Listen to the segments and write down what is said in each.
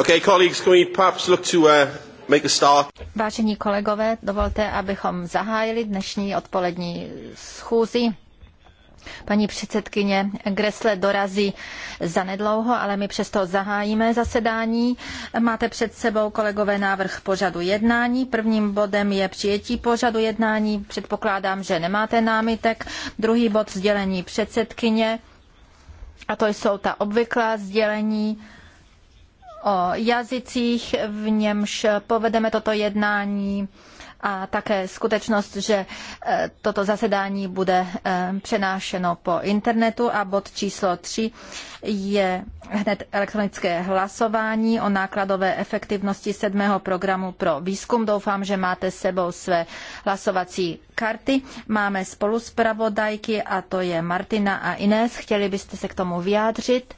Okay, colleagues, can we perhaps look to uh, make a start? Vážení kolegové, dovolte, abychom zahájili dnešní odpolední schůzi. Paní předsedkyně Gresle dorazí zanedlouho, ale my přesto zahájíme zasedání. Máte před sebou kolegové návrh pořadu jednání. Prvním bodem je přijetí pořadu jednání. Předpokládám, že nemáte námitek. Druhý bod sdělení předsedkyně a to jsou ta obvyklá sdělení o jazycích, v němž povedeme toto jednání a také skutečnost, že e, toto zasedání bude e, přenášeno po internetu a bod číslo 3 je hned elektronické hlasování o nákladové efektivnosti sedmého programu pro výzkum. Doufám, že máte s sebou své hlasovací karty. Máme spolu zpravodajky a to je Martina a Inés. Chtěli byste se k tomu vyjádřit?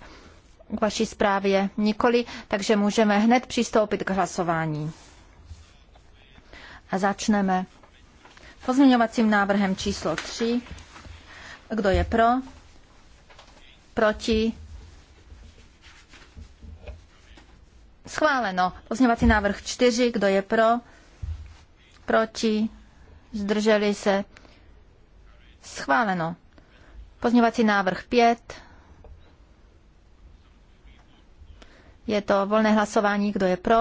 K vaší zprávě nikoli, takže můžeme hned přistoupit k hlasování. A začneme pozměňovacím návrhem číslo 3. Kdo je pro? Proti? Schváleno. Pozměňovací návrh 4. Kdo je pro? Proti? Zdrželi se? Schváleno. Pozměňovací návrh 5. Je to volné hlasování. Kdo je pro?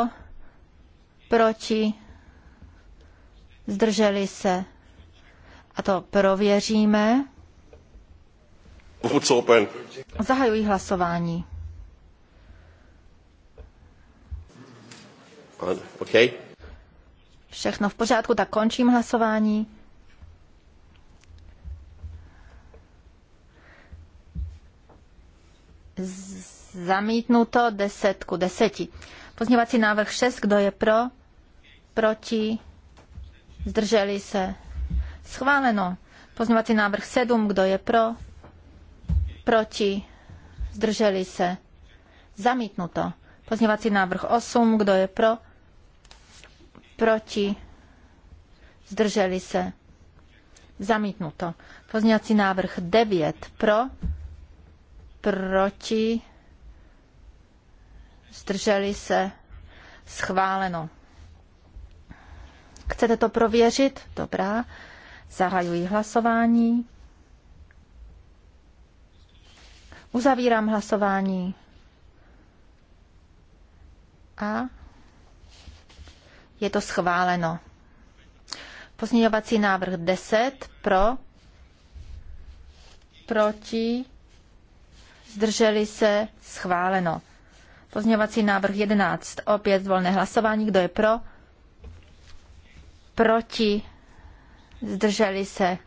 Proti? zdrželi se. A to prověříme. Zahajují hlasování. Okay. Všechno v pořádku, tak končím hlasování. Zamítnuto desetku deseti. Pozněvací návrh 6, kdo je pro, proti, zdrželi se, schváleno. Pozměňovací návrh 7, kdo je pro, proti, zdrželi se, zamítnuto. Pozměňovací návrh 8, kdo je pro, proti, zdrželi se, zamítnuto. Pozměňovací návrh 9, pro, proti, zdrželi se, schváleno. Chcete to prověřit? Dobrá. Zahajuji hlasování. Uzavírám hlasování. A je to schváleno. Pozměňovací návrh 10 pro, proti, zdrželi se, schváleno. Pozměňovací návrh 11, opět volné hlasování, kdo je pro, proti, zdrželi se,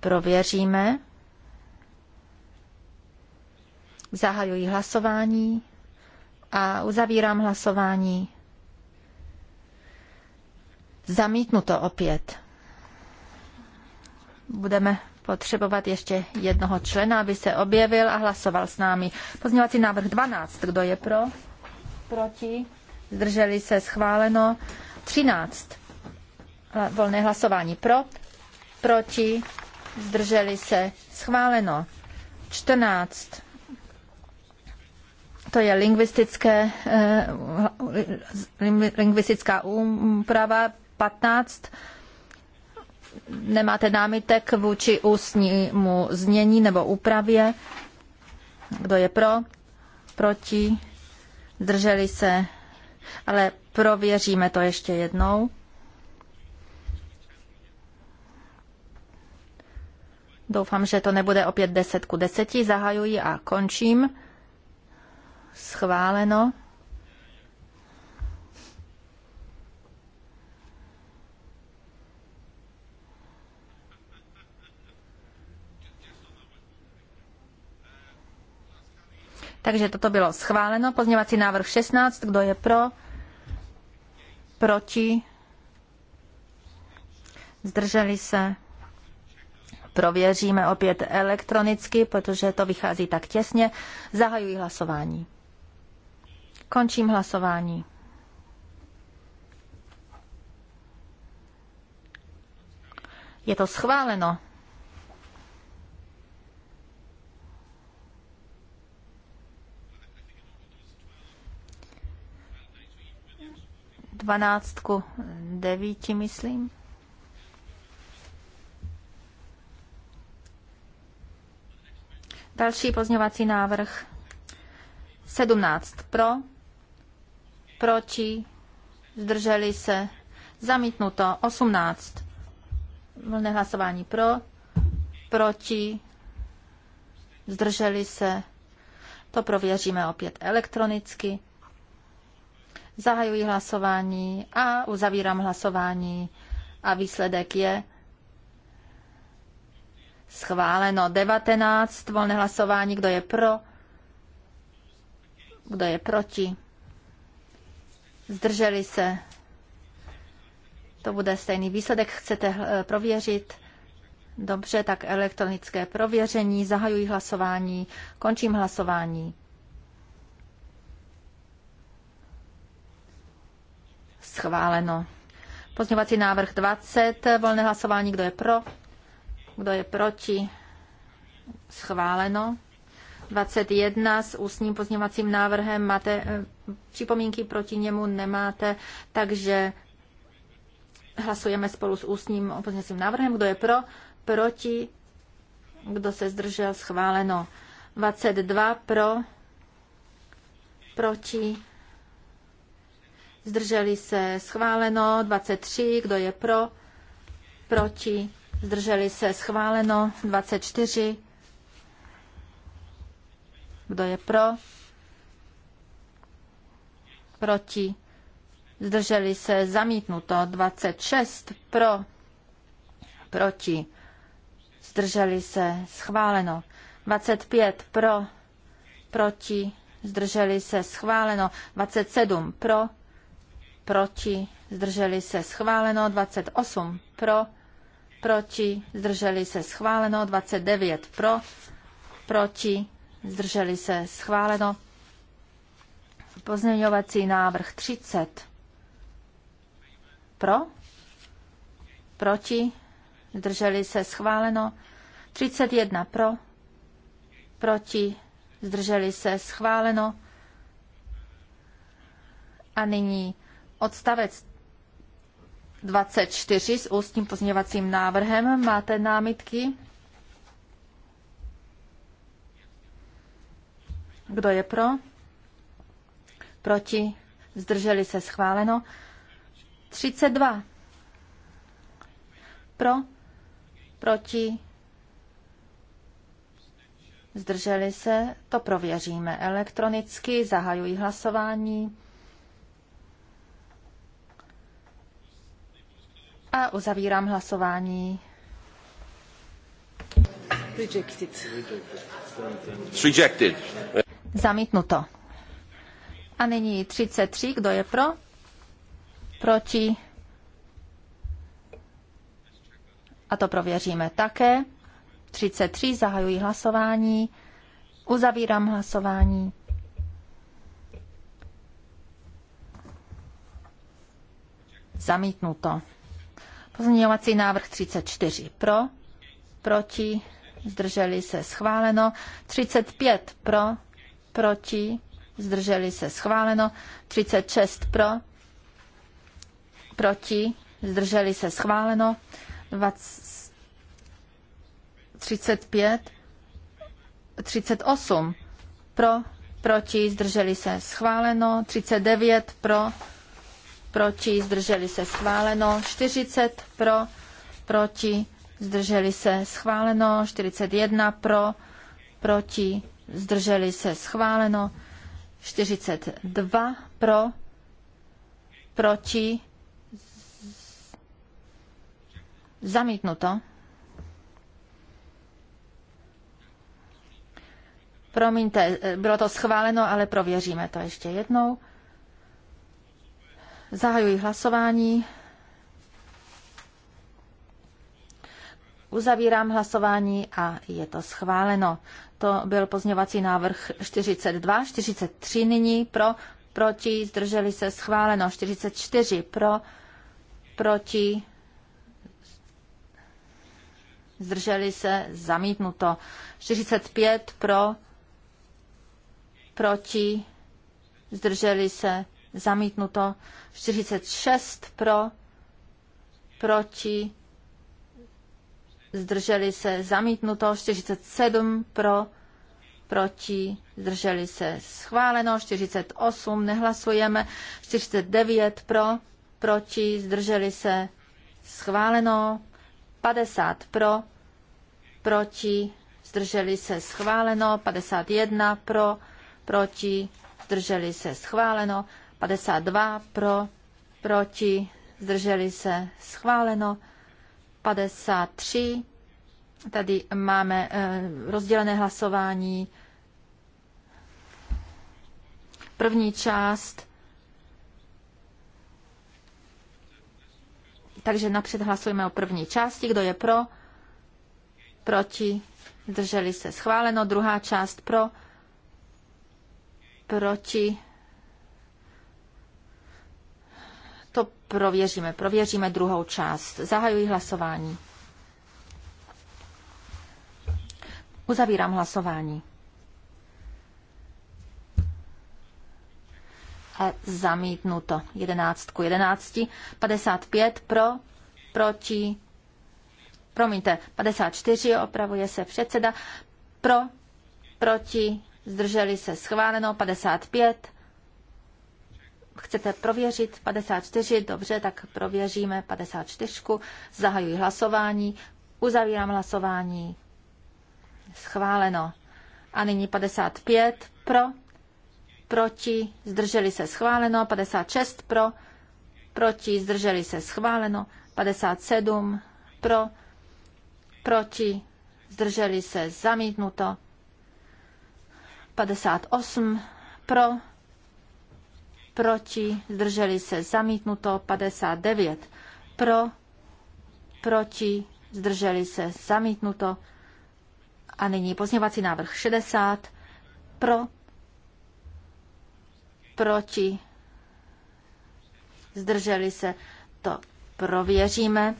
prověříme. Zahajuji hlasování a uzavírám hlasování. Zamítnu to opět. Budeme potřebovat ještě jednoho člena, aby se objevil a hlasoval s námi. Pozměňovací návrh 12. Kdo je pro? Proti? Zdrželi se schváleno. 13. Eh, volné hlasování pro, proti, zdrželi se, schváleno. 14. To je lingvistické, eh, lingvistická úprava 15. Nemáte námitek vůči ústnímu znění nebo úpravě? Kdo je pro? Proti? Zdrželi se? Ale prověříme to ještě jednou. Doufám, že to nebude opět 10 ku 10. Zahajuji a končím. Schváleno. Takže toto bylo schváleno. Pozněvací návrh 16. Kdo je pro? Proti? Zdrželi se? prověříme opět elektronicky, protože to vychází tak těsně. Zahajuji hlasování. Končím hlasování. Je to schváleno. Dvanáctku devíti, myslím. Další pozňovací návrh 17 pro, proti, zdrželi se, zamítnuto 18. Volné hlasování pro, proti, zdrželi se. To prověříme opět elektronicky. Zahajuji hlasování a uzavírám hlasování a výsledek je Schváleno 19, volné hlasování, kdo je pro, kdo je proti. Zdrželi se. To bude stejný výsledek. Chcete eh, prověřit? Dobře, tak elektronické prověření. Zahajuji hlasování. Končím hlasování. Schváleno. Pozměňovací návrh 20. Volné hlasování. Kdo je pro? Kdo je proti? Schváleno. 21 s ústním pozněvacím návrhem. Máte eh, připomínky proti němu? Nemáte. Takže hlasujeme spolu s ústním pozněvacím návrhem. Kdo je pro? Proti? Kdo se zdržel? Schváleno. 22 pro? Proti? Zdrželi se schváleno 23, kdo je pro, proti, zdrželi se schváleno 24. Kdo je pro? Proti? Zdrželi se zamítnuto 26. Pro? Proti? Zdrželi se schváleno 25. Pro? Proti? Zdrželi se schváleno 27. Pro? Proti? Zdrželi se schváleno 28. Pro? proti, zdrželi se schváleno, 29 pro, proti, zdrželi se schváleno. Pozměňovací návrh 30 pro, proti, zdrželi se schváleno, 31 pro, proti, zdrželi se schváleno. A nyní odstavec 24 s ústním pozměňovacím návrhem. Máte námitky? Kdo je pro? Proti? Zdrželi se schváleno. 32. Pro? Proti? Zdrželi se? To prověříme. Elektronicky zahajuji hlasování. A uzavírám hlasování. Rejected. Rejected. Zamítnuto. A nyní 33, kdo je pro? Proti? A to prověříme také. 33, zahajuji hlasování. Uzavírám hlasování. Zamítnuto. Pozměňovací návrh 34 pro, proti, zdrželi se schváleno. 35 pro, proti, zdrželi se schváleno. 36 pro, proti, zdrželi se schváleno. 35, 38 pro, proti, zdrželi se schváleno. 39 pro, proti, zdrželi se schváleno, 40 pro, proti, zdrželi se schváleno, 41 pro, proti, zdrželi se schváleno, 42 pro, proti, zamítnuto. Promiňte, bylo to schváleno, ale prověříme to ještě jednou. Zahajuji hlasování. Uzavírám hlasování a je to schváleno. To byl pozměňovací návrh 42, 43 nyní pro, proti, zdrželi se schváleno, 44 pro, proti, zdrželi se zamítnuto, 45 pro, proti, zdrželi se zamítnuto 46 pro, proti, zdrželi se, zamítnuto 47 pro, proti, zdrželi se, schváleno 48, nehlasujeme 49 pro, proti, zdrželi se, schváleno 50 pro, proti, zdrželi se, schváleno 51 pro, proti, zdrželi se, schváleno 52 pro, proti, zdrželi se schváleno. 53. Tady máme eh, rozdělené hlasování. První část. Takže napřed hlasujeme o první části. Kdo je pro? Proti? Zdrželi se schváleno. Druhá část pro? Proti? prověříme. Prověříme druhou část. Zahajuji hlasování. Uzavírám hlasování. A zamítnuto. Jedenáctku, jedenácti. Padesát 55 pro, proti, promiňte, 54, opravuje se předseda, pro, proti, zdrželi se schváleno, 55 Chcete prověřit 54? Dobře, tak prověříme 54. Zahajuji hlasování, uzavírám hlasování. Schváleno. A nyní 55 pro, proti, zdrželi se schváleno, 56 pro, proti, zdrželi se schváleno, 57 pro, proti, zdrželi se zamítnuto, 58 pro, proti, zdrželi se zamítnuto 59 pro, proti, zdrželi se zamítnuto a nyní pozněvací návrh 60 pro, proti, zdrželi se, to prověříme.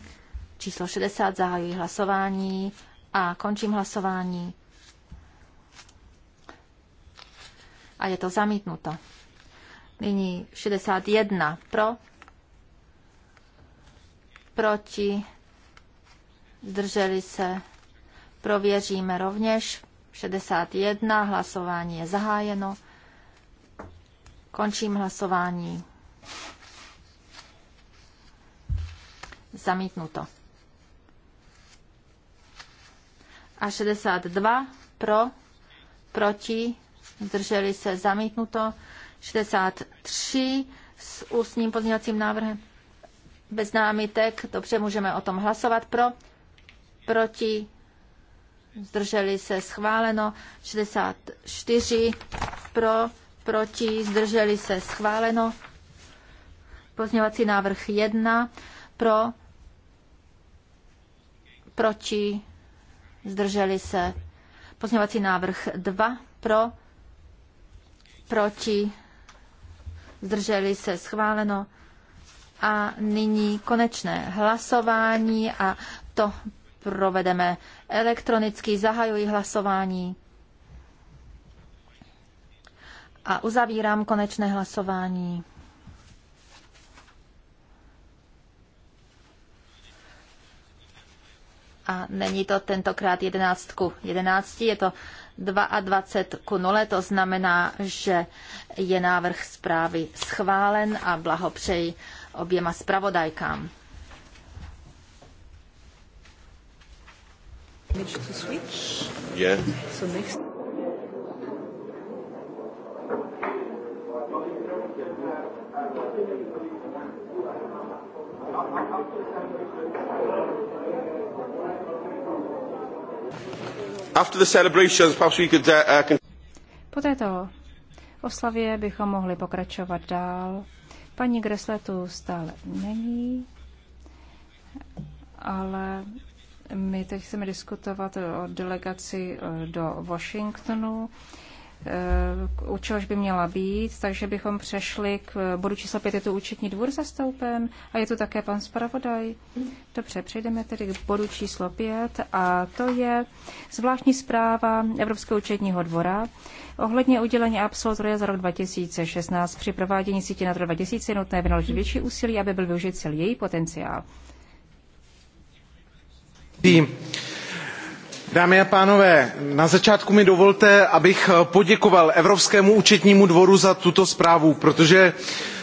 Číslo 60 zahajuji hlasování a končím hlasování. A je to zamítnuto. Nyní 61 pro, proti, zdrželi se, prověříme rovněž. 61, hlasování je zahájeno. Končím hlasování. Zamítnuto. A 62 pro, proti, zdrželi se, zamítnuto. 63 s ústním pozměňovacím návrhem bez námitek. Dobře, můžeme o tom hlasovat. Pro, proti, zdrželi se schváleno. 64 pro, proti, zdrželi se schváleno. Pozměňovací návrh 1 pro, proti, zdrželi se. Pozměňovací návrh 2 pro, proti, zdrželi se schváleno. A nyní konečné hlasování a to provedeme elektronicky. Zahajuji hlasování a uzavírám konečné hlasování. A není to tentokrát jedenáctku jedenácti je to 22 ku 0. To znamená, že je návrh zprávy schválen a blahopřeji oběma zpravodajkám. Yeah. So next. Uh, uh, po této oslavě bychom mohli pokračovat dál. Paní Gressle tu stále není, ale my teď chceme diskutovat o delegaci eh, do Washingtonu. Eh, u čehož by měla být, takže bychom přešli k bodu číslo 5, je tu účetní dvůr zastoupen a je tu také pan zpravodaj. Dobře, přejdeme tedy k bodu číslo 5 a to je zvláštní zpráva Evropského účetního dvora ohledně udělení absolutoria za rok 2016 při provádění sítě na 2000 je nutné vynaložit větší úsilí, aby byl využit celý její potenciál. Dámy a pánové, na začátku mi dovolte, abych eh, poděkoval Evropskému účetnímu dvoru za tuto zprávu, protože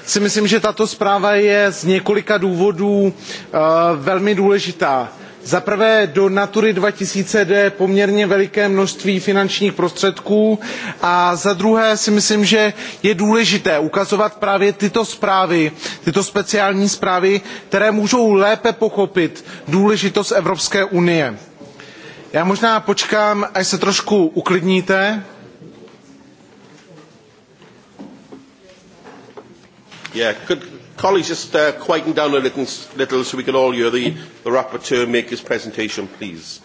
si myslím, že tato zpráva je z několika důvodů eh, velmi důležitá. Za prvé do Natury 2000 jde poměrně veliké množství finančních prostředků a za druhé si myslím, že je důležité ukazovat právě tyto zprávy, tyto speciální zprávy, které můžou lépe pochopit důležitost Evropské unie. Já možná počkám, až se trošku uklidníte. Yeah, could colleagues just uh, quieten down a little, little so we can all hear the, the rapporteur make his presentation, please?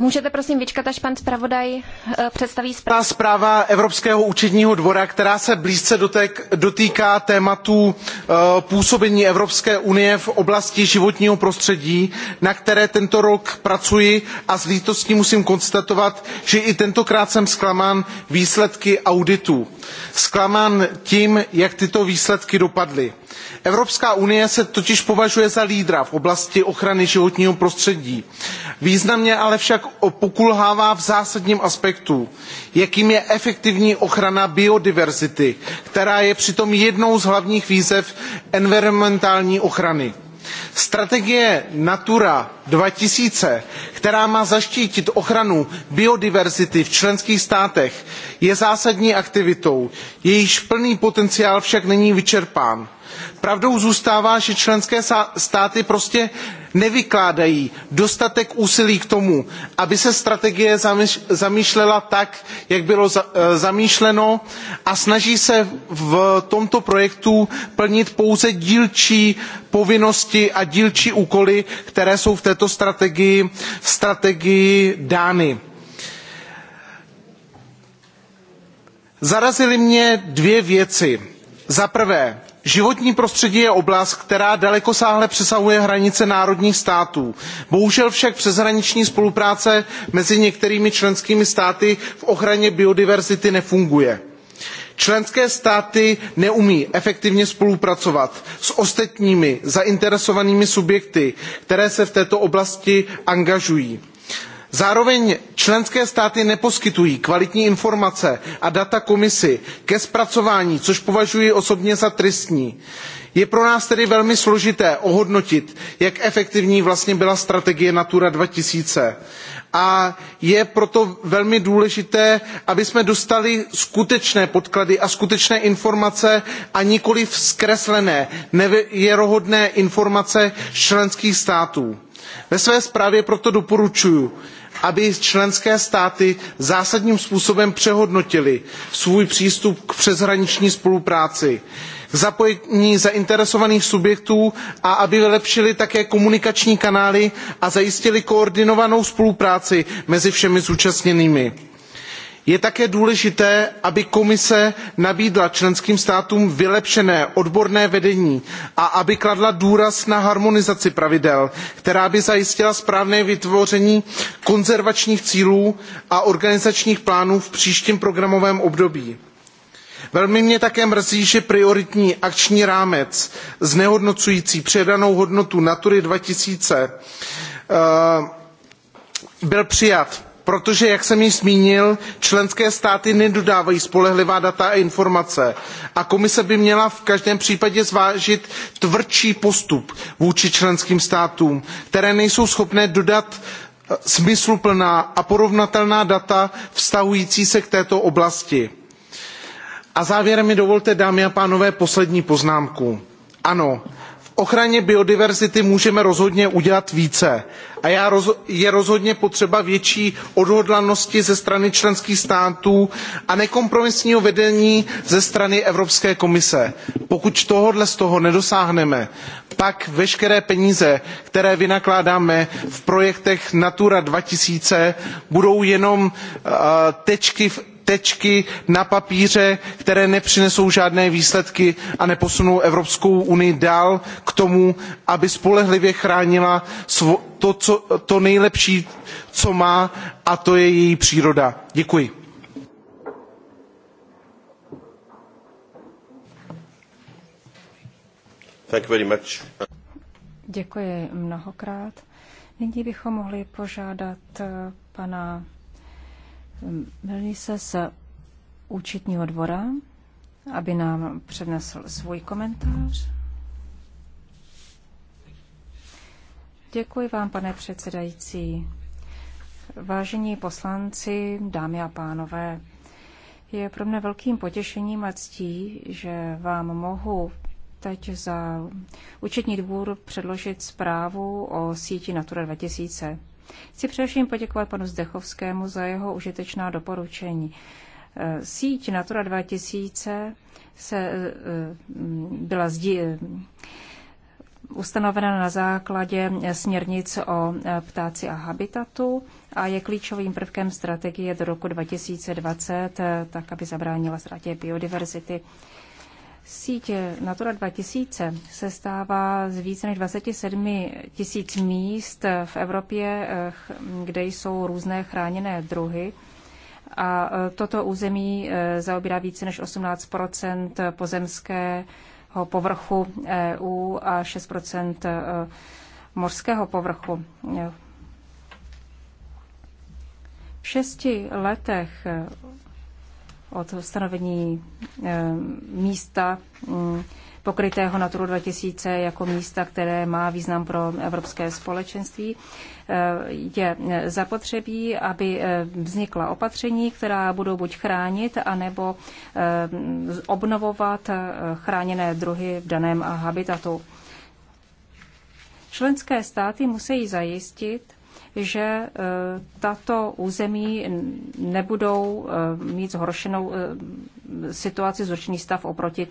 Můžete prosím vyčkat, až pan zpravodaj eh, představí zprávu. Zpráva Evropského účetního dvora, která se blízce dotek, dotýká tématu eh, působení Evropské unie v oblasti životního prostředí, na které tento rok pracuji a s lítostí musím konstatovat, že i tentokrát jsem zklamán výsledky auditů. Zklamán tím, jak tyto výsledky dopadly. Evropská unie se totiž považuje za lídra v oblasti ochrany životního prostředí. Významně ale však pokulhává v zásadním aspektu, jakým je efektivní ochrana biodiverzity, která je přitom jednou z hlavních výzev environmentální ochrany. Strategie Natura 2000, která má zaštítit ochranu biodiverzity v členských státech, je zásadní aktivitou, jejíž plný potenciál však není vyčerpán Pravdou zůstává, že členské státy prostě nevykládají dostatek úsilí k tomu, aby se strategie zamýšlela tak, jak bylo e, zamýšleno a snaží se v tomto projektu plnit pouze dílčí povinnosti a dílčí úkoly, které jsou v této strategii, strategii dány. Zarazily mě dvě věci. Za prvé, životní prostředí je oblast která dalekosáhle přesahuje hranice národních států bohužel však přeshraniční spolupráce mezi některými členskými státy v ochraně biodiverzity nefunguje. členské státy neumí efektivně spolupracovat s ostatními zainteresovanými subjekty které se v této oblasti angažují zároveň členské státy neposkytují kvalitní informace a data komisi ke zpracování což považuji osobně za tristní. je pro nás tedy velmi složité ohodnotit jak efektivní vlastně byla strategie natura two thousand a je proto velmi důležité abychom dostali skutečné podklady a skutečné informace a nikoliv zkreslené nevěrohodné informace z členských států. ve své zprávě proto doporučuji aby členské státy zásadním způsobem přehodnotily svůj přístup k přeshraniční spolupráci k zapojení zainteresovaných subjektů a aby vylepšily také komunikační kanály a zajistily koordinovanou spolupráci mezi všemi zúčastněnými stranami je také důležité aby komise nabídla členským státům vylepšené odborné vedení a aby kladla důraz na harmonizaci pravidel která by zajistila správné vytvoření konzervačních cílů a organizačních plánů v příštím programovém období. velmi mě také mrzí že prioritní akční rámec znehodnocující přidanou hodnotu natury two thousand eh, byl přijat protože jak jsem již zmínil členské státy nedodávají spolehlivá data a informace a komise by měla v každém případě zvážit tvrdší postup vůči členským státům které nejsou schopné dodat eh, smysluplná a porovnatelná data vztahující se k této oblasti. a závěrem mi dovolte dámy a pánové poslední poznámku ano ochraně biodiverzity můžeme rozhodně udělat více a je rozhodně potřeba větší odhodlanosti ze strany členských států a nekompromisního vedení ze strany evropské komise. pokud tohoto z toho nedosáhneme pak veškeré peníze které vynakládáme v projektech natura two thousand budou jenom eh, tečky tečky na papíře které nepřinesou žádné výsledky a neposunou evropskou unii dál k tomu aby spolehlivě chránila to, co, to nejlepší co má a to je její příroda. děkuji. Děkuji mnohokrát. Nyní bychom mohli požádat eh, pana se z účetního dvora, aby nám přednesl svůj komentář. Děkuji vám, pane předsedající. Vážení poslanci, dámy a pánové, je pro mne velkým potěšením a ctí, že vám mohu teď za účetní dvůr předložit zprávu o síti Natura 2000. Chci především poděkovat panu Zdechovskému za jeho užitečná doporučení. Eh, síť Natura 2000 se eh, mm, byla zdi, eh, ustanovena na základě směrnic o ptáci a habitatu a je klíčovým prvkem strategie do roku 2020, tak aby zabránila ztrátě biodiverzity. Sítě Natura 2000 se stává z více než 27 tisíc míst v Evropě, eh, kde jsou různé chráněné druhy. A eh, toto území eh, zaobírá více než 18 pozemského povrchu EU a 6 mořského povrchu. V šesti letech od stanovení eh, místa mm, pokrytého Naturu 2000 jako místa, které má význam pro evropské společenství, eh, je eh, zapotřebí, aby vznikla opatření, která budou buď chránit, anebo obnovovat chráněné druhy v daném habitatu. Členské státy musí zajistit, že e, tato území nebudou e, mít zhoršenou e, situaci, zhoršený stav oproti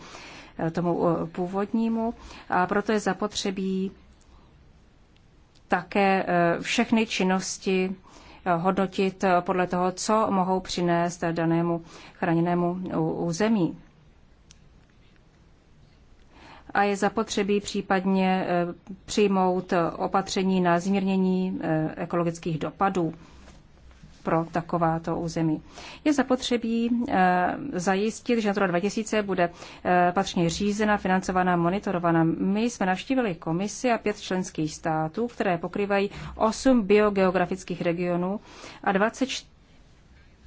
tomu původnímu. A proto je zapotřebí také všechny činnosti hodnotit podle toho, co mohou přinést danému chráněnému území a je zapotřebí případně eh, přijmout opatření na zmírnění eh, ekologických dopadů pro takováto území. Je zapotřebí eh, zajistit, že Natura 2000 bude patřně řízena, financovaná, monitorovaná. My jsme navštívili komisi a pět členských států, které pokrývají osm biogeografických regionů a 24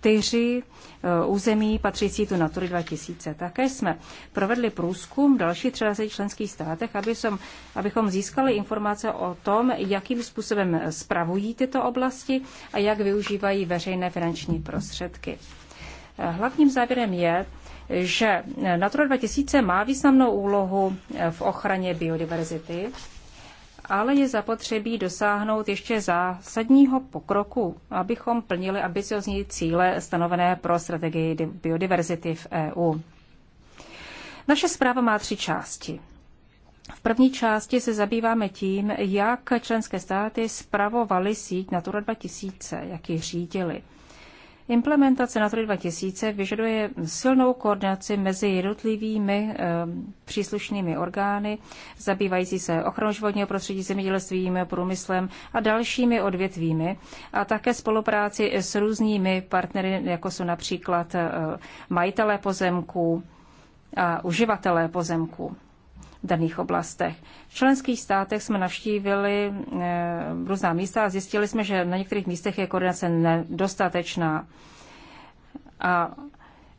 čtyři eh, území patřící tu Natury 2000. Také jsme provedli průzkum v dalších 30 členských státech, aby som, abychom získali informace o tom, jakým způsobem spravují tyto oblasti a jak využívají veřejné finanční prostředky. Eh, hlavním závěrem je, že Natura 2000 má významnou úlohu eh, v ochraně biodiverzity ale je zapotřebí dosáhnout ještě zásadního pokroku, abychom plnili ambiciozní cíle stanovené pro strategii biodiverzity v EU. Naše zpráva má tři části. V první části se zabýváme tím, jak členské státy spravovaly síť Natura 2000, jak ji řídili. Implementace Natury 2000 vyžaduje silnou koordinaci mezi jednotlivými e, příslušnými orgány, zabývající se ochranou životního prostředí, zemědělstvím, průmyslem a dalšími odvětvími a také spolupráci s různými partnery, jako jsou například e, majitelé pozemků a uživatelé pozemků daných oblastech. V členských státech jsme navštívili eh, různá místa a zjistili jsme, že na některých místech je koordinace nedostatečná. A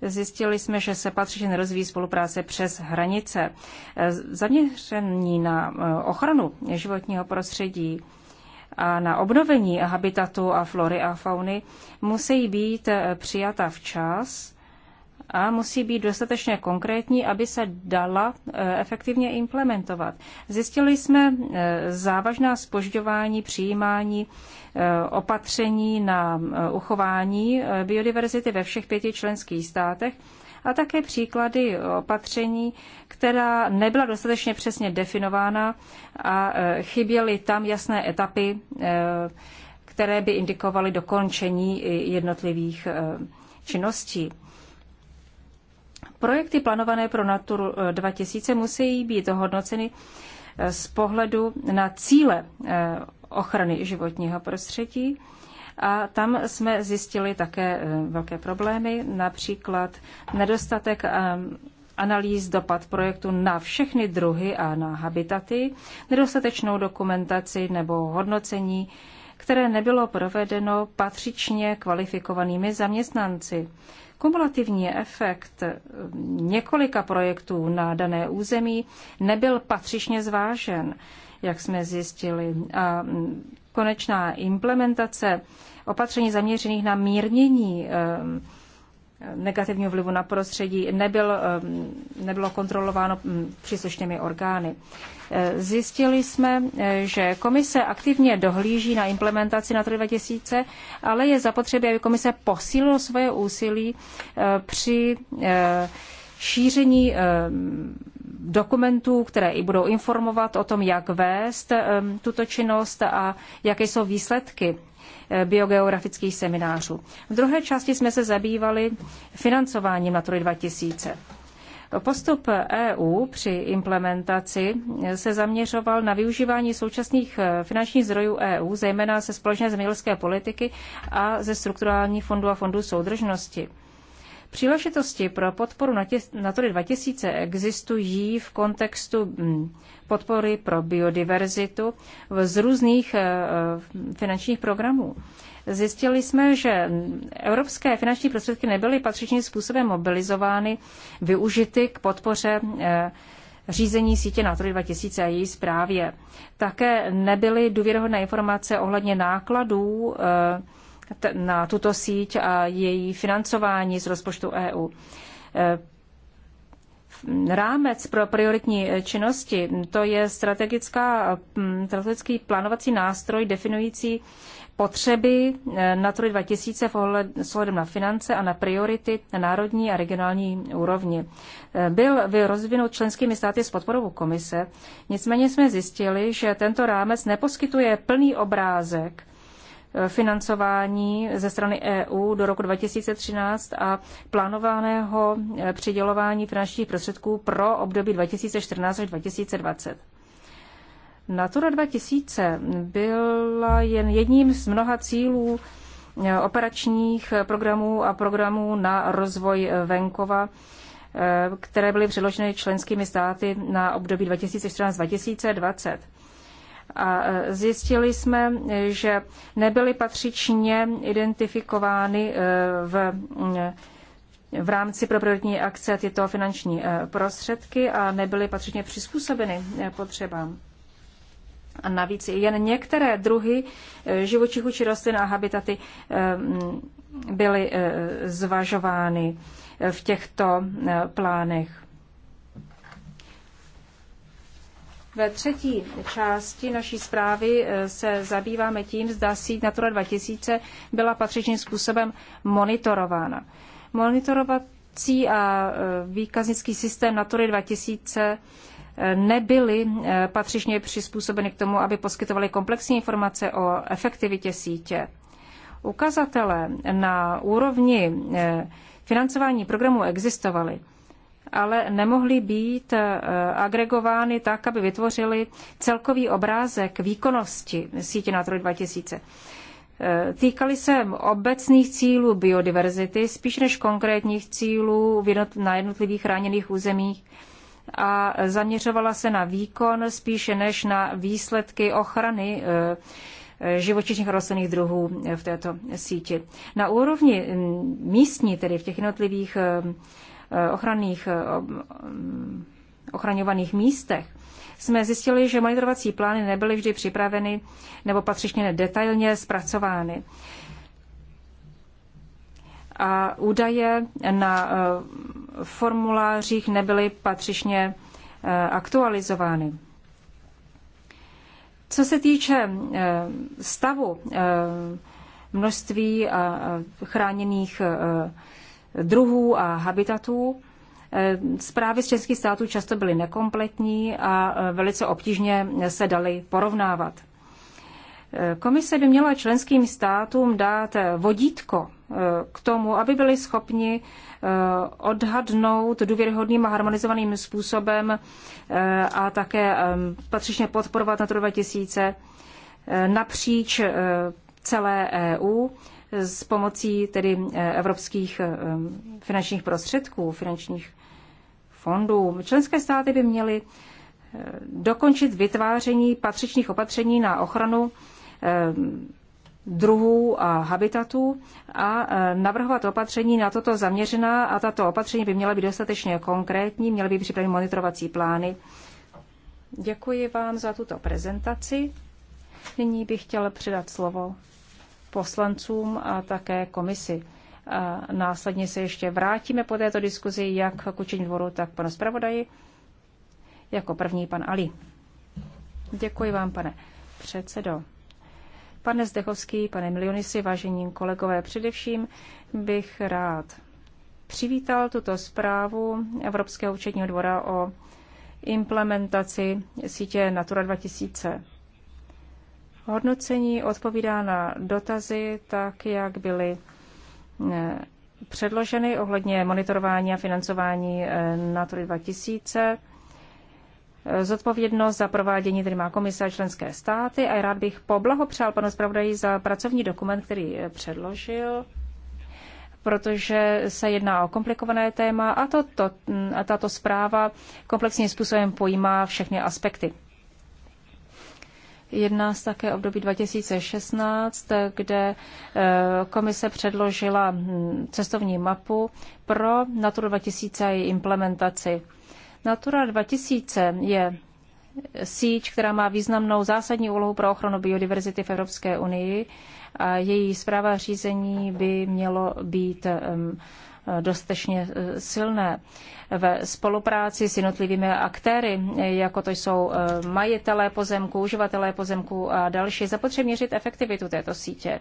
Zjistili jsme, že se patřičně nerozvíjí spolupráce přes hranice. Eh, zaměření na eh, ochranu životního prostředí a na obnovení habitatu a flory a fauny musí být přijata včas a musí být dostatečně konkrétní, aby se dala e, efektivně implementovat. Zjistili jsme e, závažná spožďování přijímání e, opatření na uchování biodiverzity ve všech pěti členských státech a také příklady opatření, která nebyla dostatečně přesně definována a chyběly tam jasné etapy, které by indikovaly dokončení jednotlivých činností. Projekty plánované pro Naturu 2000 eh, musí být hodnoceny eh, z pohledu na cíle eh, ochrany životního prostředí. A tam jsme zjistili také velké problémy, například nedostatek analýz dopad projektu na všechny druhy a na habitaty, nedostatečnou dokumentaci nebo hodnocení, které nebylo provedeno patřičně kvalifikovanými zaměstnanci. Kumulativní efekt několika projektů na dané území nebyl patřičně zvážen, jak jsme zjistili. A konečná implementace opatření zaměřených na mírnění eh, negativního vlivu na prostředí nebyl, um, nebylo kontrolováno um, příslušnými orgány. Eh, zjistili jsme, eh, že komise aktivně dohlíží na implementaci na 2000, ale je zapotřebí, aby komise posílila svoje úsilí eh, při šíření dokumentů, které i budou informovat o tom, jak vést tuto činnost a jaké jsou výsledky Eh, biogeografických seminářů. V druhé části jsme se zabývali financováním Natury 2000. Postup EU při implementaci eh, se zaměřoval na využívání současných eh, finančních zdrojů EU, zejména ze společné zemědělské politiky a ze strukturálních fondů a fondů soudržnosti. Příležitosti pro podporu Natury 2000 existují v kontextu hm, podpory pro biodiverzitu z různých eh, eh, finančních programů. Zjistili jsme, že evropské finanční prostředky nebyly patřičným způsobem mobilizovány, využity k podpoře eh, řízení sítě Natury 2000 a její zprávě. Také nebyly důvěrohodné informace ohledně nákladů na tuto síť a její financování z rozpočtu EU. E, rámec pro prioritní činnosti, to je strategická, strategický plánovací nástroj definující potřeby e, Natury 2000 v ohledu na finance a na priority na národní a regionální úrovni. E, byl by rozvinut členskými státy s podporou komise, nicméně jsme zjistili, že tento rámec neposkytuje plný obrázek financování ze strany EU do roku 2013 a plánovaného eh, přidělování finančních prostředků pro období 2014 až 2020. Natura 2000 byla jen jedním z mnoha cílů eh, operačních programů a programů na rozvoj eh, venkova, které byly předloženy členskými státy na období 2014-2020 a e, zjistili jsme, že nebyly patřičně identifikovány e, v, e, v rámci pro prioritní akce tyto finanční prostředky a nebyly patřičně přizpůsobeny potřebám. A navíc jen některé druhy živočichů či rostlin a habitaty byly zvažovány v těchto plánech. Ve třetí části naší zprávy eh, se zabýváme tím, zda síť Natura 2000 byla patřičným způsobem monitorována. Monitorovací a eh, výkaznický systém Natury 2000 eh, nebyly patřičně přizpůsobeny k tomu, aby poskytovaly komplexní informace o efektivitě sítě. Ukazatele na úrovni financování programu existovaly ale nemohly být eh, agregovány tak, aby vytvořily celkový obrázek výkonnosti sítě Natura 2000. Eh, Týkali se obecných cílů biodiverzity spíš než konkrétních cílů na jednotlivých chráněných územích a zaměřovala se na výkon spíše než na výsledky ochrany eh, živočišných rostlinných druhů v této síti. Na úrovni mm, místní, tedy v těch jednotlivých Eh, ochranných, eh, mm, ochraňovaných místech, jsme zjistili, že monitorovací plány nebyly vždy připraveny nebo patřičně detailně zpracovány. A údaje na eh, formulářích nebyly patřičně aktualizovány. Co se týče stavu množství chráněných druhů a habitatů. E, Zprávy z českých států často byly nekompletní a e, velice obtížně se daly porovnávat. E, Komise by měla členským státům dát vodítko k tomu, aby byli schopni odhadnout důvěryhodným a harmonizovaným způsobem a také patřičně podporovat na to 2000 napříč celé EU s pomocí tedy eh, evropských eh, finančních prostředků, finančních fondů. Členské státy by měly eh, dokončit vytváření patřičných opatření na ochranu druhů a habitatů a navrhovat opatření na toto zaměřená a tato opatření by měla být dostatečně konkrétní, měly by připravit monitorovací plány. Děkuji vám za tuto prezentaci. Nyní bych chtěla předat slovo poslancům a také komisi. A následně se ještě vrátíme po této diskuzi jak k učení dvoru, tak panu zpravodaji. Jako první pan Ali. Děkuji vám, pane předsedo. Pane Zdechovský, pane Milionisi, vážení kolegové, především bych rád přivítal tuto zprávu Evropského účetního dvora o implementaci sítě Natura 2000. Hodnocení odpovídá na dotazy tak, jak byly eh, předloženy ohledně monitorování a financování eh, Natury 2000. Eh, zodpovědnost za provádění tedy má komise a členské státy a rád bych poblahopřál panu zpravodaji za pracovní dokument, který předložil, protože se jedná o komplikované téma a, to, to, hm, a tato zpráva komplexním způsobem pojímá všechny aspekty. Jedná se také období 2016, kde eh, komise předložila hm, cestovní mapu pro Natura 2000 a její implementaci. Natura 2000 je síť, která má významnou zásadní úlohu pro ochranu biodiverzity v Evropské unii a její zpráva řízení by mělo být um, dostatečně eh, silné. Ve spolupráci s jednotlivými aktéry, jako to jsou eh, majitelé pozemku, uživatelé pozemku a další, zapotřebí měřit efektivitu této sítě.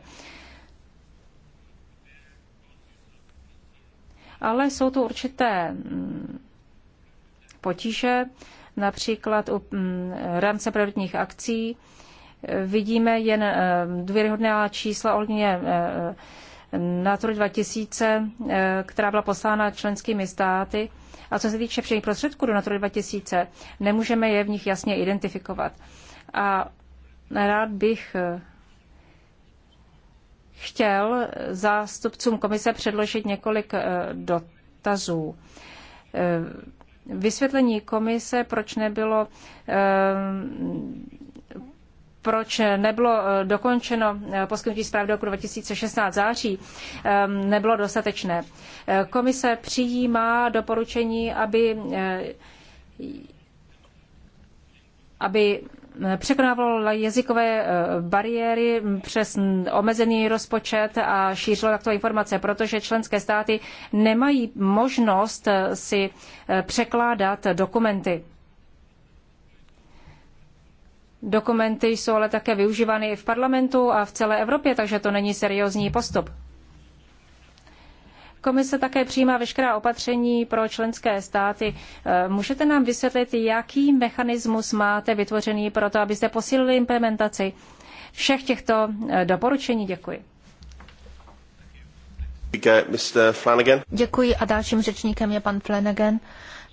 Ale jsou tu určité mm, potíže, například u mm, rámce prioritních akcí eh, vidíme jen důvěryhodná čísla ohledně Natura 2000, eh, která byla poslána členskými státy. A co se týče všech prostředků do Natura 2000, nemůžeme je v nich jasně identifikovat. A rád bych eh, chtěl zástupcům komise předložit několik eh, dotazů. Vysvětlení komise, proč nebylo proč nebylo eh, dokončeno eh, poskytnutí zpráv do roku 2016 září, ehm, nebylo dostatečné. Eh, komise přijímá doporučení, aby, aby překonávalo jazykové bariéry přes omezený rozpočet a šířilo takto informace, protože členské státy nemají možnost si překládat dokumenty. Dokumenty jsou ale také využívány i v parlamentu a v celé Evropě, takže to není seriózní postup. Komise také přijímá veškerá opatření pro členské státy. E, můžete nám vysvětlit, jaký mechanismus máte vytvořený pro to, abyste posílili implementaci všech těchto e, doporučení? Děkuji. Děkuji a dalším řečníkem je pan Flanagan.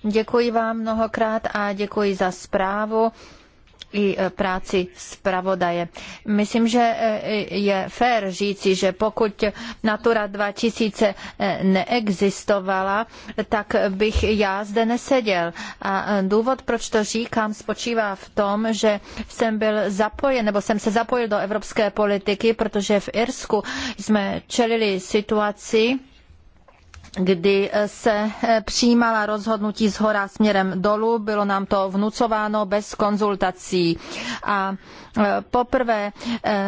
Děkuji vám mnohokrát a děkuji za zprávu i e, práci zpravodaje. Myslím, že e, je fér říci, že pokud Natura 2000 e, neexistovala, tak bych já zde neseděl. A důvod, proč to říkám, spočívá v tom, že jsem byl zapojen, nebo jsem se zapojil do evropské politiky, protože v Irsku jsme čelili situaci, kdy eh, se eh, přijímala rozhodnutí z hora směrem dolů, bylo nám to vnucováno bez konzultací. A eh, poprvé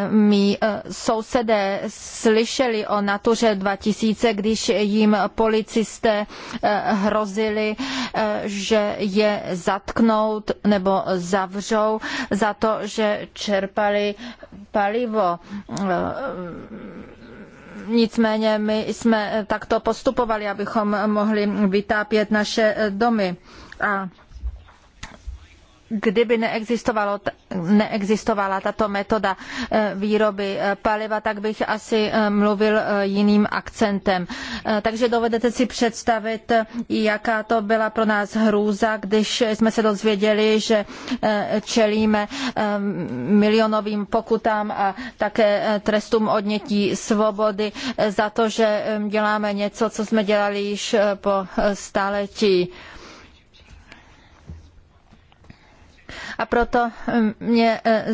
mi sousedé slyšeli o Natuře 2000, když jim policisté hrozili, že je zatknout nebo zavřou za to, že čerpali palivo Nicméně my jsme eh, takto postupovali, abychom mohli vytápět naše eh, domy. A kdyby neexistovalo, neexistovala tato metoda eh, výroby eh, paliva, tak bych asi eh, mluvil jiným akcentem. Takže dovedete si představit, jaká to byla pro nás hrůza, když jsme se dozvěděli, že čelíme milionovým pokutám a také trestům odnětí svobody za to, že děláme něco, co jsme dělali již po staletí. A proto eh, mě eh,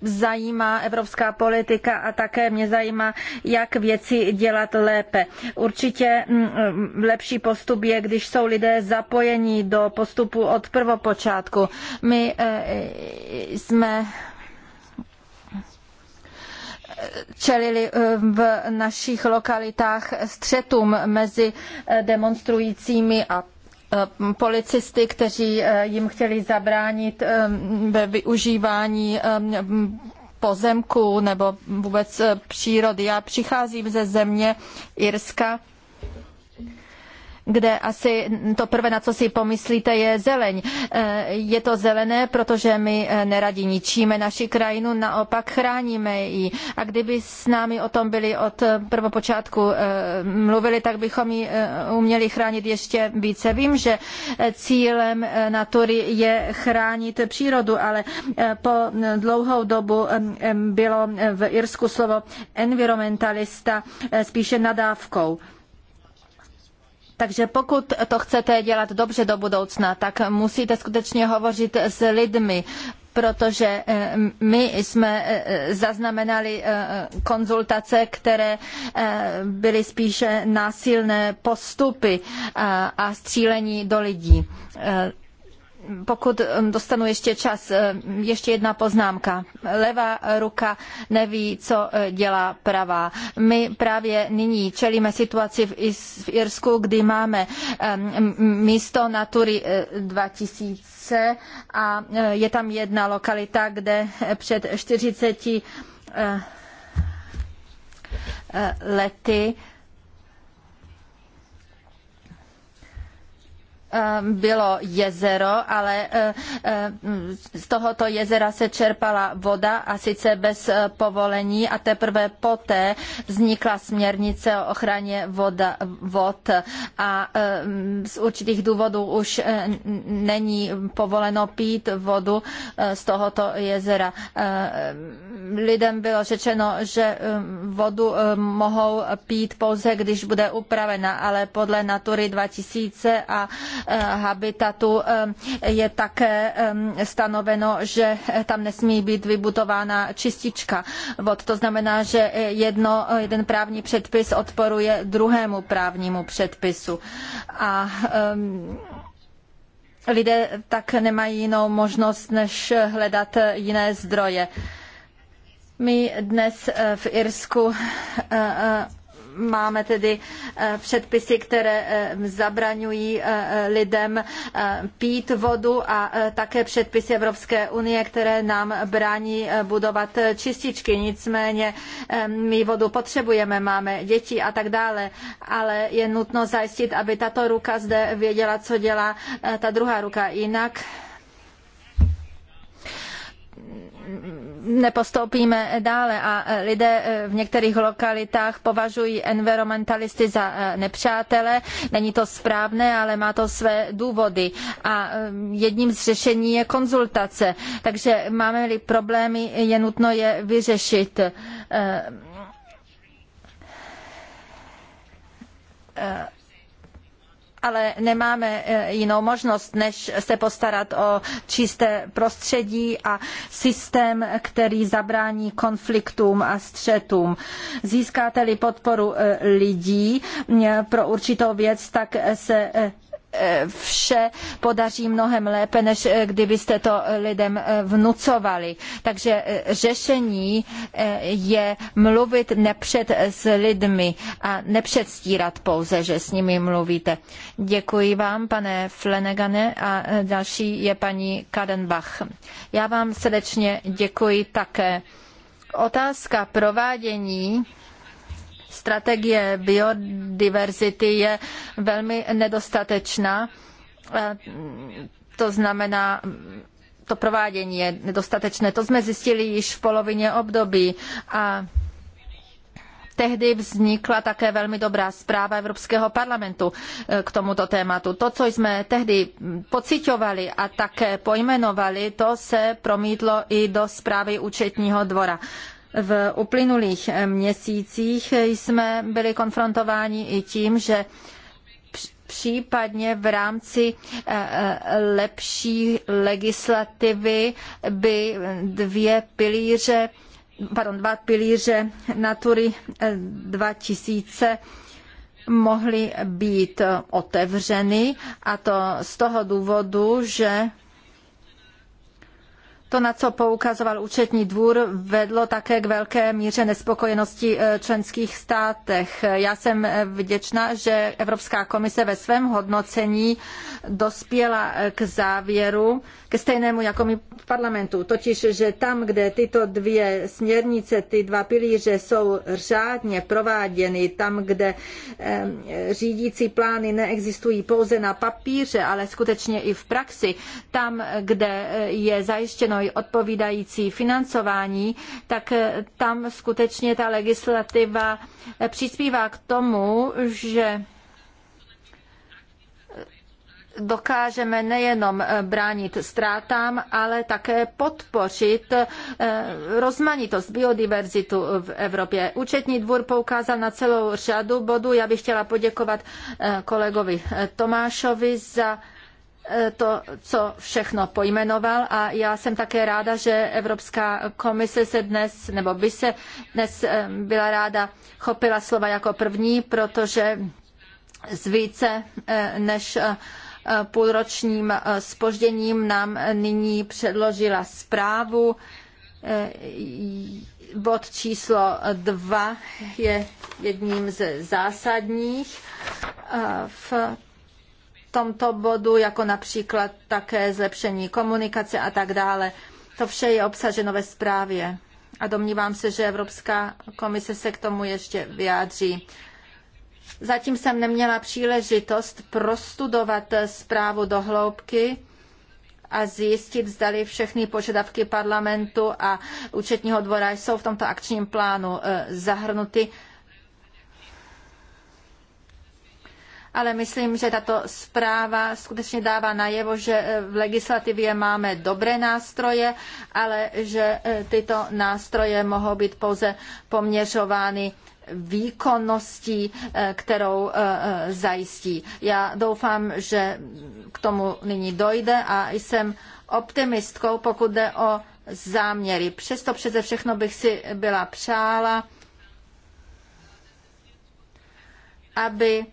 zajímá evropská politika a také mě zajímá, jak věci dělat lépe. Určitě mm, mm, lepší postup je, když jsou lidé zapojeni do postupu od prvopočátku. My eh, jsme čelili v našich lokalitách střetům mezi demonstrujícími a Eh, policisty, kteří eh, jim chtěli zabránit eh, ve využívání pozemku nebo vůbec přírody. Já přicházím ze země Irska, kde asi to prvé, na co si pomyslíte, je zeleň. Eh, je to zelené, protože my eh, neradi ničíme naši krajinu, naopak chráníme ji. A kdyby s námi o tom byli od eh, prvopočátku mluvili, tak bychom ji uměli chránit ještě více. Vím, že cílem natury je chránit přírodu, ale po dlouhou dobu bylo v Irsku slovo environmentalista spíše nadávkou. Takže pokud to chcete dělat dobře do budoucna, tak musíte skutečně hovořit s lidmi, protože eh, my jsme eh, zaznamenali eh, konzultace, které byly spíše násilné postupy a střílení do lidí pokud um, dostanu ještě čas, um, ještě jedna poznámka. Levá ruka neví, co uh, dělá pravá. My právě nyní čelíme situaci v, Irsku, kdy máme um, místo Natury 2000 uh, a uh, je tam jedna lokalita, kde před 40 lety Eh, bylo jezero, ale eh, eh, z tohoto jezera se čerpala voda a sice bez povolení a teprve poté vznikla směrnice o ochraně voda, vod a z určitých důvodů už není povoleno pít vodu z tohoto jezera. Lidem bylo řečeno, že vodu mohou pít pouze, když bude upravena, ale podle Natury 2000 a Eh, habitatu eh, je také eh, stanoveno, že tam nesmí být vybudována čistička vod. To znamená, že jedno, jeden právní předpis odporuje druhému právnímu předpisu. A lidé tak nemají jinou možnost, než hledat jiné zdroje. My dnes v Irsku Máme tedy eh, předpisy, které eh, zabraňují eh, lidem pít vodu a také předpisy Evropské unie, které nám brání budovat čističky. Nicméně my vodu potřebujeme, máme děti a tak dále, ale je nutno zajistit, aby tato ruka zde věděla, co dělá ta druhá ruka. Jinak nepostoupíme dále a e, lidé e, v některých lokalitách považují environmentalisty za e, nepřátele. Není to správné, ale má to své důvody a jedním z řešení je konzultace. Takže máme-li problémy, je nutno je vyřešit. Uh, ale nemáme eh, jinou možnost, než se postarat o čisté prostředí a systém, který zabrání konfliktům a střetům. Získáte-li podporu eh, lidí eh, pro určitou věc, tak se vše podaří mnohem lépe, než eh, kdybyste to lidem eh, vnucovali. Takže eh, řešení je mluvit nepřed s lidmi a nepředstírat pouze, že s nimi mluvíte. Děkuji vám, pane Flenegane, a další je paní Kadenbach. Já vám srdečně děkuji také. Otázka provádění strategie biodiverzity je velmi nedostatečná. To znamená, to provádění je nedostatečné. To jsme zjistili již v polovině období a Tehdy vznikla také velmi dobrá zpráva Evropského parlamentu eh, k tomuto tématu. To, co jsme tehdy pocitovali a také pojmenovali, to se promítlo i do zprávy účetního dvora. V uplynulých eh, měsících jsme byli konfrontováni i tím, že případně v rámci eh, eh, lepší legislativy by dvě pilíře, pardon, dva pilíře Natury 2000 mohly být otevřeny a to z toho důvodu, že to, na co poukazoval účetní dvůr, vedlo také k velké míře nespokojenosti eh, členských státech. Já jsem eh, vděčná, že Evropská komise ve svém hodnocení dospěla eh, k závěru, ke stejnému jako my v parlamentu, totiž, že tam, kde tyto dvě směrnice, ty dva pilíře jsou řádně prováděny, tam, kde řídící plány neexistují pouze na papíře, ale skutečně i v praxi, tam, kde je zajištěno i odpovídající financování, tak eh, tam skutečně ta legislativa eh, přispívá k tomu, že eh, dokážeme nejenom bránit ztrátám, ale také podpořit rozmanitost, biodiverzitu v Evropě. Účetní dvůr poukázal na celou řadu bodů. Já bych chtěla poděkovat kolegovi Tomášovi za Eh, to, co všechno pojmenoval a já jsem také ráda, že Evropská komise se dnes, nebo by se dnes eh, byla ráda chopila slova jako první, protože s více eh, než půlročním spožděním nám nyní předložila zprávu. Bod číslo dva je jedním z zásadních v tomto bodu, jako například také zlepšení komunikace a tak dále. To vše je obsaženo ve zprávě a domnívám se, že Evropská komise se k tomu ještě vyjádří. Zatím jsem neměla příležitost prostudovat zprávu do hloubky a zjistit, zdali všechny požadavky parlamentu a účetního dvora jsou v tomto akčním plánu eh, zahrnuty. ale myslím, že tato zpráva skutečně dává najevo, že eh, v legislativě máme dobré nástroje, ale že eh, tyto nástroje mohou být pouze poměřovány výkonností, eh, kterou zajistí. Já doufám, že k tomu nyní dojde a jsem optimistkou, pokud jde o záměry. Přesto přeze všechno bych si byla přála, aby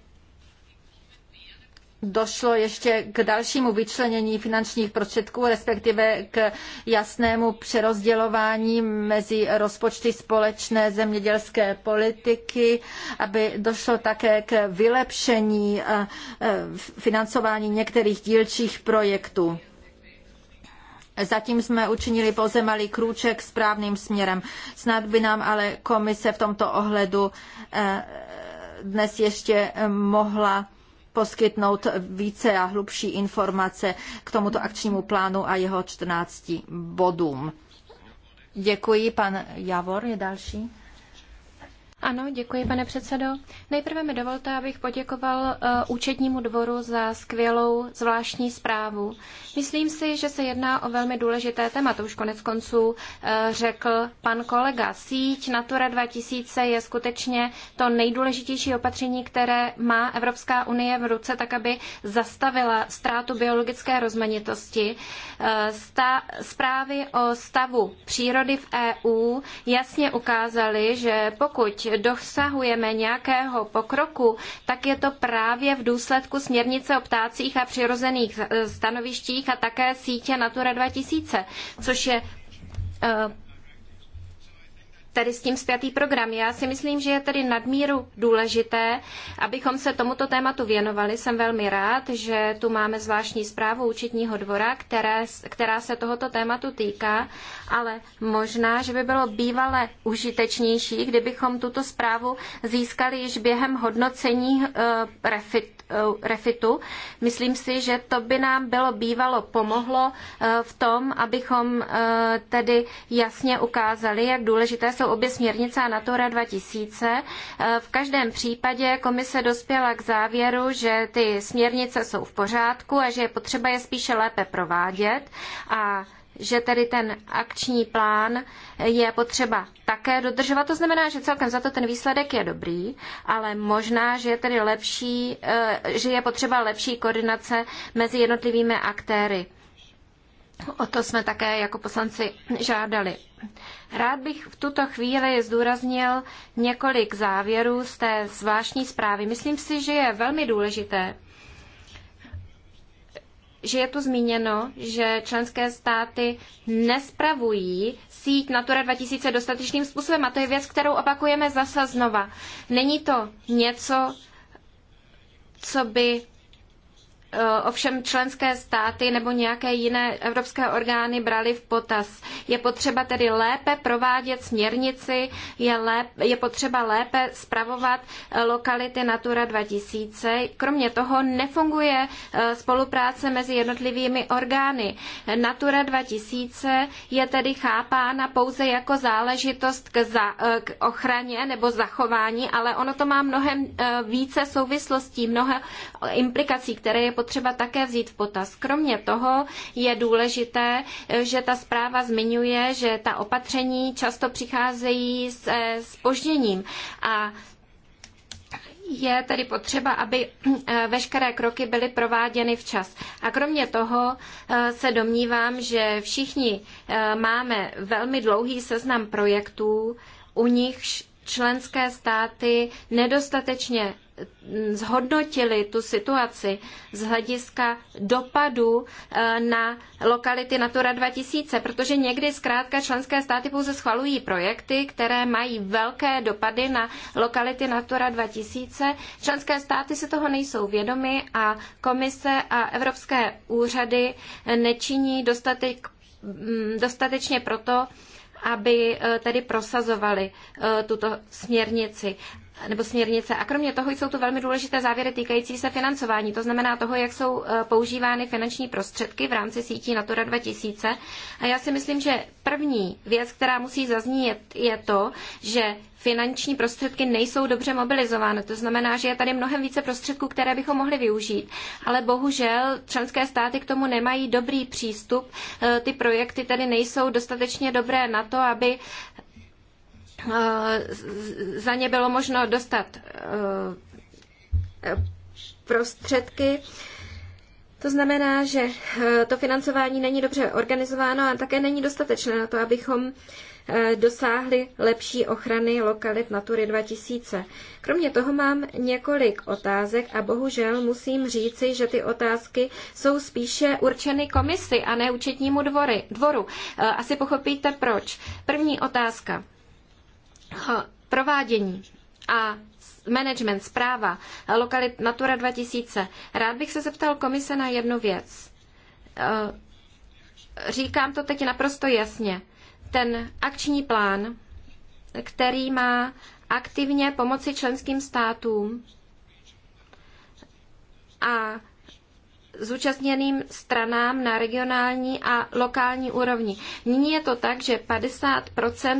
došlo ještě k dalšímu vyčlenění finančních prostředků, respektive k jasnému přerozdělování mezi rozpočty společné zemědělské politiky, aby došlo také k vylepšení eh, eh, financování některých dílčích projektů. Zatím jsme učinili pouze malý krůček správným směrem. Snad by nám ale komise v tomto ohledu eh, dnes ještě mohla poskytnout více a hlubší informace k tomuto akčnímu plánu a jeho 14 bodům. Děkuji, pan Javor je další. Ano, děkuji, pane předsedo. Nejprve mi dovolte, abych poděkoval eh, účetnímu dvoru za skvělou zvláštní zprávu. Myslím si, že se jedná o velmi důležité téma, to už konec konců eh, řekl pan kolega. Síť Natura 2000 je skutečně to nejdůležitější opatření, které má Evropská unie v ruce, tak aby zastavila ztrátu biologické rozmanitosti. Eh, sta- zprávy o stavu přírody v EU jasně ukázaly, že pokud dosahujeme nějakého pokroku, tak je to právě v důsledku směrnice o ptácích a přirozených eh, stanovištích a také sítě Natura 2000, což je eh, tedy s tím zpětý program. Já si myslím, že je tedy nadmíru důležité, abychom se tomuto tématu věnovali. Jsem velmi rád, že tu máme zvláštní zprávu účetního dvora, které, která se tohoto tématu týká, ale možná, že by bylo bývale užitečnější, kdybychom tuto zprávu získali již během hodnocení eh, refit, Eh, refitu. Myslím si, že to by nám bylo bývalo pomohlo eh, v tom, abychom eh, tedy jasně ukázali, jak důležité jsou obě směrnice a Natura 2000. V každém případě komise dospěla k závěru, že ty směrnice jsou v pořádku a že je potřeba je spíše lépe provádět a že tedy ten akční plán je potřeba také dodržovat. To znamená, že celkem za to ten výsledek je dobrý, ale možná, že je tedy lepší, eh, že je potřeba lepší koordinace mezi jednotlivými aktéry. O to jsme také jako poslanci žádali. Rád bych v tuto chvíli zdůraznil několik závěrů z té zvláštní zprávy. Myslím si, že je velmi důležité, že je tu zmíněno, že členské státy nespravují síť Natura 2000 dostatečným způsobem a to je věc, kterou opakujeme zase znova. Není to něco, co by Eh, ovšem členské státy nebo nějaké jiné evropské orgány brali v potaz. Je potřeba tedy lépe provádět směrnici, je, lép, je potřeba lépe spravovat eh, lokality Natura 2000. Kromě toho nefunguje eh, spolupráce mezi jednotlivými orgány. Natura 2000 je tedy chápána pouze jako záležitost k, za, k ochraně nebo zachování, ale ono to má mnohem více souvislostí, mnoho implikací, které je potřeba potřeba také vzít v potaz. Kromě toho je důležité, eh, že ta zpráva zmiňuje, že ta opatření často přicházejí s spožděním eh, a je tedy potřeba, aby eh, veškeré kroky byly prováděny včas. A kromě toho se domnívám, že všichni máme velmi dlouhý seznam projektů, u nichž členské státy nedostatečně zhodnotili tu situaci z hlediska dopadu eh, na lokality Natura 2000, protože někdy zkrátka členské státy pouze schvalují projekty, které mají velké dopady na lokality Natura 2000. Členské státy si toho nejsou vědomy a komise a evropské úřady nečiní dostatek, mm, dostatečně proto, aby eh, tedy prosazovali eh, tuto směrnici nebo směrnice. A kromě toho jsou tu velmi důležité závěry týkající se financování, to znamená toho, jak jsou e, používány finanční prostředky v rámci sítí Natura 2000. A já si myslím, že první věc, která musí zaznít, je to, že finanční prostředky nejsou dobře mobilizovány. To znamená, že je tady mnohem více prostředků, které bychom mohli využít. Ale bohužel členské státy k tomu nemají dobrý přístup. E, ty projekty tady nejsou dostatečně dobré na to, aby Eh, za ně bylo možno dostat eh, prostředky. To znamená, že eh, to financování není dobře organizováno a také není dostatečné na to, abychom dosáhli lepší ochrany lokalit Natury 2000. Kromě toho mám několik otázek a bohužel musím říci, že ty otázky jsou spíše určeny komisi a ne účetnímu dvory, dvoru. Asi pochopíte proč. První otázka provádění a management, zpráva eh, lokalit Natura 2000. Rád bych se zeptal komise na jednu věc. Eh, říkám to teď naprosto jasně. Ten akční plán, který má aktivně pomoci členským státům a zúčastněným stranám na regionální a lokální úrovni. Nyní je to tak, že 50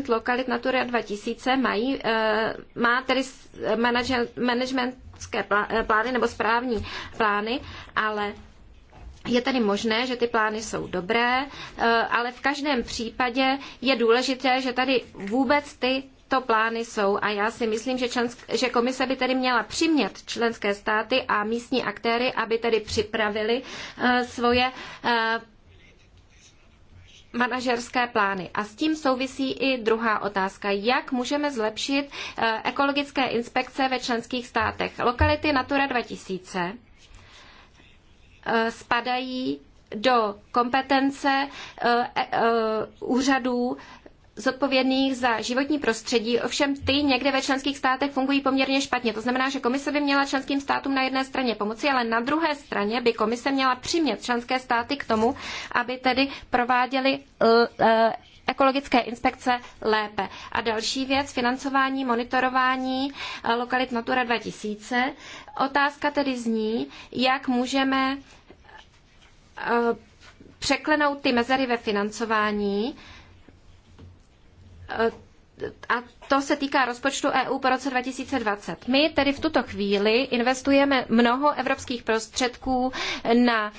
lokalit Natura 2000 mají, eh, má tedy managementské eh, plány nebo správní plány, ale je tedy možné, že ty plány jsou dobré, eh, ale v každém případě je důležité, že tady vůbec ty tyto plány jsou a já si myslím, že, člensk- že komise by tedy měla přimět členské státy a místní aktéry, aby tedy připravili uh, svoje uh, manažerské plány. A s tím souvisí i druhá otázka. Jak můžeme zlepšit uh, ekologické inspekce ve členských státech? Lokality Natura 2000 spadají do kompetence úřadů zodpovědných za životní prostředí, ovšem ty někde ve členských státech fungují poměrně špatně. To znamená, že komise by měla členským státům na jedné straně pomoci, ale na druhé straně by komise měla přimět členské státy k tomu, aby tedy prováděly eh, eh, ekologické inspekce lépe. A další věc, financování, monitorování eh, lokalit Natura 2000. Otázka tedy zní, jak můžeme překlenout ty mezery ve financování, a to se týká rozpočtu EU po roce 2020. My tedy v tuto chvíli investujeme mnoho evropských prostředků na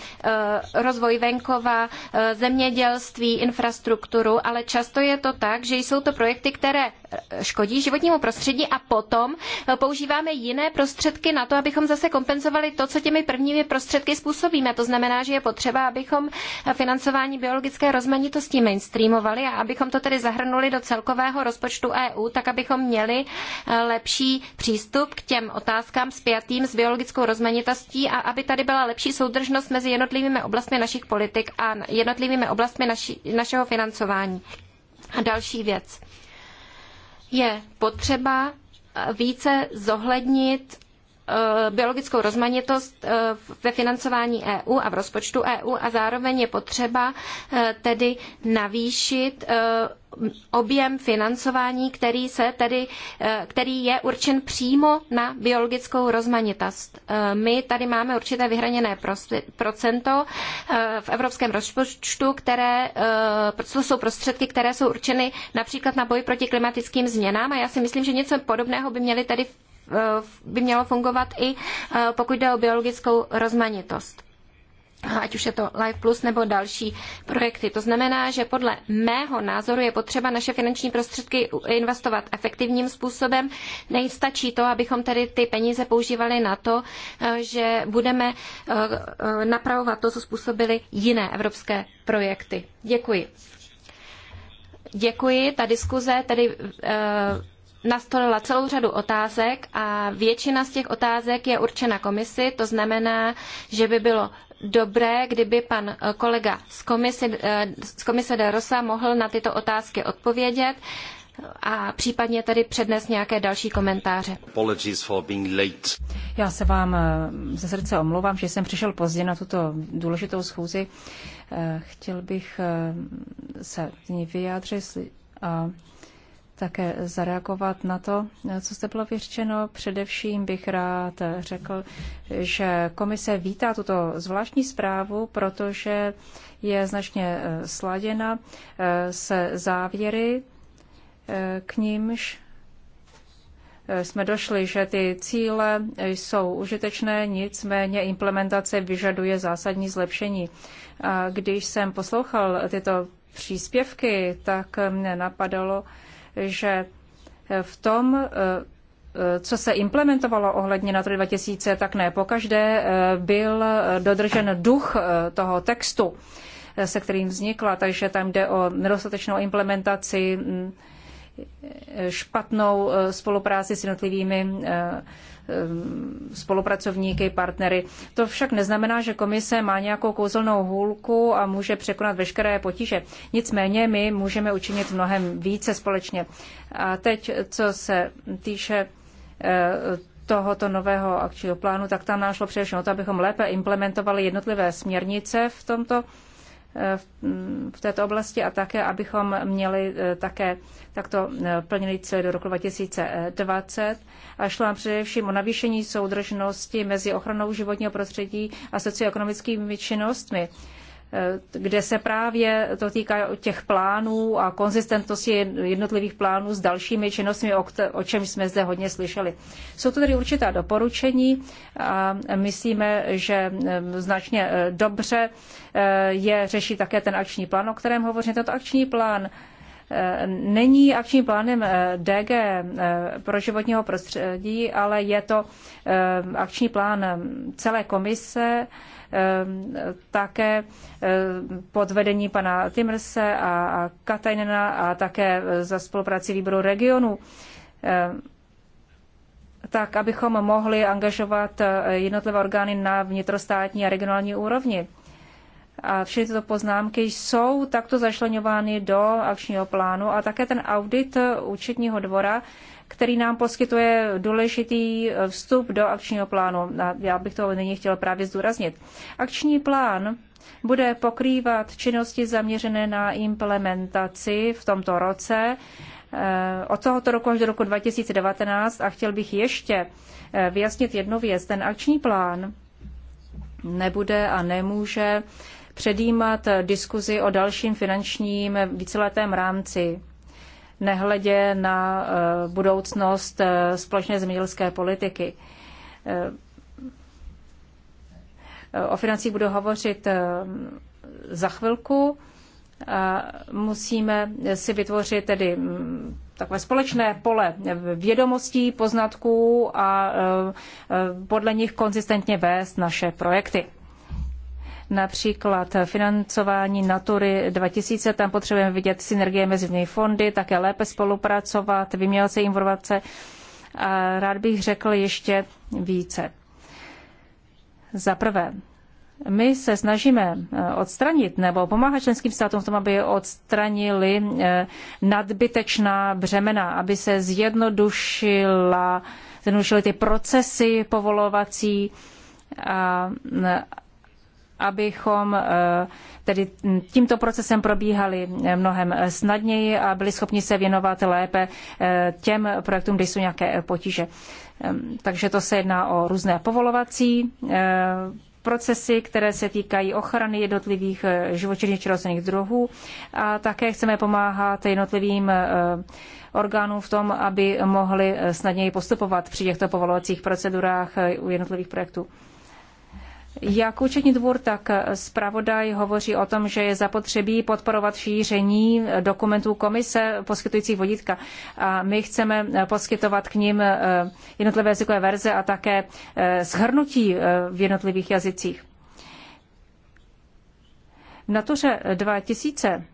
e, rozvoj venkova, e, zemědělství, infrastrukturu, ale často je to tak, že jsou to projekty, které e, škodí životnímu prostředí a potom používáme jiné prostředky na to, abychom zase kompenzovali to, co těmi prvními prostředky způsobíme. To znamená, že je potřeba, abychom financování biologické rozmanitosti mainstreamovali a abychom to tedy zahrnuli do celkového rozpočtu EU, tak abychom měli eh, lepší přístup k těm otázkám spjatým s biologickou rozmanitostí a aby tady byla lepší soudržnost mezi jednotlivými oblastmi našich politik a jednotlivými oblastmi naši, našeho financování. A další věc. Je potřeba eh, více zohlednit Eh, biologickou rozmanitost eh, ve financování EU a v rozpočtu EU a zároveň je potřeba eh, tedy navýšit objem financování, který, se tedy, který je určen přímo na biologickou rozmanitost. My tady máme určité vyhraněné procento v evropském rozpočtu, které to jsou prostředky, které jsou určeny například na boj proti klimatickým změnám a já si myslím, že něco podobného by měly tedy Eh, by mělo fungovat i eh, pokud jde o biologickou rozmanitost ať už je to Life Plus nebo další projekty. To znamená, že podle mého názoru je potřeba naše finanční prostředky investovat efektivním způsobem. Nejstačí to, abychom tedy ty peníze používali na to, eh, že budeme napravovat to, co způsobily jiné evropské projekty. Děkuji. Děkuji. Ta diskuze tedy nastolila celou řadu otázek a většina z těch otázek je určena komisi, to znamená, že by bylo dobré, kdyby pan eh, kolega z komise, eh, z komise de Rosa mohl na tyto otázky odpovědět a případně tady přednes nějaké další komentáře. Já se vám eh, ze srdce omlouvám, že jsem přišel pozdě na tuto důležitou schůzi. Chtěl bych se v ní vyjádřit a také zareagovat na to, co jste bylo vyřčeno. Především bych rád řekl, že komise vítá tuto zvláštní zprávu, protože je značně eh, sladěna eh, se závěry, eh, k nímž jsme došli, že ty cíle jsou užitečné, nicméně implementace vyžaduje zásadní zlepšení. A když jsem poslouchal tyto příspěvky, tak mě napadalo, že eh, v tom, eh, eh, co se implementovalo ohledně na 2000, tak ne pokaždé byl dodržen duch toho textu, se kterým vznikla, takže tam jde o nedostatečnou implementaci, mm, špatnou spolupráci s jednotlivými Eh, spolupracovníky, partnery. To však neznamená, že komise má nějakou kouzelnou hůlku a může překonat veškeré potíže. Nicméně my můžeme učinit mnohem více společně. A teď, co se týče eh, tohoto nového akčního plánu, tak tam nášlo především o to, abychom lépe implementovali jednotlivé směrnice v tomto v této oblasti a také, abychom měli eh, také takto eh, plněný cíl do roku 2020. A šlo nám především o navýšení soudržnosti mezi ochranou životního prostředí a socioekonomickými činnostmi. Eh, kde se právě to týká těch plánů a konzistentnosti jednotlivých plánů s dalšími činnostmi, o čem jsme zde hodně slyšeli. Jsou to tedy určitá doporučení a myslíme, že eh, značně eh, dobře je řešit také ten akční plán, o kterém hovořím. Tento akční plán není akčním plánem DG pro životního prostředí, ale je to akční plán celé komise, Ehm, také eh, pod vedení pana Timrse a Katajnena a také eh, za spolupráci výboru regionu ehm, tak, abychom mohli angažovat eh, jednotlivé orgány na vnitrostátní a regionální úrovni. A všechny tyto poznámky jsou takto zašlenovány do akčního plánu a také ten audit účetního dvora který nám poskytuje důležitý eh, vstup do akčního plánu. A já bych to nyní chtěla právě zdůraznit. Akční plán bude pokrývat činnosti zaměřené na implementaci v tomto roce, eh, od tohoto roku až do roku 2019 a chtěl bych ještě eh, vyjasnit jednu věc. Ten akční plán nebude a nemůže předjímat diskuzi o dalším finančním víceletém rámci nehledě na eh, budoucnost eh, společné zemědělské politiky. Eh, o financích budu hovořit za chvilku. Musíme si vytvořit tedy mm, takové společné pole vědomostí, poznatků a podle nich konzistentně vést naše projekty například financování Natury 2000, tam potřebujeme vidět synergie mezi vněj fondy, také lépe spolupracovat, vyměňovat se informace. A rád bych řekl ještě více. Za prvé, my se snažíme eh, odstranit nebo pomáhat členským státům v tom, aby odstranili eh, nadbytečná břemena, aby se zjednodušila, zjednodušily ty procesy povolovací a eh, abychom eh, tedy tímto procesem probíhali eh, mnohem snadněji a byli schopni se věnovat lépe eh, těm projektům, kde jsou nějaké potíže. Ehm, takže to se jedná o různé povolovací procesy, které se týkají ochrany jednotlivých živočišných přirozených druhů a také chceme pomáhat jednotlivým orgánům v tom, aby mohli snadněji postupovat při těchto povolovacích procedurách u jednotlivých projektů. Jak účetní dvůr, tak zpravodaj hovoří o tom, že je zapotřebí podporovat šíření dokumentů komise poskytujících vodítka. A my chceme poskytovat k nim eh, jednotlivé jazykové verze a také eh, shrnutí eh, v jednotlivých jazycích. V Natuře 2000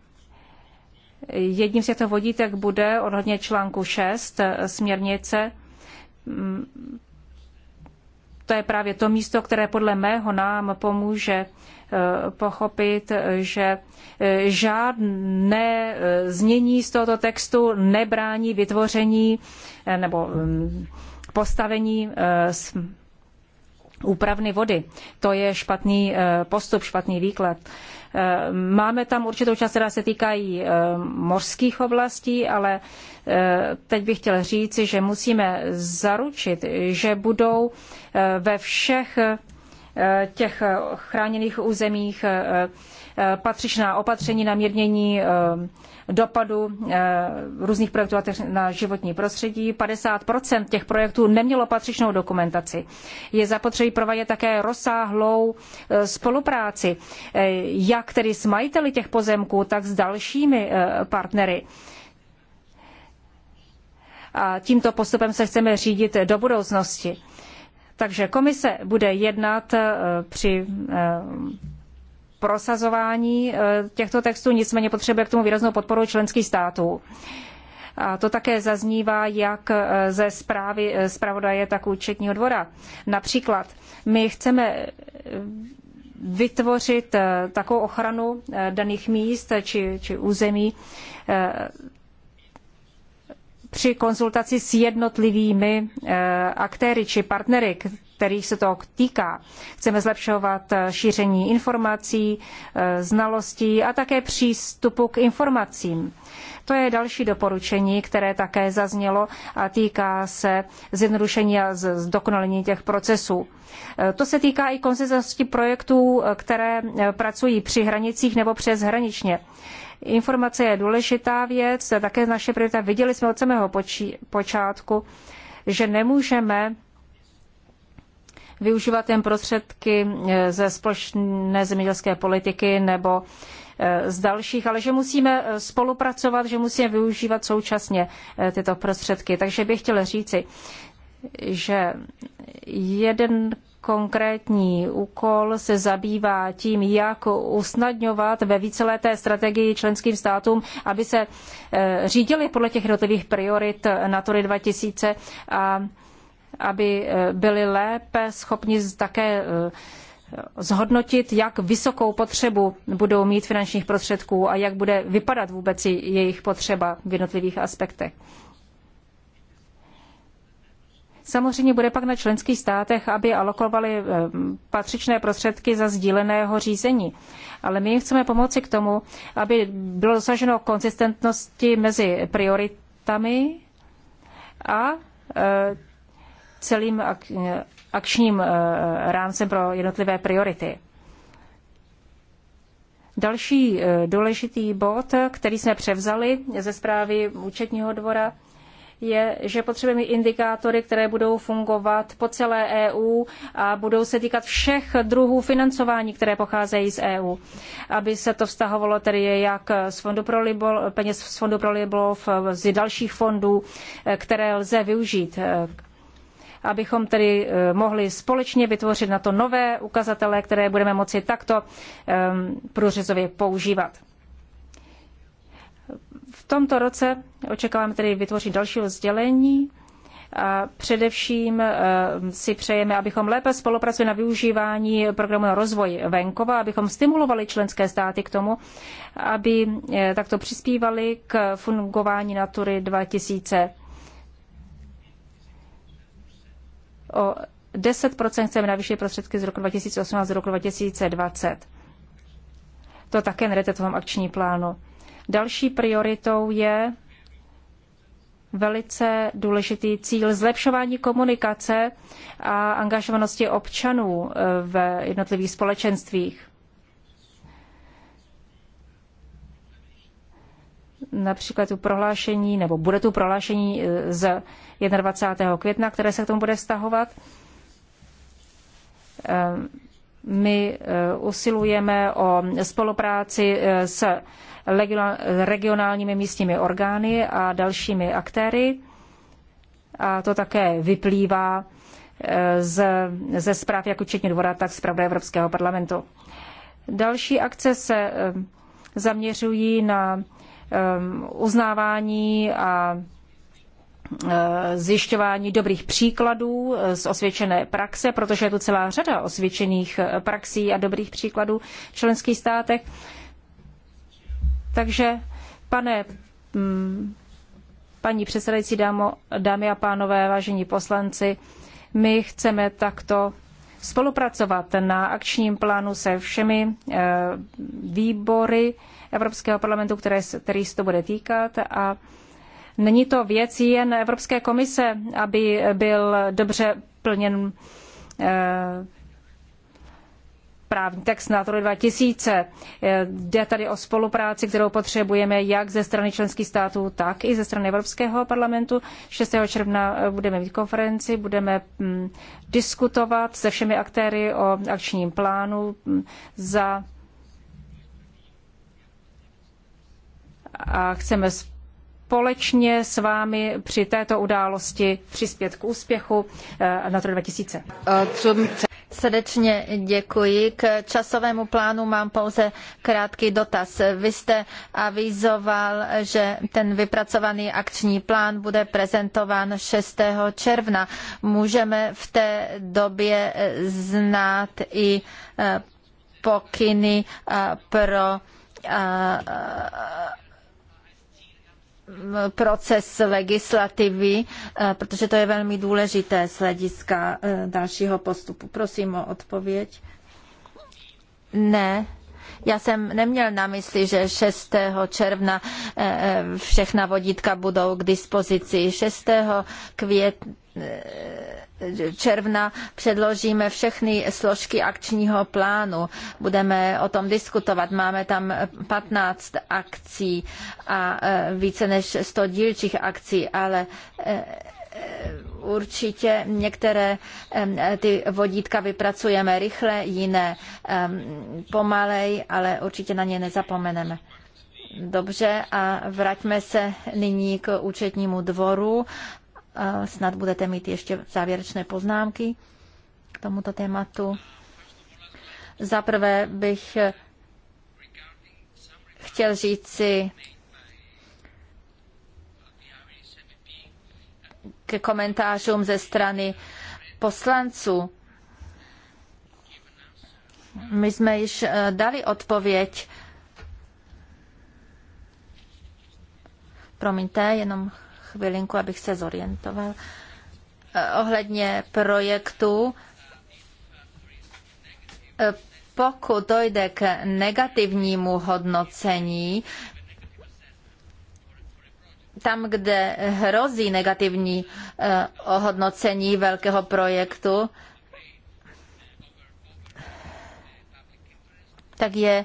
jedním z těchto vodítek bude odhodně článku 6 směrnice mm, to je právě to místo, které podle mého nám pomůže eh, pochopit, že eh, žádné eh, znění z tohoto textu nebrání vytvoření nebo mm, postavení úpravny vody. To je špatný eh, postup, špatný výklad. Eh, máme tam určitou část, která se týkají eh, mořských oblastí, ale teď bych chtěl říci, že musíme zaručit, že budou ve všech těch chráněných územích patřičná opatření na mírnění eh, dopadu eh, různých projektů na životní prostředí. 50 těch projektů nemělo patřičnou dokumentaci. Je zapotřebí provádět také rozsáhlou eh, spolupráci, jak tedy s majiteli těch pozemků, tak s dalšími partnery. A tímto postupem se chceme řídit do budoucnosti. Takže komise bude jednat při prosazování eh, těchto textů, nicméně potřebuje k tomu výraznou podporu členských států. A to také zaznívá jak eh, ze zprávy eh, zpravodaje, tak účetního dvora. Například my chceme vytvořit takovou ochranu daných míst či, či území, při konzultaci s jednotlivými eh, aktéry či partnery, kterých se to týká. Chceme zlepšovat eh, šíření informací, eh, znalostí a také přístupu k informacím. To je další doporučení, které také zaznělo a týká se zjednodušení a zdokonalení těch procesů. To se týká i konzistentnosti projektů, které pracují při hranicích nebo přeshraničně. Informace je důležitá věc, to je také naše priorita. Viděli jsme od samého počí, počátku, že nemůžeme využívat jen prostředky eh, ze společné zemědělské politiky nebo eh, z dalších, ale že musíme eh, spolupracovat, že musíme využívat současně tyto prostředky. Takže bych chtěla říci, že jeden konkrétní úkol se zabývá tím, jak usnadňovat ve víceleté strategii členským státům, aby se eh, řídili podle těch jednotlivých priorit Natury 2000 a aby eh, byli lépe schopni také eh, zhodnotit, jak vysokou potřebu budou mít finančních prostředků a jak bude vypadat vůbec jejich potřeba v jednotlivých aspektech. Samozřejmě bude pak na členských státech, aby alokovali eh, patřičné prostředky za sdíleného řízení. Ale my jim chceme pomoci k tomu, aby bylo dosaženo konzistentnosti mezi prioritami a eh, celým akčním eh, rámcem pro jednotlivé priority. Další důležitý bod, který jsme převzali ze zprávy účetního dvora, je, že potřebujeme indikátory, které budou fungovat po celé EU a budou se týkat všech druhů financování, které pocházejí z EU. Aby se to vztahovalo tedy jak z fondu pro Libo, peněz z fondu pro Libov, z dalších fondů, eh, které lze využít eh, abychom tedy eh, mohli společně vytvořit na to nové ukazatele, které budeme moci takto ehm, průřezově používat. V tomto roce očekáváme tedy vytvořit další sdělení. A především eh, si přejeme, abychom lépe spolupracovali na využívání programu na rozvoj venkova, abychom stimulovali členské státy k tomu, aby eh, takto přispívali k fungování Natury 2000. O 10% chceme navýšit prostředky z roku 2018 do roku 2020. To také nedete v tom akční plánu. Další prioritou je velice důležitý cíl zlepšování komunikace a angažovanosti občanů eh, v jednotlivých společenstvích. Například tu prohlášení, nebo bude tu prohlášení eh, z 21. května, které se k tomu bude vztahovat. Eh, my usilujeme o spolupráci s regionálními místními orgány a dalšími aktéry. A to také vyplývá e, z, ze zpráv jak účetní dvora, tak zpravda Evropského parlamentu. Další akce se e, zaměřují na e, uznávání a zjišťování dobrých příkladů z osvědčené praxe, protože je tu celá řada osvědčených praxí a dobrých příkladů v členských státech. Takže, pane, mm, paní předsedající, dámo, dámy a pánové, vážení poslanci, my chceme takto spolupracovat na akčním plánu se všemi eh, výbory Evropského parlamentu, které, který se to bude týkat a Není to věc jen Evropské komise, aby byl dobře plněn eh, právní text Natury 2000. Jde tady o spolupráci, kterou potřebujeme jak ze strany členských států, tak i ze strany Evropského parlamentu. 6. června budeme mít konferenci, budeme mm, diskutovat se všemi aktéry o akčním plánu mm, za a chceme společně s vámi při této události přispět k úspěchu eh, na to 2000. Srdečně děkuji. K časovému plánu mám pouze krátký dotaz. Vy jste avizoval, že ten vypracovaný akční plán bude prezentován 6. června. Můžeme v té době znát i eh, pokyny eh, pro eh, proces legislativy, eh, protože to je velmi důležité z hlediska eh, dalšího postupu. Prosím o odpověď. Ne. Já jsem neměl na mysli, že 6. června eh, všechna vodítka budou k dispozici. 6. května června předložíme všechny složky akčního plánu. Budeme o tom diskutovat. Máme tam 15 akcí a e, více než 100 dílčích akcí, ale e, e, určitě některé ty vodítka vypracujeme rychle, jiné pomalej, ale určitě na ně nezapomeneme. Dobře, a vraťme se nyní k účetnímu dvoru snad budete mít ještě závěrečné poznámky k tomuto tématu. Za prvé bych chtěl říci ke komentářům ze strany poslanců. My jsme již eh, dali odpověď. Promiňte, jenom chvilinku, abych se zorientoval eh, ohledně projektu. Eh, pokud dojde k negativnímu hodnocení, tam, kde hrozí negativní eh, ohodnocení velkého projektu, tak je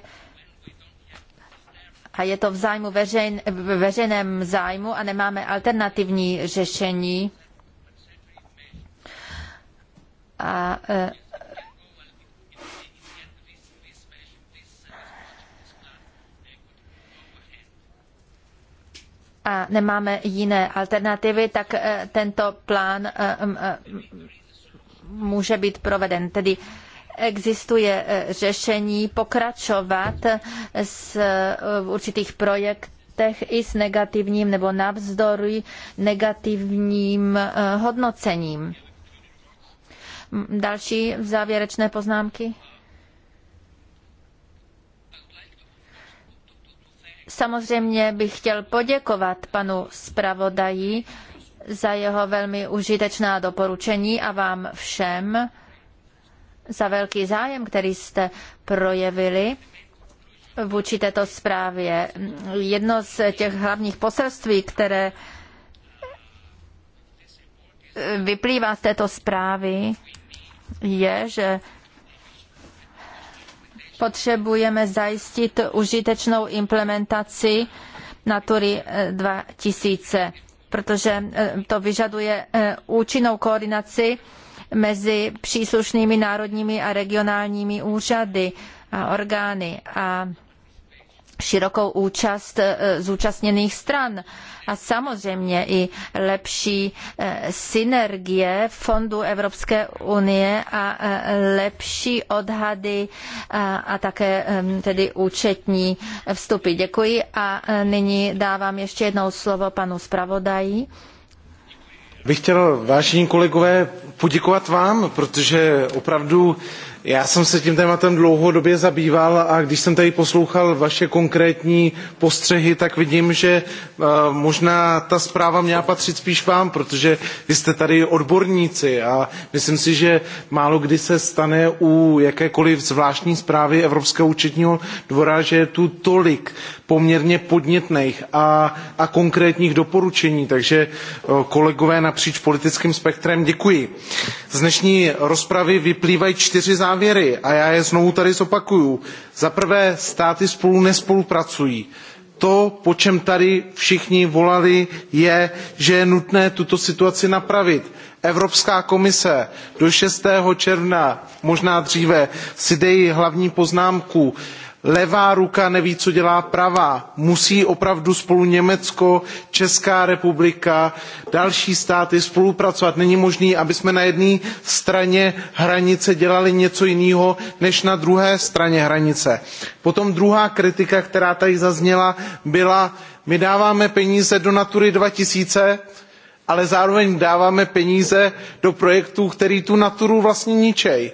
a je to v, zájmu veřejn, veřejném zájmu a nemáme alternativní řešení. A, e, a nemáme jiné alternativy, tak e, tento plán e, může být proveden. Tedy existuje eh, řešení pokračovat s, eh, v určitých projektech i s negativním nebo navzdory negativním eh, hodnocením. Další závěrečné poznámky? Samozřejmě bych chtěl poděkovat panu zpravodaji za jeho velmi užitečná doporučení a vám všem za velký zájem, který jste projevili vůči této zprávě. Jedno z těch hlavních poselství, které vyplývá z této zprávy, je, že potřebujeme zajistit užitečnou implementaci Natury 2000, eh, protože eh, to vyžaduje eh, účinnou koordinaci mezi příslušnými národními a regionálními úřady a orgány a širokou účast e, zúčastněných stran a samozřejmě i lepší e, synergie fondu Evropské unie a e, lepší odhady a také tedy účetní vstupy. Děkuji a nyní dávám ještě jednou slovo panu zpravodaji. Bych chtěl, vážení kolegové, poděkovat vám, protože opravdu já jsem se tím tématem dlouhodobě zabýval a když jsem tady poslouchal vaše konkrétní postřehy, tak vidím, že eh, možná ta zpráva měla patřit spíš vám, protože vy jste tady odborníci a myslím si, že málo kdy se stane u jakékoliv zvláštní zprávy Evropského účetního dvora, že je tu tolik poměrně podnětných a, a konkrétních doporučení, takže eh, kolegové napříč politickým spektrem děkuji. Z dnešní rozpravy vyplývají čtyři závěry a já je znovu tady zopakuju. Za prvé, státy spolu nespolupracují to, po čem tady všichni volali, je, že je nutné tuto situaci napravit. Evropská komise do 6. června, možná dříve, si dej hlavní poznámku levá ruka neví, co dělá pravá. Musí opravdu spolu Německo, Česká republika, další státy spolupracovat. Není možné, aby jsme na jedné straně hranice dělali něco jiného, než na druhé straně hranice. Potom druhá kritika, která tady zazněla, byla, my dáváme peníze do Natury 2000, ale zároveň dáváme peníze do projektů, které tu naturu vlastně ničí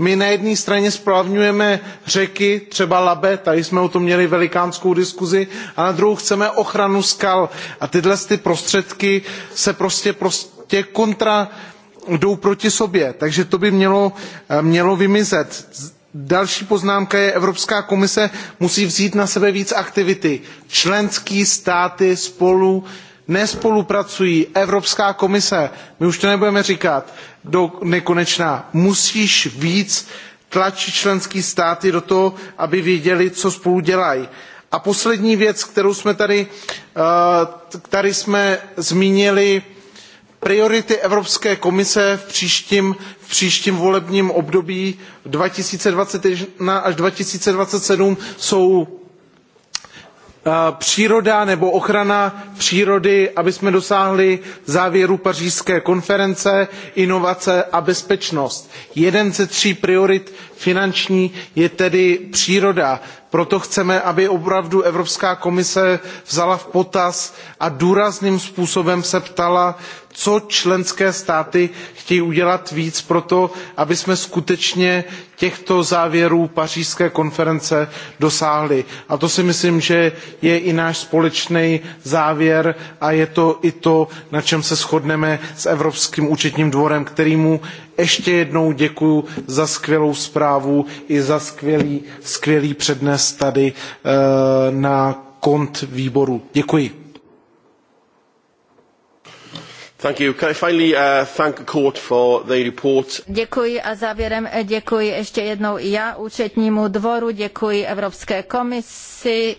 my na jedné straně splavňujeme řeky třeba labe tady jsme o tom měli velikánskou diskuzi, a na druhou chceme ochranu skal a tyhle ty prostředky se prostě, prostě kontra jdou proti sobě takže to by mělo, eh, mělo vymizet. Další poznámka je, Evropská komise musí vzít na sebe víc aktivity. Členské státy spolu nespolupracují evropská komise my už to nebudeme říkat do nekonečna musíš víc tlačit členské státy do toho aby věděli co spolu dělají. a poslední věc kterou jsme tady, eh, tady jsme zmínili priority evropské komise v příštím, v příštím volebním období two thousand and twenty one až two thousand and twenty seven jsou Eh, příroda nebo ochrana přírody abychom dosáhli závěrů pařížské konference inovace a bezpečnost. Jeden ze tří priorit finanční je tedy příroda proto chceme aby opravdu evropská komise vzala v potaz a důrazným způsobem se ptala co členské státy chtějí udělat víc pro to abychom skutečně těchto závěrů pařížské konference dosáhli. a to si myslím že je i náš společný závěr a je to i to na čem se shodneme s evropským účetním dvorem kterému ještě jednou děkuji za skvělou zprávu i za skvělý, skvělý přednes tady eh, na kont výboru. děkuji. Uh, děkuji a závěrem eh, děkuji ještě jednou i já účetnímu dvoru, děkuji Evropské komisi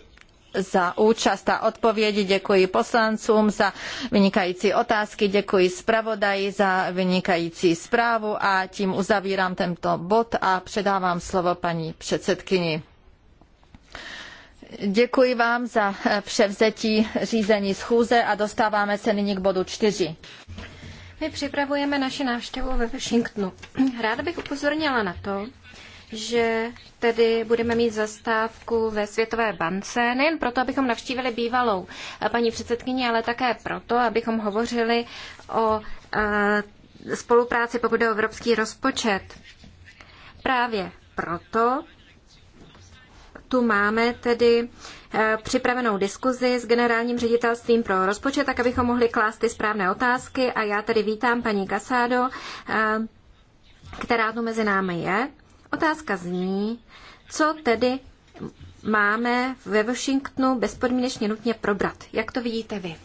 za účast a odpovědi, děkuji poslancům za vynikající otázky, děkuji zpravodaji za vynikající zprávu a tím uzavírám tento bod a předávám slovo paní předsedkyni. Děkuji vám za eh, převzetí řízení schůze a dostáváme se nyní k bodu čtyři. My připravujeme naši návštěvu ve Washingtonu. Ráda bych upozornila na to, že tedy budeme mít zastávku ve Světové bance, nejen proto, abychom navštívili bývalou eh, paní předsedkyni, ale také proto, abychom hovořili o eh, spolupráci, pokud je o evropský rozpočet. Právě proto tu máme tedy eh, připravenou diskuzi s generálním ředitelstvím pro rozpočet, tak abychom mohli klást ty správné otázky. A já tedy vítám paní Kasádo, eh, která tu mezi námi je. Otázka zní, co tedy máme ve Washingtonu bezpodmínečně nutně probrat. Jak to vidíte vy?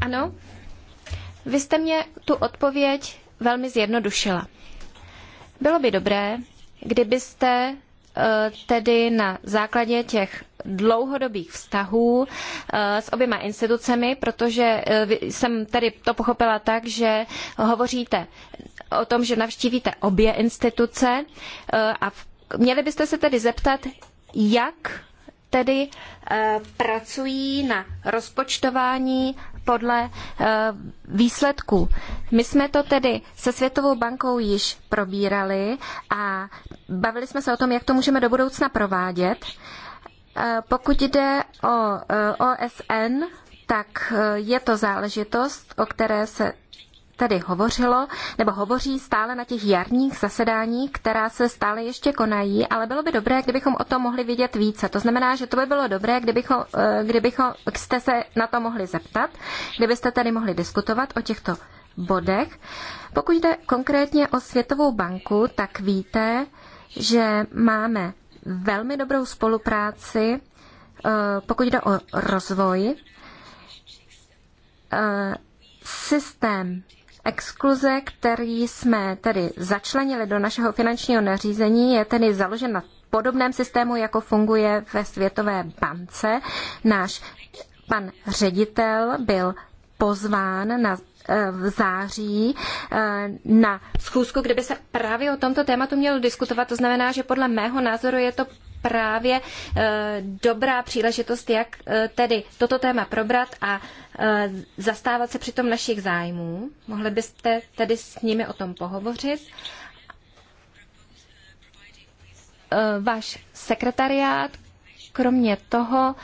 Ano, vy jste mě tu odpověď velmi zjednodušila. Bylo by dobré, kdybyste eh, tedy na základě těch dlouhodobých vztahů eh, s oběma institucemi, protože eh, jsem tady to pochopila tak, že hovoříte o tom, že navštívíte obě instituce a měli byste se tedy zeptat, jak tedy pracují na rozpočtování podle eh, výsledků. My jsme to tedy se Světovou bankou již probírali a bavili jsme se o tom, jak to můžeme do budoucna provádět. Eh, pokud jde o eh, OSN, tak je to záležitost, o které se tady hovořilo, nebo hovoří stále na těch jarních zasedáních, která se stále ještě konají, ale bylo by dobré, kdybychom o tom mohli vidět více. To znamená, že to by bylo dobré, kdybychom, eh, kdybychom jste se na to mohli zeptat, kdybyste tady mohli diskutovat o těchto bodech. Pokud jde konkrétně o Světovou banku, tak víte, že máme velmi dobrou spolupráci, eh, pokud jde o rozvoj. Eh, systém Exkluze, který jsme tedy začlenili do našeho finančního nařízení, je tedy založen na podobném systému, jako funguje ve Světové bance. Náš pan ředitel byl pozván na eh, v září eh, na schůzku, kde by se právě o tomto tématu mělo diskutovat. To znamená, že podle mého názoru je to právě eh, dobrá příležitost, jak eh, tedy toto téma probrat a eh, zastávat se přitom našich zájmů. Mohli byste tedy s nimi o tom pohovořit? Váš sekretariát kromě toho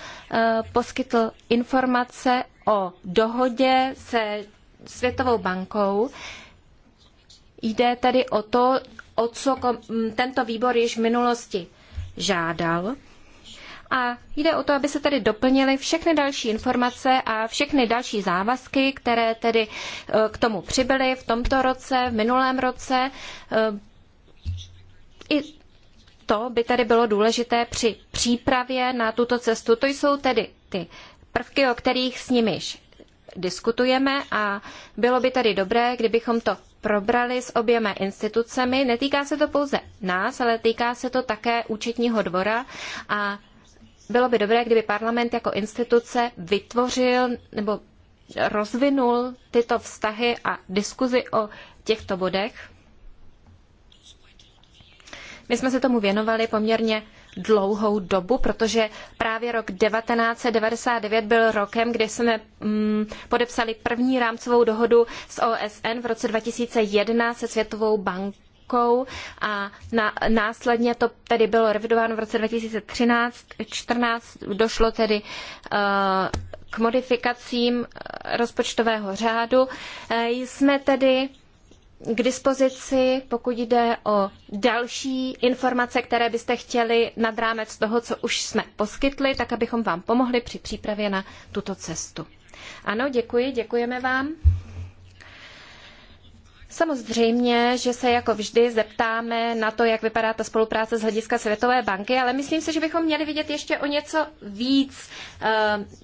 poskytl informace o dohodě se Světovou bankou. Jde tedy o to, o co tento výbor již v minulosti žádal. A jde o to, aby se tedy doplnily všechny další informace a všechny další závazky, které tedy eh, k tomu přibyly v tomto roce, v minulém roce. Eh, I to by tady bylo důležité při přípravě na tuto cestu. To jsou tedy ty prvky, o kterých s nimiž diskutujeme a bylo by tady dobré, kdybychom to probrali s oběma institucemi. Netýká se to pouze nás, ale týká se to také účetního dvora a bylo by dobré, kdyby parlament jako instituce vytvořil nebo rozvinul tyto vztahy a diskuzi o těchto bodech. My jsme se tomu věnovali poměrně dlouhou dobu, protože právě rok 1999 byl rokem, kdy jsme mm, podepsali první rámcovou dohodu s OSN v roce 2001 se Světovou bankou a na, následně to tedy bylo revidováno v roce 2013, 14 došlo tedy uh, k modifikacím eh, rozpočtového řádu. Eh, jsme tedy k dispozici, pokud jde o další informace, které byste chtěli nad rámec toho, co už jsme poskytli, tak abychom vám pomohli při přípravě na tuto cestu. Ano, děkuji, děkujeme vám. Samozřejmě, že se jako vždy zeptáme na to, jak vypadá ta spolupráce z hlediska Světové banky, ale myslím si, že bychom měli vidět ještě o něco víc, eh,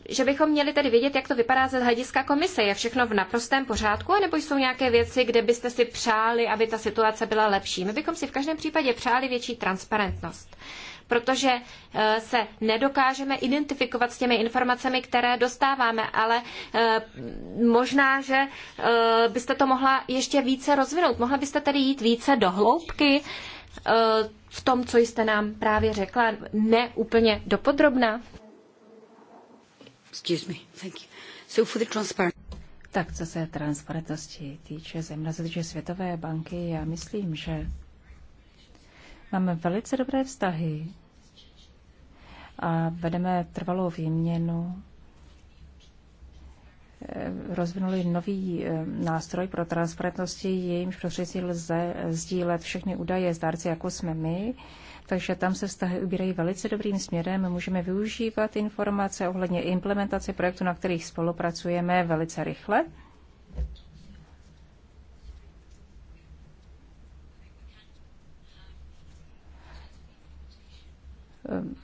že bychom měli tedy vidět, jak to vypadá z hlediska komise. Je všechno v naprostém pořádku, nebo jsou nějaké věci, kde byste si přáli, aby ta situace byla lepší? My bychom si v každém případě přáli větší transparentnost protože eh, se nedokážeme identifikovat s těmi informacemi, které dostáváme, ale eh, možná, že eh, byste to mohla ještě více rozvinout. Mohla byste tedy jít více do hloubky v tom, co jste nám právě řekla, ne úplně dopodrobná? Excuse me, thank you. So for the transparent... Tak co se transparentnosti týče, zejména se týče Světové banky, já myslím, že máme velice dobré vztahy a vedeme trvalou výměnu. Eh, rozvinuli nový eh, nástroj pro transparentnosti, jejímž prostřednictvím lze sdílet všechny údaje zdárci, jako jsme my. Takže tam se vztahy ubírají velice dobrým směrem. Můžeme využívat informace ohledně implementace projektu, na kterých spolupracujeme velice rychle. Um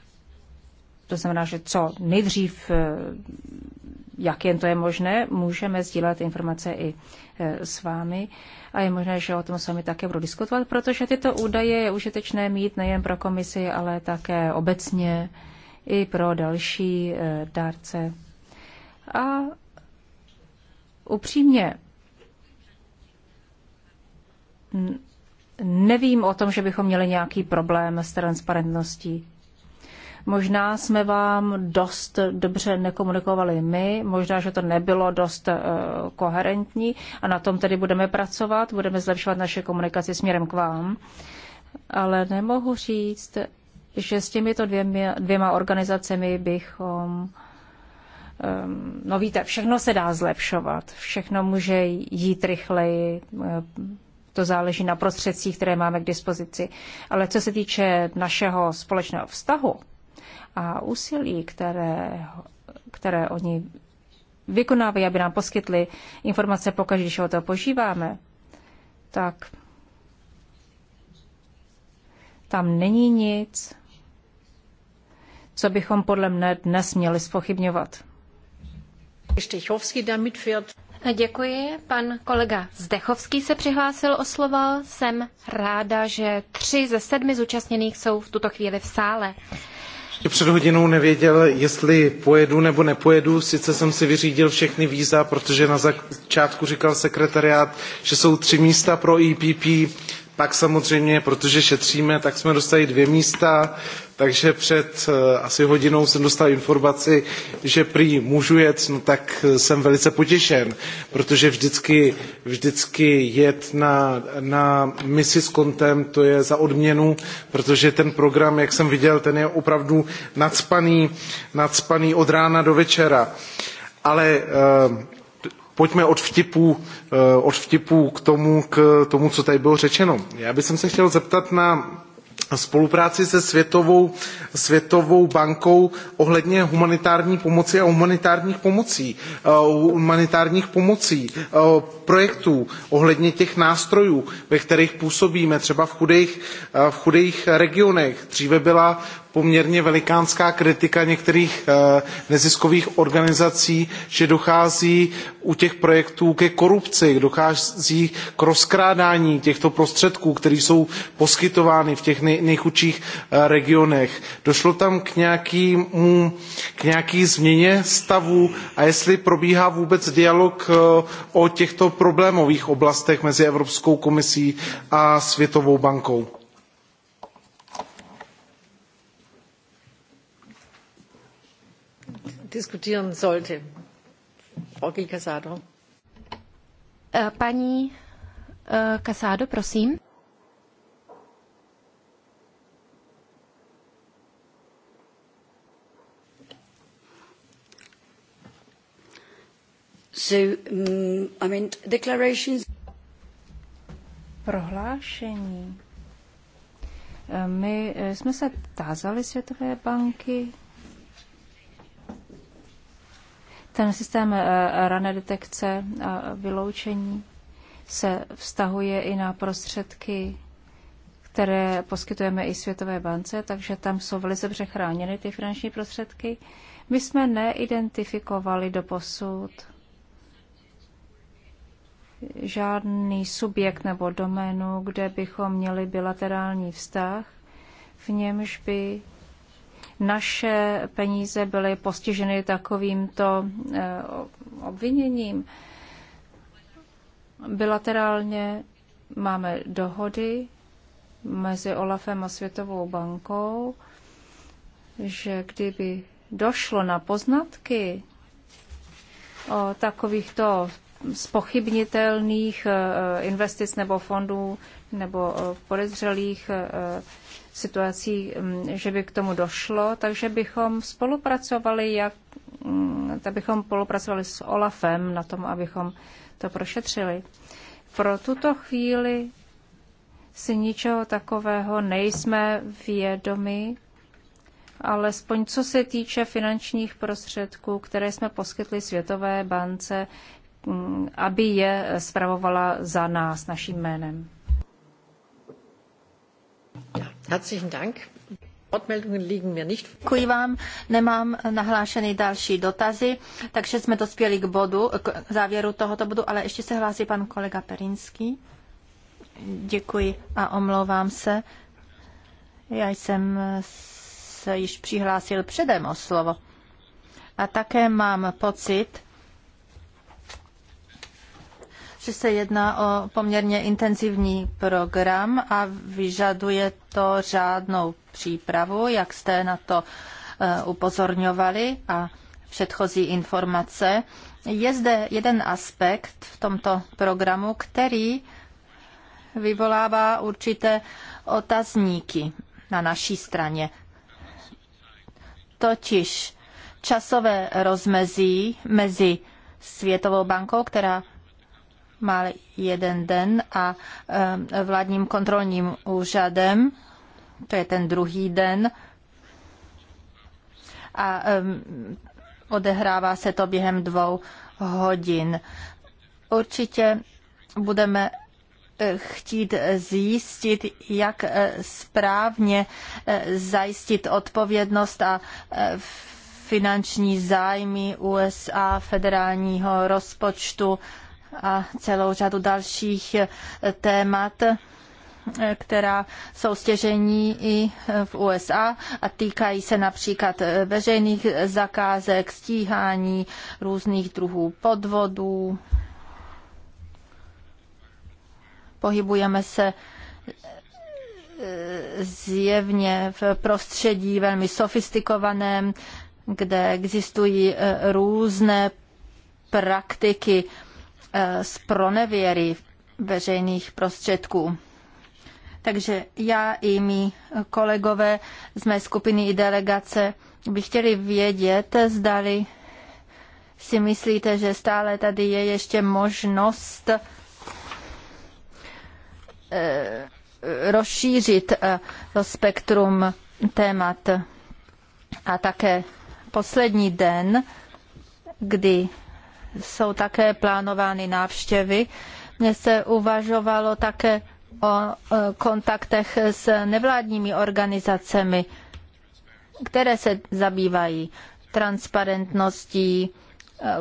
to znamená, že co nejdřív, eh, jak jen to je možné, můžeme sdílet informace i eh, s vámi a je možné, že o tom s vámi také budu diskutovat, protože tyto údaje je užitečné mít nejen pro komisi, ale také obecně i pro další eh, dárce. A upřímně, nevím o tom, že bychom měli nějaký problém s transparentností. Možná jsme vám dost dobře nekomunikovali my, možná, že to nebylo dost eh, koherentní a na tom tedy budeme pracovat, budeme zlepšovat naše komunikaci směrem k vám. Ale nemohu říct, že s těmito dvěma, dvěma organizacemi bychom ehm, no víte, všechno se dá zlepšovat, všechno může jít rychleji, eh, to záleží na prostředcích, které máme k dispozici. Ale co se týče našeho společného vztahu, a úsilí, které, které oni vykonávají, aby nám poskytli informace pokaždé, když o to požíváme, tak tam není nic, co bychom podle mne dnes měli spochybňovat. Děkuji. Pan kolega Zdechovský se přihlásil o slovo. Jsem ráda, že tři ze sedmi zúčastněných jsou v tuto chvíli v sále. Ještě před hodinou nevěděl, jestli pojedu nebo nepojedu. Sice jsem si vyřídil všechny víza, protože na začátku říkal sekretariát, že jsou tři místa pro EPP pak samozřejmě, protože šetříme, tak jsme dostali dvě místa, takže před eh, asi hodinou jsem dostal informaci, že prý můžu jet, no tak eh, jsem velice potěšen, protože vždycky, vždycky jet na, na misi s kontem, to je za odměnu, protože ten program, jak jsem viděl, ten je opravdu nadspaný, nadspaný od rána do večera. Ale eh, pojďme od vtipů, eh, od vtipů k tomu, k tomu, co tady bylo řečeno. Já bych se chtěl zeptat na spolupráci se Světovou, Světovou bankou ohledně humanitární pomoci a humanitárních pomocí, eh, humanitárních pomocí, eh, projektů, ohledně těch nástrojů, ve kterých působíme, třeba v chudých, v chudých regionech. Dříve byla poměrně velikánská kritika některých eh, neziskových organizací, že dochází u těch projektů ke korupci, dochází k rozkrádání těchto prostředků, které jsou poskytovány v těch nej, nejchudších eh, regionech. Došlo tam k, nějakému, k nějaký změně stavu a jestli probíhá vůbec dialog eh, o těchto problémových oblastech mezi Evropskou komisí a Světovou bankou. diskutieren sollte. Frau Casado. Eh, paní eh, Casado, prosím. So, um, I mean, declarations. Prohlášení. Eh, my jsme se tázali Světové banky Ten systém eh, rané detekce a vyloučení se vztahuje i na prostředky, které poskytujeme i Světové bance, takže tam jsou velice dobře chráněny ty finanční prostředky. My jsme neidentifikovali do posud žádný subjekt nebo doménu, kde bychom měli bilaterální vztah, v němž by naše peníze byly postiženy takovýmto eh, obviněním. Bilaterálně máme dohody mezi Olafem a Světovou bankou, že kdyby došlo na poznatky o takovýchto spochybnitelných eh, investic nebo fondů nebo eh, podezřelých situací, mm, že by k tomu došlo, takže bychom spolupracovali, jak, mm, tak bychom spolupracovali s Olafem na tom, abychom to prošetřili. Pro tuto chvíli si ničeho takového nejsme vědomi, alespoň co se týče finančních prostředků, které jsme poskytli Světové bance, mm, aby je spravovala za nás naším jménem. Děkuji vám, nemám nahlášený další dotazy, takže jsme dospěli k bodu, k závěru tohoto bodu, ale ještě se hlásí pan kolega Perinský. Děkuji a omlouvám se. Já jsem se již přihlásil předem o slovo. A také mám pocit, že se jedná o poměrně intenzivní program a vyžaduje to řádnou přípravu, jak jste na to eh, upozorňovali a předchozí informace. Je zde jeden aspekt v tomto programu, který vyvolává určité otazníky na naší straně. Totiž časové rozmezí mezi Světovou bankou, která má jeden den a vládním kontrolním úřadem, to je ten druhý den, a odehrává se to během dvou hodin. Určitě budeme eh, chtít zjistit, jak eh, správně eh, zajistit odpovědnost a finanční zájmy USA, federálního rozpočtu, a celou řadu dalších eh, témat eh, která jsou stěžení i eh, v USA a týkají se například veřejných zakázek, stíhání různých druhů podvodů. Pohybujeme se zjevně v prostředí velmi sofistikovaném, kde existují různé praktiky z pronevěry veřejných prostředků. Takže já i mý kolegové z mé skupiny i delegace by chtěli vědět, zdali si myslíte, že stále tady je ještě možnost eh, rozšířit eh, to spektrum témat. A také poslední den, kdy jsou také plánovány návštěvy. Mně se uvažovalo také o e, kontaktech s nevládními organizacemi, které se zabývají transparentností, e,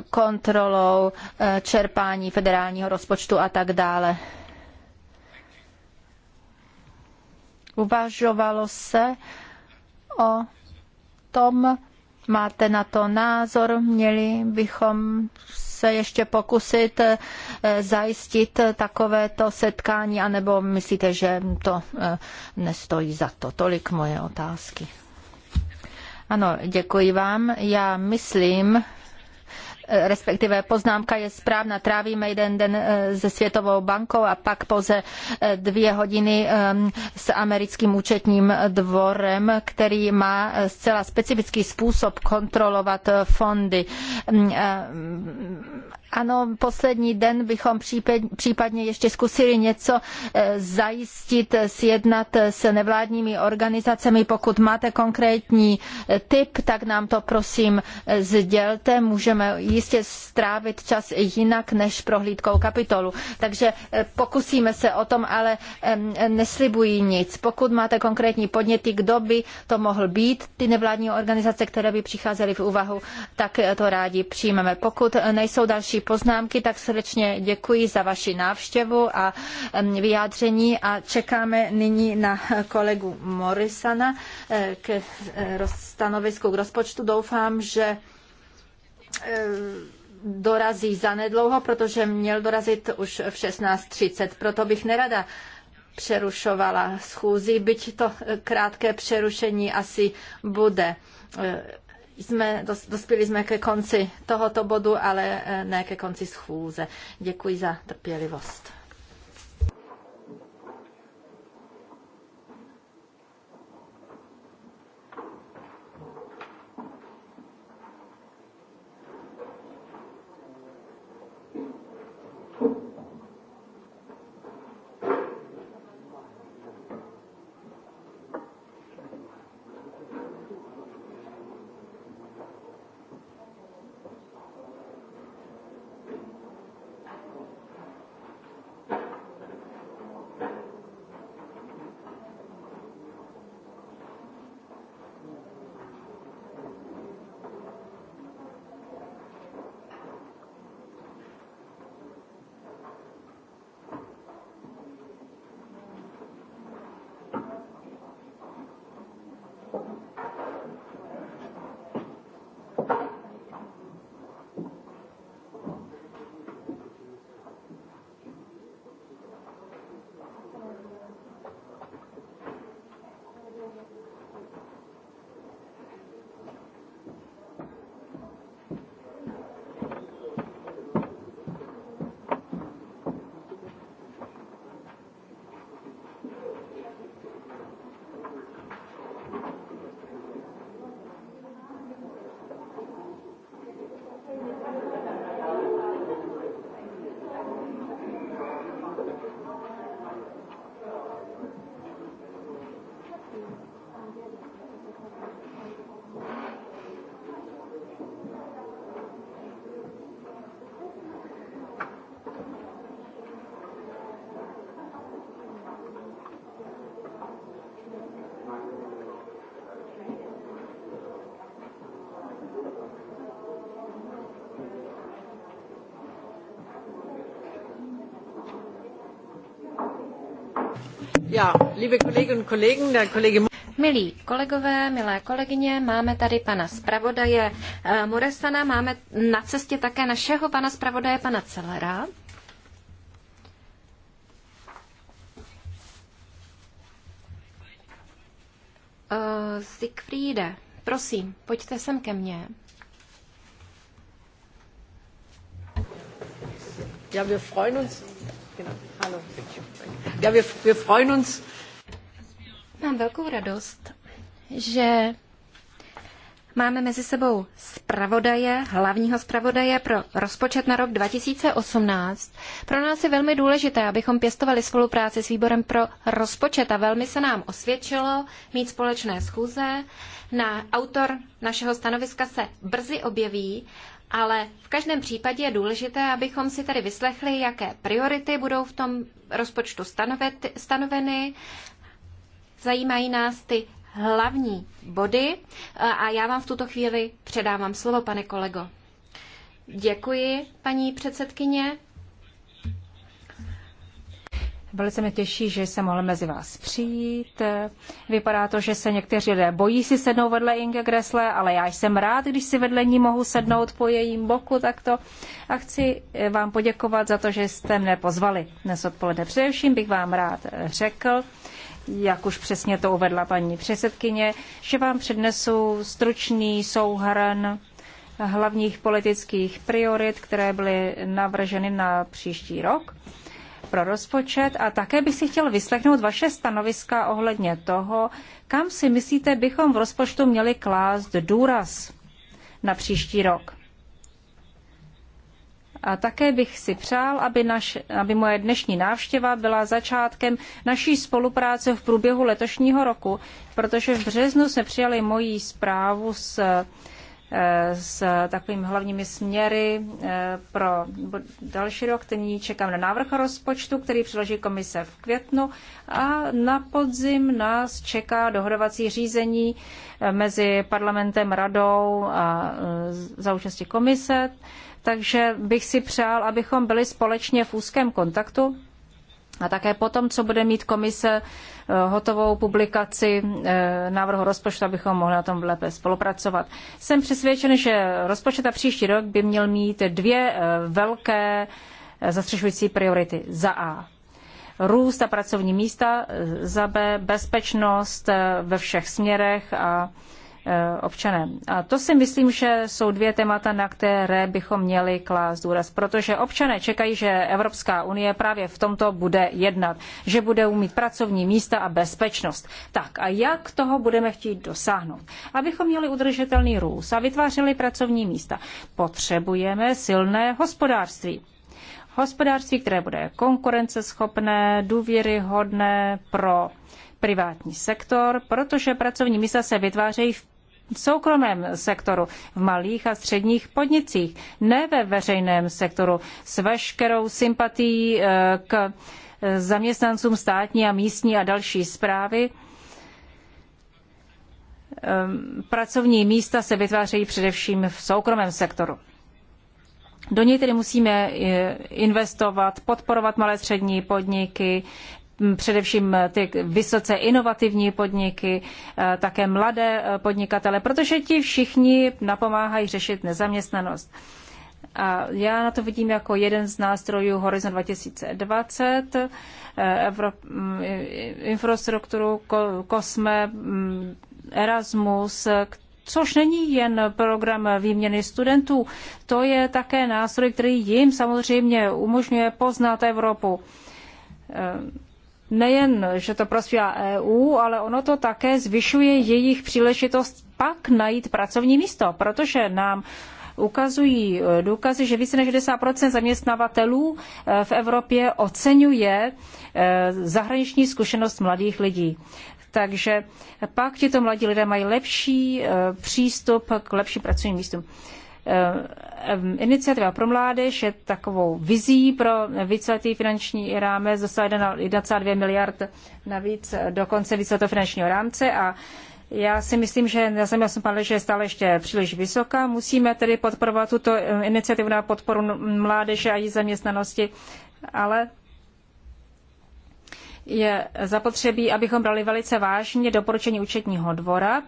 kontrolou e, čerpání federálního rozpočtu a tak dále. Uvažovalo se o tom, máte na to názor, měli bychom se ještě pokusit eh, zajistit takovéto setkání, anebo myslíte, že to eh, nestojí za to? Tolik moje otázky. Ano, děkuji vám. Já myslím, Eh, respektive poznámka je správná. Trávíme jeden den eh, se Světovou bankou a pak pouze eh, dvě hodiny ehm, s americkým účetním dvorem, který má zcela specifický způsob kontrolovat fondy mm, ano, poslední den bychom případně ještě zkusili něco eh, zajistit, eh, sjednat eh, s nevládními organizacemi. Pokud máte konkrétní tip, tak nám to prosím sdělte. Můžeme jistě strávit čas jinak než prohlídkou kapitolu. Takže pokusíme se o tom, ale neslibuji nic. Pokud máte konkrétní podněty, kdo by to mohl být, ty nevládní organizace, které by přicházely v úvahu, tak to rádi přijmeme. Pokud nejsou další poznámky, tak srdečně děkuji za vaši návštěvu a vyjádření a čekáme nyní na kolegu Morisana eh, k eh, stanovisku k rozpočtu. Doufám, že eh, dorazí zanedlouho, protože měl dorazit už v 16.30. Proto bych nerada přerušovala schůzi, byť to krátké přerušení asi bude jsme, dospěli jsme ke konci tohoto bodu, ale eh, ne ke konci schůze. Děkuji za trpělivost. Milí kolegové, milé kolegyně, máme tady pana zpravodaje eh, Muresana, máme na cestě také našeho pana zpravodaje, pana Celera. Eh, Siegfriede, prosím, pojďte sem ke mně. Ja, wir freuen uns. Mám velkou radost, že máme mezi sebou zpravodaje, hlavního zpravodaje pro rozpočet na rok 2018. Pro nás je velmi důležité, abychom pěstovali spolupráci s výborem pro rozpočet a velmi se nám osvědčilo mít společné schůze. Na autor našeho stanoviska se brzy objeví ale v každém případě je důležité, abychom si tady vyslechli, jaké priority budou v tom rozpočtu stanovet, stanoveny. Zajímají nás ty hlavní body a já vám v tuto chvíli předávám slovo, pane kolego. Děkuji, paní předsedkyně. Velice mě těší, že jsem mohl mezi vás přijít. Vypadá to, že se někteří lidé bojí si sednout vedle Inge Gressle, ale já jsem rád, když si vedle ní mohu sednout po jejím boku takto. A chci vám poděkovat za to, že jste mne pozvali dnes odpoledne. Především bych vám rád řekl, jak už přesně to uvedla paní předsedkyně, že vám přednesu stručný souhrn hlavních politických priorit, které byly navrženy na příští rok pro rozpočet a také bych si chtěl vyslechnout vaše stanoviska ohledně toho, kam si myslíte, bychom v rozpočtu měli klást důraz na příští rok. A také bych si přál, aby, naš, aby moje dnešní návštěva byla začátkem naší spolupráce v průběhu letošního roku, protože v březnu jsme přijali moji zprávu s s takovými hlavními směry eh, pro další rok. Nyní čekám na návrh rozpočtu, který přiloží komise v květnu a na podzim nás čeká dohodovací řízení eh, mezi parlamentem, radou a eh, za účasti komise. Takže bych si přál, abychom byli společně v úzkém kontaktu a také potom, co bude mít komise Eh, hotovou publikaci eh, návrhu rozpočtu, abychom mohli na tom lépe spolupracovat. Jsem přesvědčen, že rozpočet a příští rok by měl mít dvě eh, velké zastřešující priority. Za A růst a pracovní místa, za B bezpečnost ve všech směrech a Eh, občané. A to si myslím, že jsou dvě témata, na které bychom měli klást důraz, protože občané čekají, že Evropská unie právě v tomto bude jednat, že bude umít pracovní místa a bezpečnost. Tak a jak toho budeme chtít dosáhnout? Abychom měli udržitelný růst a vytvářeli pracovní místa, potřebujeme silné hospodářství. Hospodářství, které bude konkurenceschopné, důvěryhodné pro privátní sektor, protože pracovní místa se vytvářejí v soukromém sektoru, v malých a středních podnicích, ne ve veřejném sektoru, s veškerou sympatií eh, k eh, zaměstnancům státní a místní a další zprávy. Eh, pracovní místa se vytvářejí především v soukromém sektoru. Do něj tedy musíme investovat, podporovat malé střední podniky, především ty vysoce inovativní podniky, e, také mladé e, podnikatele, protože ti všichni napomáhají řešit nezaměstnanost. A já na to vidím jako jeden z nástrojů Horizon 2020, e, Evro, infrastrukturu, kosme, Erasmus, což není jen program výměny studentů, to je také nástroj, který jim samozřejmě umožňuje poznat Evropu nejen, že to prospívá EU, ale ono to také zvyšuje jejich příležitost pak najít pracovní místo, protože nám ukazují eh, důkazy, že více než 60 zaměstnavatelů eh, v Evropě oceňuje eh, zahraniční zkušenost mladých lidí. Takže pak tito mladí lidé mají lepší přístup k lepším pracovním místům. Eh, iniciativa pro mládež je takovou vizí pro víceletý finanční rámec, dostala 1,2 miliard navíc do konce víceletého finančního rámce a já si myslím, že já jsem nezaměstnanost že je stále ještě příliš vysoká. Musíme tedy podporovat tuto eh, iniciativu na podporu mládeže a její zaměstnanosti, ale je zapotřebí, abychom brali velice vážně doporučení účetního dvora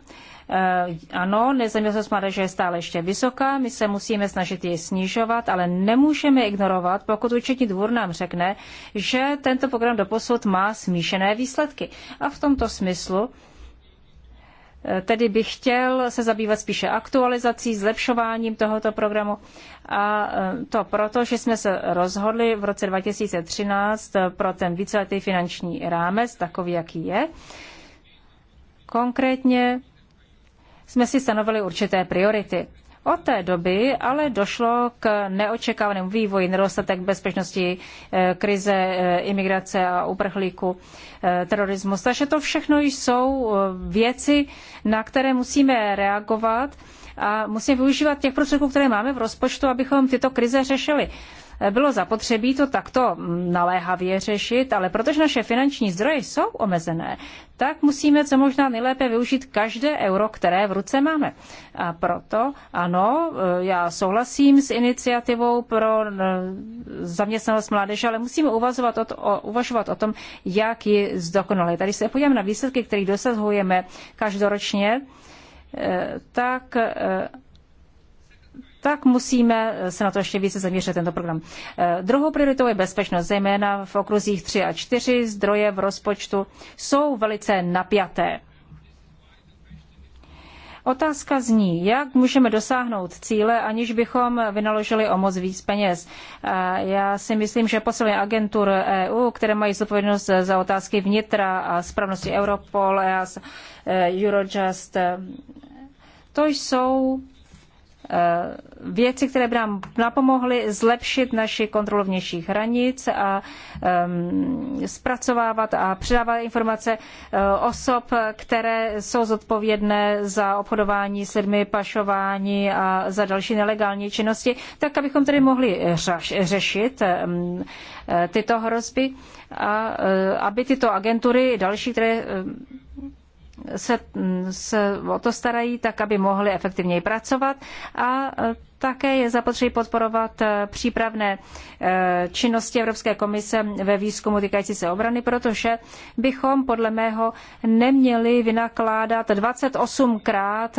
Eh, ano, nezaměstnanost mládeže je stále ještě vysoká, my se musíme snažit ji snižovat, ale nemůžeme ignorovat, pokud účetní dvůr nám řekne, že tento program doposud má smíšené výsledky. A v tomto smyslu eh, tedy bych chtěl se zabývat spíše aktualizací, zlepšováním tohoto programu. A eh, to proto, že jsme se rozhodli v roce 2013 pro ten víceletý finanční rámec, takový, jaký je. Konkrétně jsme si stanovili určité priority. Od té doby ale došlo k neočekávanému vývoji, nedostatek bezpečnosti, eh, krize eh, imigrace a uprchlíku, eh, terorismus. Takže to všechno jsou věci, na které musíme reagovat a musíme využívat těch prostředků, které máme v rozpočtu, abychom tyto krize řešili bylo zapotřebí to takto naléhavě řešit, ale protože naše finanční zdroje jsou omezené, tak musíme co možná nejlépe využít každé euro, které v ruce máme. A proto, ano, e, já souhlasím s iniciativou pro e, zaměstnanost mládeže, ale musíme uvazovat o to, o, uvažovat o tom, jak ji zdokonali. Tady se podíváme na výsledky, které dosahujeme každoročně, e, tak tak musíme se na to ještě více zaměřit tento program. Eh, druhou prioritou je bezpečnost, zejména v okruzích 3 a 4 zdroje v rozpočtu jsou velice napjaté. Otázka zní, jak můžeme dosáhnout cíle, aniž bychom vynaložili o moc víc peněz. Eh, já si myslím, že poslední agentur EU, které mají zodpovědnost za otázky vnitra a spravnosti Europol, EAS, eh, Eurojust, to jsou Eh, věci, které by nám napomohly zlepšit naši kontrolu vnějších hranic a zpracovávat a předávat informace eh, osob, které jsou zodpovědné za obchodování s lidmi, pašování a za další nelegální činnosti, tak abychom tedy mohli řešit eh, tyto hrozby a aby tyto agentury další, které se, se o to starají, tak aby mohli efektivněji pracovat a e, také je zapotřebí podporovat e, přípravné e, činnosti Evropské komise ve výzkumu týkající se obrany, protože bychom podle mého neměli vynakládat 28krát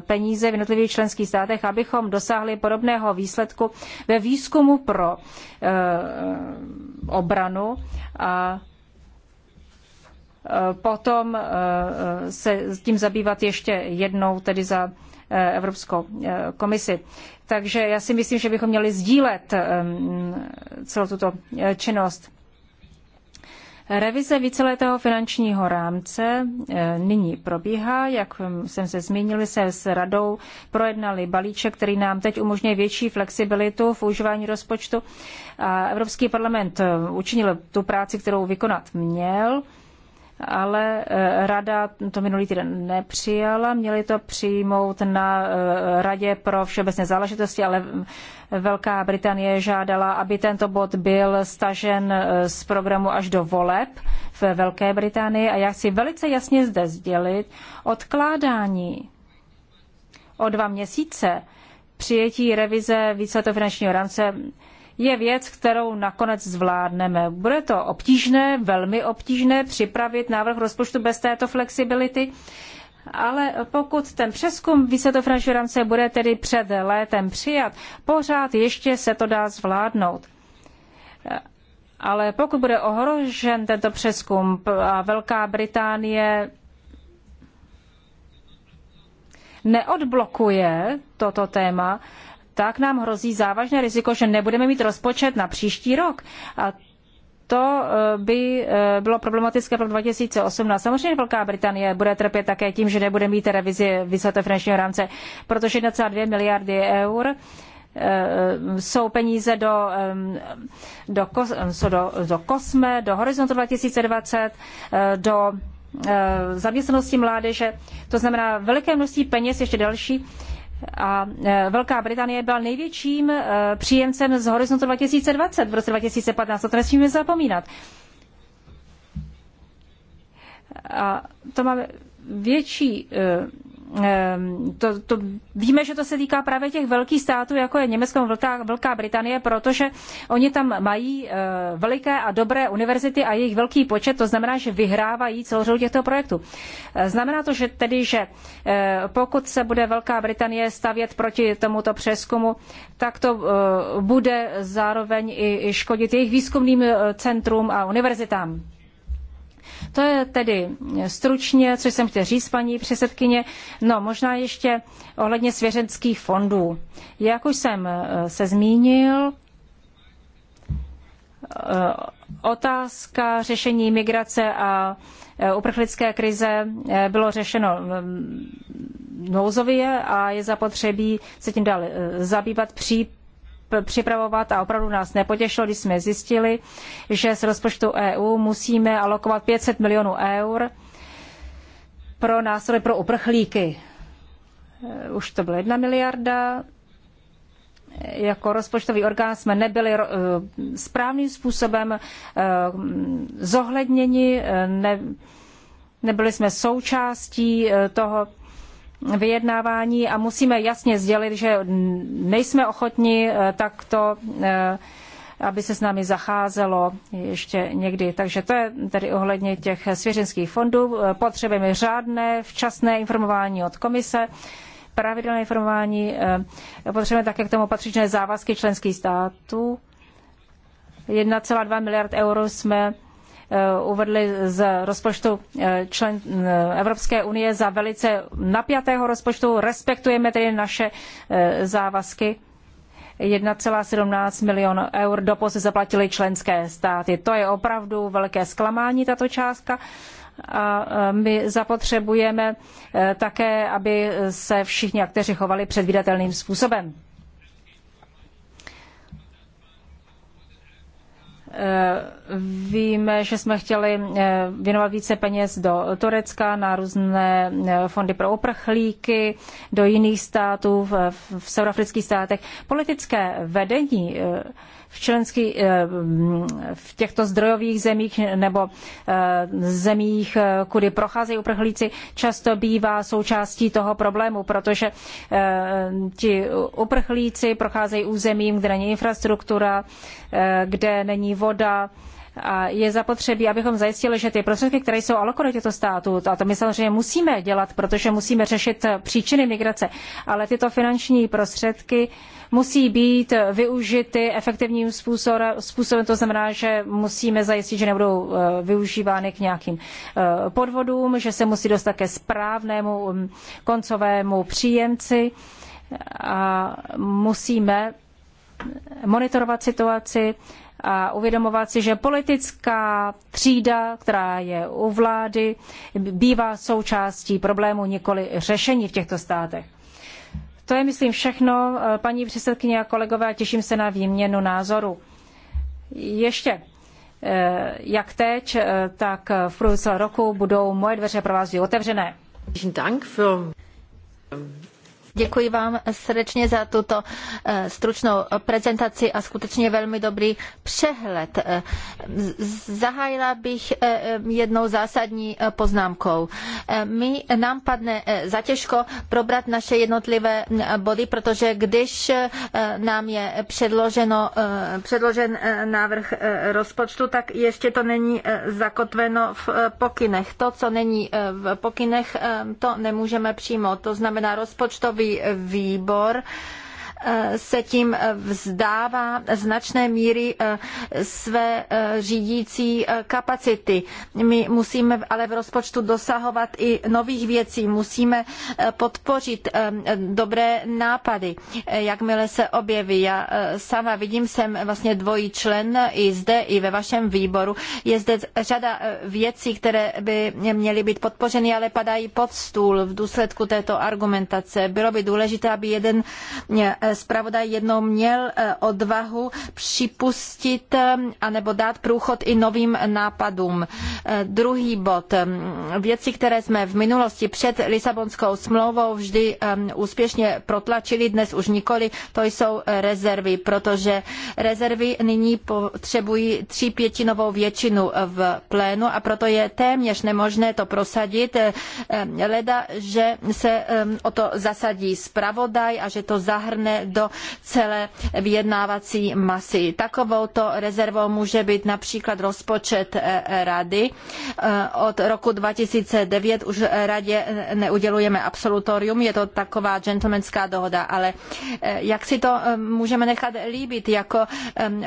peníze v jednotlivých členských státech, abychom dosáhli podobného výsledku ve výzkumu pro obranu a Eh, potom eh, eh, se tím zabývat ještě jednou, tedy za Evropskou komisi. Takže já si myslím, že bychom měli sdílet celou tuto činnost. Revize víceletého finančního rámce nyní probíhá. Jak hm, jsem se zmínil se s radou projednali balíček, který nám teď umožňuje větší flexibilitu v užívání rozpočtu. A Evropský parlament učinil tu práci, kterou vykonat měl ale eh, rada to minulý týden nepřijala. Měli to přijmout na eh, Radě pro všeobecné záležitosti, ale Velká Británie žádala, aby tento bod byl stažen eh, z programu až do voleb ve Velké Británii. A já si velice jasně zde sdělit odkládání o dva měsíce přijetí revize víceletého finančního rámce je věc, kterou nakonec zvládneme. Bude to obtížné, velmi obtížné připravit návrh rozpočtu bez této flexibility, ale pokud ten přeskum výsledku finančního rámce bude tedy před létem přijat, pořád ještě se to dá zvládnout. Ale pokud bude ohrožen tento přeskum a Velká Británie neodblokuje toto téma, tak nám hrozí závažné riziko, že nebudeme mít rozpočet na příští rok. A to e, by e, bylo problematické pro 2018. Samozřejmě Velká Británie bude trpět také tím, že nebude mít revizi výsledek finančního rámce, protože 1,2 miliardy eur e, jsou peníze do, do, do, do Kosme, do Horizontu 2020, do zaměstnanosti mládeže. To znamená veliké množství peněz, ještě další, a e, Velká Británie byla největším e, příjemcem z horizontu 2020 v roce 2015. to nesmíme zapomínat. A to máme větší e, Ehm, to, to, víme, že to se týká právě těch velkých států, jako je Německo, Velká, Velká Británie, protože oni tam mají eh, veliké a dobré univerzity a jejich velký počet, to znamená, že vyhrávají celou řadu těchto projektů. Eh, znamená to, že tedy, že eh, pokud se bude Velká Británie stavět proti tomuto přeskumu, tak to bude zároveň i škodit jejich výzkumným centrum a univerzitám. To je tedy stručně, co jsem chtěl říct, paní předsedkyně. No, možná ještě ohledně svěřenských fondů. Jak už jsem eh, se zmínil, eh, otázka řešení migrace a eh, uprchlické krize bylo řešeno mm, nouzově a je zapotřebí se tím dál zabývat při připravovat a opravdu nás nepotěšilo, když jsme zjistili, že z rozpočtu EU musíme alokovat 500 milionů eur pro nástroje pro uprchlíky. Eh, už to byla jedna miliarda. Jako rozpočtový orgán jsme nebyli eh, správným způsobem eh, zohledněni, ne, nebyli jsme součástí toho vyjednávání a musíme jasně sdělit, že nejsme ochotni eh, takto eh, aby se s námi zacházelo ještě někdy. Takže to je tedy ohledně těch svěřenských fondů. Eh, potřebujeme řádné, včasné informování od komise, pravidelné informování, potřebujeme také k tomu patřičné závazky členských států. 1,2 miliard eur jsme Eh, uvedli z rozpočtu eh, člen eh, Evropské unie za velice napjatého rozpočtu. Respektujeme tedy naše závazky. 1,17 milion eur doposud zaplatili členské státy. To je opravdu velké zklamání, tato částka. A my zapotřebujeme také, aby se všichni kteří chovali předvídatelným způsobem. Eh, víme, že jsme chtěli eh, věnovat více peněz do Turecka, na různé eh, fondy pro uprchlíky, do jiných států, v, v severoafrických státech. Politické vedení v, členský, eh, v těchto zdrojových zemích nebo eh, zemích, eh, kudy procházejí uprchlíci, často bývá součástí toho problému, protože ti uprchlíci procházejí územím, kde není infrastruktura, kde není voda, a je zapotřebí, abychom zajistili, že ty prostředky, které jsou alokovány těchto států, a to my samozřejmě musíme dělat, protože musíme řešit příčiny migrace, ale tyto finanční prostředky uh, musí být využity efektivním způsobem, to znamená, že musíme zajistit, že nebudou eh, využívány k nějakým eh, podvodům, že se musí dostat ke správnému mm, koncovému příjemci a musíme monitorovat situaci a uvědomovat si, že politická třída, která je u vlády, bývá součástí problému, nikoli řešení v těchto státech. To je, myslím, všechno, eh, paní předsedkyně a kolegové, a těším se na výměnu názoru. Ještě eh, jak teď, eh, tak v průběhu roku budou moje dveře pro vás otevřené. Děkuji vám srdečně za tuto eh, stručnou prezentaci a skutečně velmi dobrý přehled. Eh, zahájila bych eh, jednou zásadní poznámkou. My, nám padne zatěžko probrat naše jednotlivé mm, body, protože když nám je předloženo, předložen návrh rozpočtu, tak ještě to není zakotveno v pokynech. To, co není v pokynech, to nemůžeme přijmout. To znamená rozpočtový výbor se tím vzdává značné míry eh, své eh, řídící eh, kapacity. My musíme ale v rozpočtu dosahovat i nových věcí, musíme podpořit dobré nápady, jakmile se objeví. Já sama vidím, jsem vlastně dvojí člen i zde, i ve vašem výboru. Je zde řada věcí, které by měly být podpořeny, ale padají pod stůl v důsledku této argumentace. Bylo by důležité, aby jeden Eh, zpravodaj jednou měl eh, odvahu připustit eh, anebo dát průchod i novým nápadům. Druhý bod. Věci, které jsme v minulosti před Lisabonskou smlouvou vždy úspěšně protlačili, dnes už nikoli, to jsou rezervy, protože rezervy nyní potřebují třípětinovou většinu v plénu a proto je téměř nemožné to prosadit, leda, že se o to zasadí zpravodaj a že to zahrne do celé vyjednávací masy. Takovouto rezervou může být například rozpočet eh, rady. Eh, od roku 2009 už radě neudělujeme absolutorium, je to taková gentlemanská dohoda, ale eh, jak si to můžeme nechat líbit jako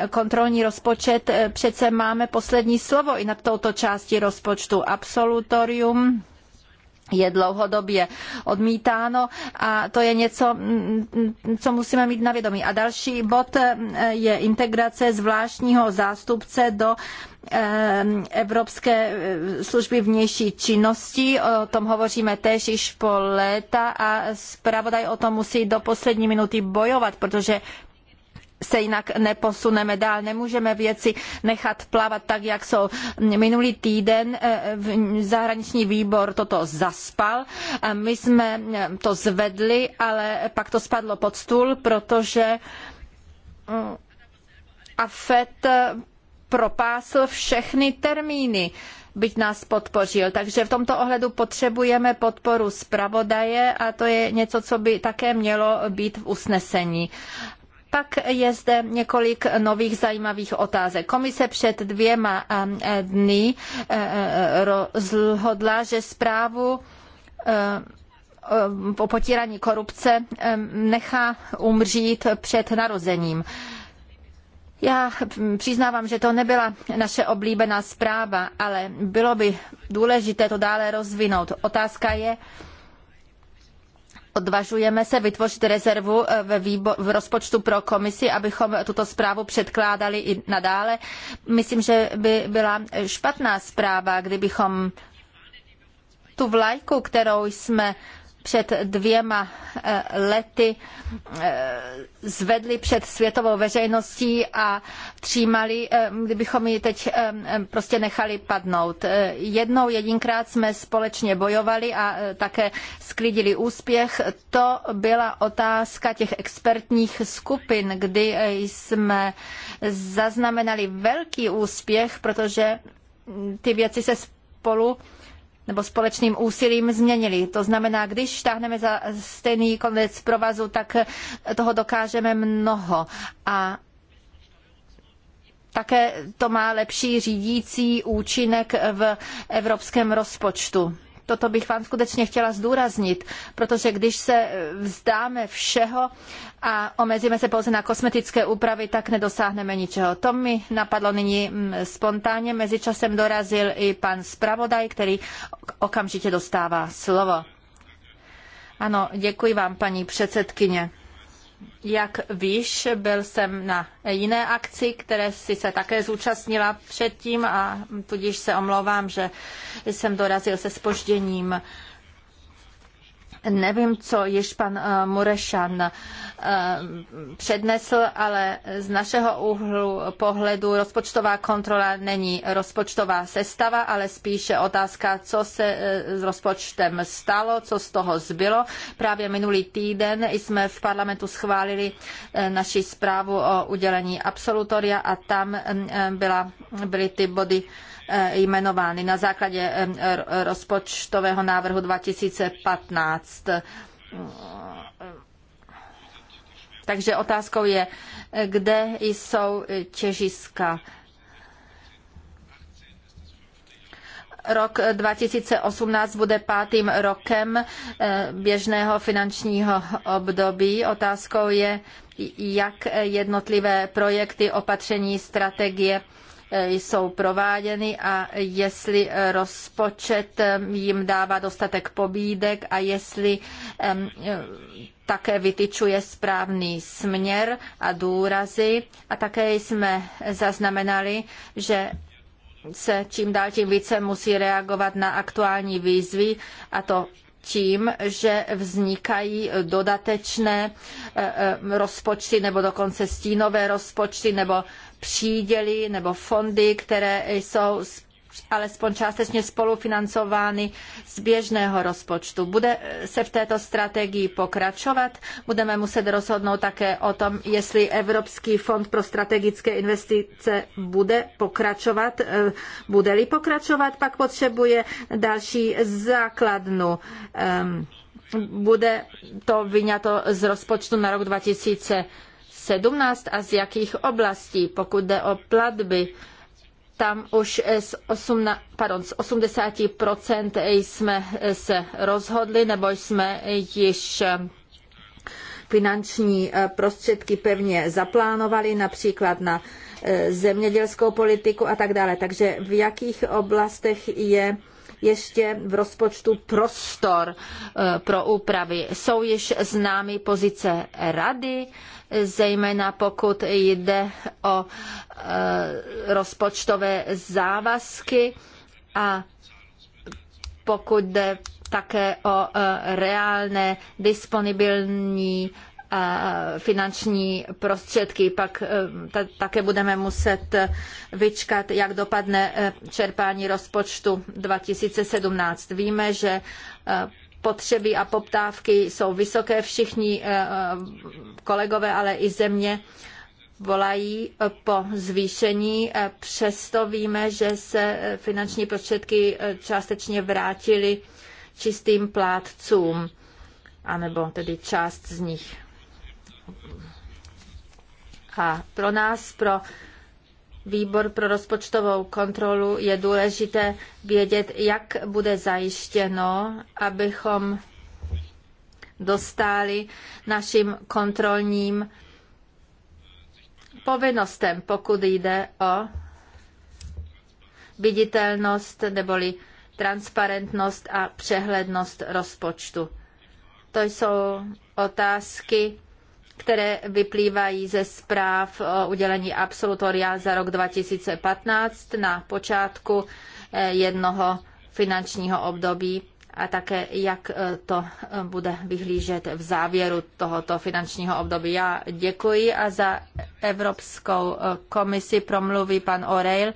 kontrolní rozpočet, přece máme poslední slovo i nad touto částí rozpočtu. Absolutorium je dlouhodobě odmítáno a to je něco, co musíme mít na vědomí. A další bod e, je integrace zvláštního zástupce do e, Evropské e, služby vnější činnosti. O tom hovoříme též již po léta a zpravodaj o tom musí do poslední minuty bojovat, protože se jinak neposuneme dál. Nemůžeme věci nechat plavat tak, jak jsou. Minulý týden eh, zahraniční výbor toto zaspal. Eh, my jsme eh, to zvedli, ale pak to spadlo pod stůl, protože mm, AFET propásl všechny termíny byť nás podpořil. Takže v tomto ohledu potřebujeme podporu zpravodaje a to je něco, co by také mělo být v usnesení. Pak je zde několik nových zajímavých otázek. Komise před dvěma um, eh, dny eh, eh, rozhodla, že zprávu o potírání korupce nechá umřít před narozením. Já přiznávám, že to nebyla naše oblíbená zpráva, ale bylo by důležité to dále rozvinout. Otázka je, odvažujeme se vytvořit rezervu eh, v, rozpočtu pro komisi, abychom tuto zprávu předkládali i nadále. Myslím, že by byla špatná zpráva, kdybychom tu vlajku, kterou jsme před dvěma eh, lety eh, zvedli před světovou veřejností a třímali, eh, kdybychom ji teď prostě nechali padnout. Jednou, jedinkrát jsme společně bojovali a také sklidili úspěch. To byla otázka těch expertních skupin, kdy jsme zaznamenali velký úspěch, protože ty věci se spolu nebo společným úsilím změnili. To znamená, když táhneme za stejný konec provazu, tak toho dokážeme mnoho. A také to má lepší řídící účinek v evropském rozpočtu toto bych vám skutečně chtěla zdůraznit, protože když se vzdáme všeho a omezíme se pouze na kosmetické úpravy, tak nedosáhneme ničeho. To mi napadlo nyní mm, spontánně. Mezičasem dorazil i pan zpravodaj, který okamžitě dostává slovo. Ano, děkuji vám, paní předsedkyně. Jak víš, byl jsem na jiné akci, které si se také zúčastnila předtím a tudíž se omlouvám, že jsem dorazil se spožděním. Nevím, co již pan eh, Murešan Eh, přednesl, ale z našeho úhlu pohledu rozpočtová kontrola není rozpočtová sestava, ale spíše otázka, co se eh, s rozpočtem stalo, co z toho zbylo. Právě minulý týden jsme v parlamentu schválili eh, naši zprávu o udělení absolutoria a tam byla, byly ty body jmenovány na základě rozpočtového návrhu 2015 takže otázkou je, kde jsou těžiska. Rok 2018 bude pátým rokem eh, běžného finančního období. Otázkou je, jak jednotlivé projekty, opatření, strategie eh, jsou prováděny a jestli rozpočet eh, jim dává dostatek pobídek a jestli také vytyčuje správný směr a důrazy a také jsme zaznamenali, že se čím dál tím více musí reagovat na aktuální výzvy a to tím, že vznikají dodatečné e, e, rozpočty nebo dokonce stínové rozpočty nebo příděly nebo fondy, které jsou alespoň částečně spolufinancovány z běžného rozpočtu. Bude se v této strategii pokračovat? Budeme muset rozhodnout také o tom, jestli Evropský fond pro strategické investice bude pokračovat. Eh, bude-li pokračovat, pak potřebuje další základnu ehm, bude to vyňato z rozpočtu na rok 2017 a z jakých oblastí, pokud jde o platby tam už z, 18, pardon, z 80% jsme se rozhodli, nebo jsme již eh, finanční eh, prostředky pevně zaplánovali, například na eh, zemědělskou politiku a tak dále. Takže v jakých oblastech je ještě v rozpočtu prostor eh, pro úpravy. Jsou již známy pozice rady, zejména pokud jde o eh, rozpočtové závazky a pokud jde také o eh, reálné disponibilní finanční prostředky. Pak eh, také budeme muset eh, vyčkat, jak dopadne eh, čerpání rozpočtu 2017. Víme, že potřeby a poptávky jsou vysoké. Všichni kolegové, ale i země volají po zvýšení. Přesto víme, že se finanční prostředky částečně vrátily čistým plátcům, anebo tedy část z nich. A pro nás, pro výbor pro rozpočtovou kontrolu je důležité vědět, jak bude zajištěno, abychom dostali našim kontrolním povinnostem, pokud jde o viditelnost neboli transparentnost a přehlednost rozpočtu. To jsou otázky, které vyplývají ze zpráv o udělení absolutoria za rok 2015 na počátku eh, jednoho finančního období a také jak eh, to eh, bude vyhlížet v závěru tohoto finančního období. Já děkuji a za Evropskou komisi promluví pan O'Reil,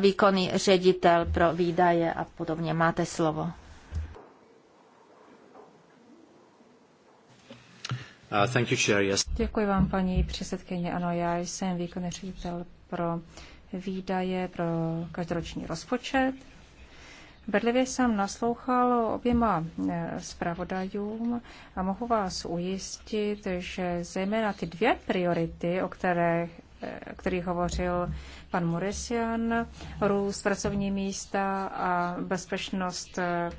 výkonný ředitel pro výdaje a podobně. Máte slovo. Uh, Děkuji vám, paní předsedkyně. Ano, já jsem výkonný ředitel pro výdaje pro každoroční rozpočet. Bedlivě jsem naslouchal oběma eh, zpravodajům a mohu vás ujistit, že zejména ty dvě priority, o eh, kterých který hovořil pan Moresian, růst pracovní místa a bezpečnost eh,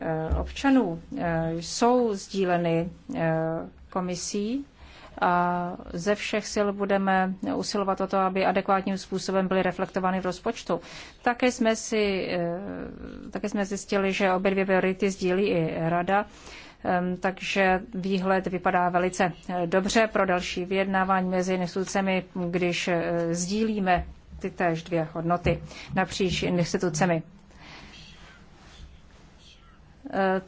Eh, občanů eh, jsou sdíleny eh, komisí a ze všech sil budeme usilovat o to, aby adekvátním způsobem byly reflektovány v rozpočtu. Také jsme, si, také jsme zjistili, že obě dvě priority sdílí i Rada, takže výhled vypadá velice dobře pro další vyjednávání mezi institucemi, když sdílíme ty též dvě hodnoty napříč institucemi.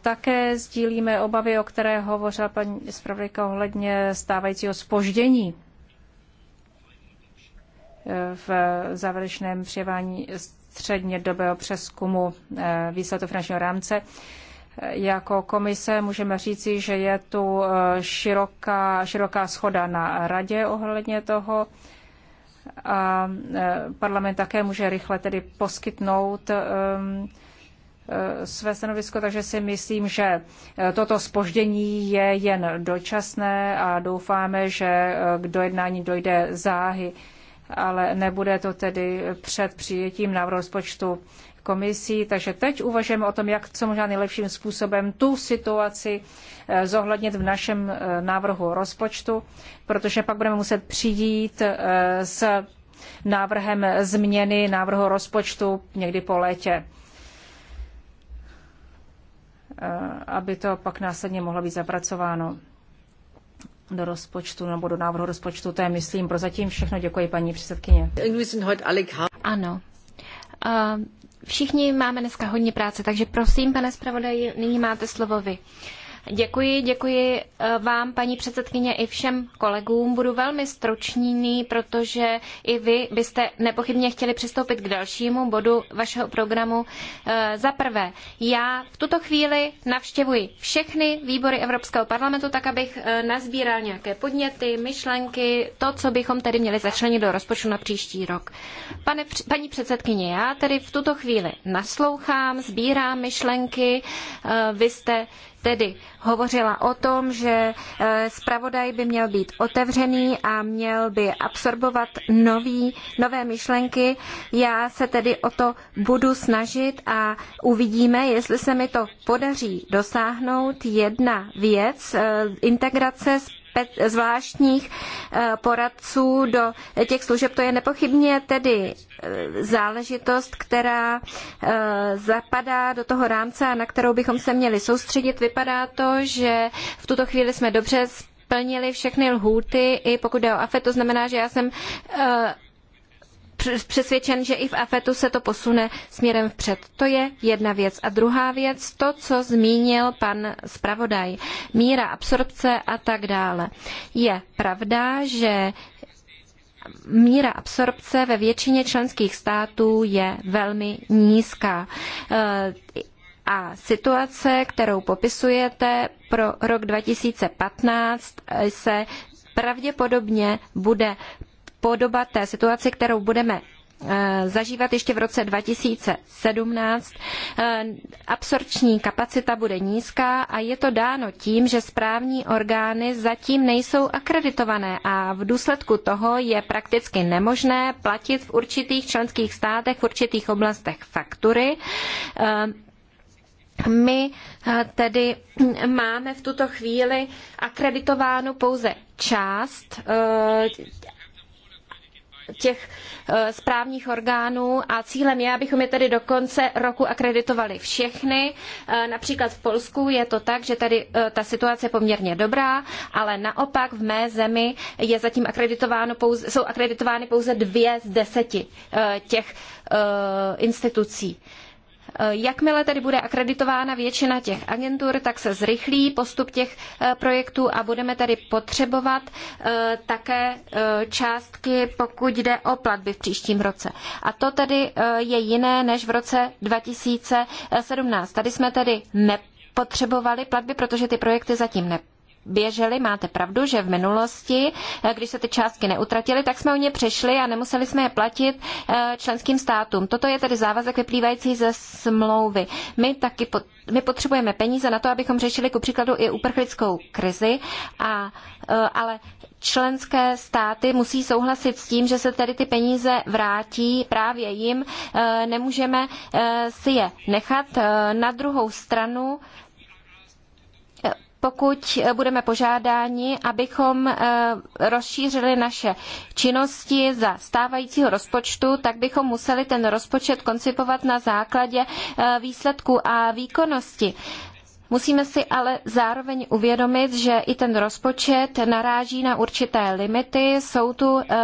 Také sdílíme obavy, o které hovořila paní zpravodajka ohledně stávajícího spoždění v závěrečném přijevání středně dobého přeskumu eh, výsledku finančního rámce. Jako komise můžeme říci, že je tu eh, široká, široká schoda na radě ohledně toho a eh, parlament také může rychle tedy poskytnout ehm, Eh, své stanovisko, takže si myslím, že eh, toto spoždění je jen dočasné a doufáme, že eh, k dojednání dojde záhy, ale nebude to tedy před přijetím návrhu rozpočtu komisí. Takže teď uvažujeme o tom, jak co možná nejlepším způsobem tu situaci zohlednit v našem návrhu rozpočtu, protože pak budeme muset přijít s návrhem změny návrhu rozpočtu někdy po létě. Eh, aby to pak následně mohlo být zapracováno do rozpočtu nebo do návrhu rozpočtu. To je, myslím, zatím všechno. Děkuji, paní předsedkyně. Ano. Eh, všichni máme dneska hodně práce, takže prosím, pane zpravodaji, nyní máte slovo vy. Děkuji, děkuji eh, vám, paní předsedkyně, i všem kolegům. Budu velmi stručný, protože i vy byste nepochybně chtěli přistoupit k dalšímu bodu vašeho programu. Eh, za prvé, já v tuto chvíli navštěvuji všechny výbory Evropského parlamentu, tak abych eh, nazbíral nějaké podněty, myšlenky, to, co bychom tedy měli začlenit do rozpočtu na příští rok. Pane, paní předsedkyně, já tedy v tuto chvíli naslouchám, sbírám myšlenky, vy jste tedy hovořila o tom, že eh, zpravodaj by měl být otevřený a měl by absorbovat nový, nové myšlenky. Já se tedy o to budu snažit a uvidíme, jestli se mi to podaří dosáhnout. Jedna věc, eh, integrace s zvláštních eh, poradců do těch služeb. To je nepochybně tedy eh, záležitost, která eh, zapadá do toho rámce a na kterou bychom se měli soustředit. Vypadá to, že v tuto chvíli jsme dobře splnili všechny lhůty, i pokud jde o AFE, to znamená, že já jsem přesvědčen, že i v AFETu se to posune směrem vpřed. To je jedna věc. A druhá věc, to, co zmínil pan zpravodaj, míra absorpce a tak dále. Je pravda, že míra absorpce ve většině členských států je velmi nízká. E, a situace, kterou popisujete pro rok 2015, e, se pravděpodobně bude podoba té situace, kterou budeme eh, zažívat ještě v roce 2017. Eh, absorpční kapacita bude nízká a je to dáno tím, že správní orgány zatím nejsou akreditované a v důsledku toho je prakticky nemožné platit v určitých členských státech, v určitých oblastech faktury. Eh, my tedy máme v tuto chvíli akreditovánu pouze část těch eh, správních orgánů a cílem je, abychom je tedy do konce roku akreditovali všechny. Eh, například v Polsku je to tak, že tady eh, ta situace je poměrně dobrá, ale naopak v mé zemi je zatím akreditováno pouze, jsou akreditovány pouze dvě z deseti těch institucí. Eh, jakmile tedy bude akreditována většina těch agentur, tak se zrychlí postup těch eh, projektů a budeme tedy potřebovat eh, také částky, pokud jde o platby v příštím roce. A to tedy je jiné než v roce 2017. Tady jsme tedy nepotřebovali platby, protože ty projekty zatím nepotřebovali běželi. Máte pravdu, že v minulosti, eh, když se ty částky neutratily, tak jsme o ně přešli a nemuseli jsme je platit eh, členským státům. Toto je tedy závazek vyplývající ze smlouvy. My taky po, my potřebujeme peníze na to, abychom řešili ku příkladu i uprchlickou krizi, a, eh, ale členské státy musí souhlasit s tím, že se tedy ty peníze vrátí právě jim. Nemůžeme si je nechat. Na druhou stranu pokud eh, budeme požádáni, abychom eh, rozšířili naše činnosti za stávajícího rozpočtu, tak bychom museli ten rozpočet koncipovat na základě eh, výsledků a výkonnosti. Musíme si ale zároveň uvědomit, že i ten rozpočet naráží na určité limity, jsou tu eh,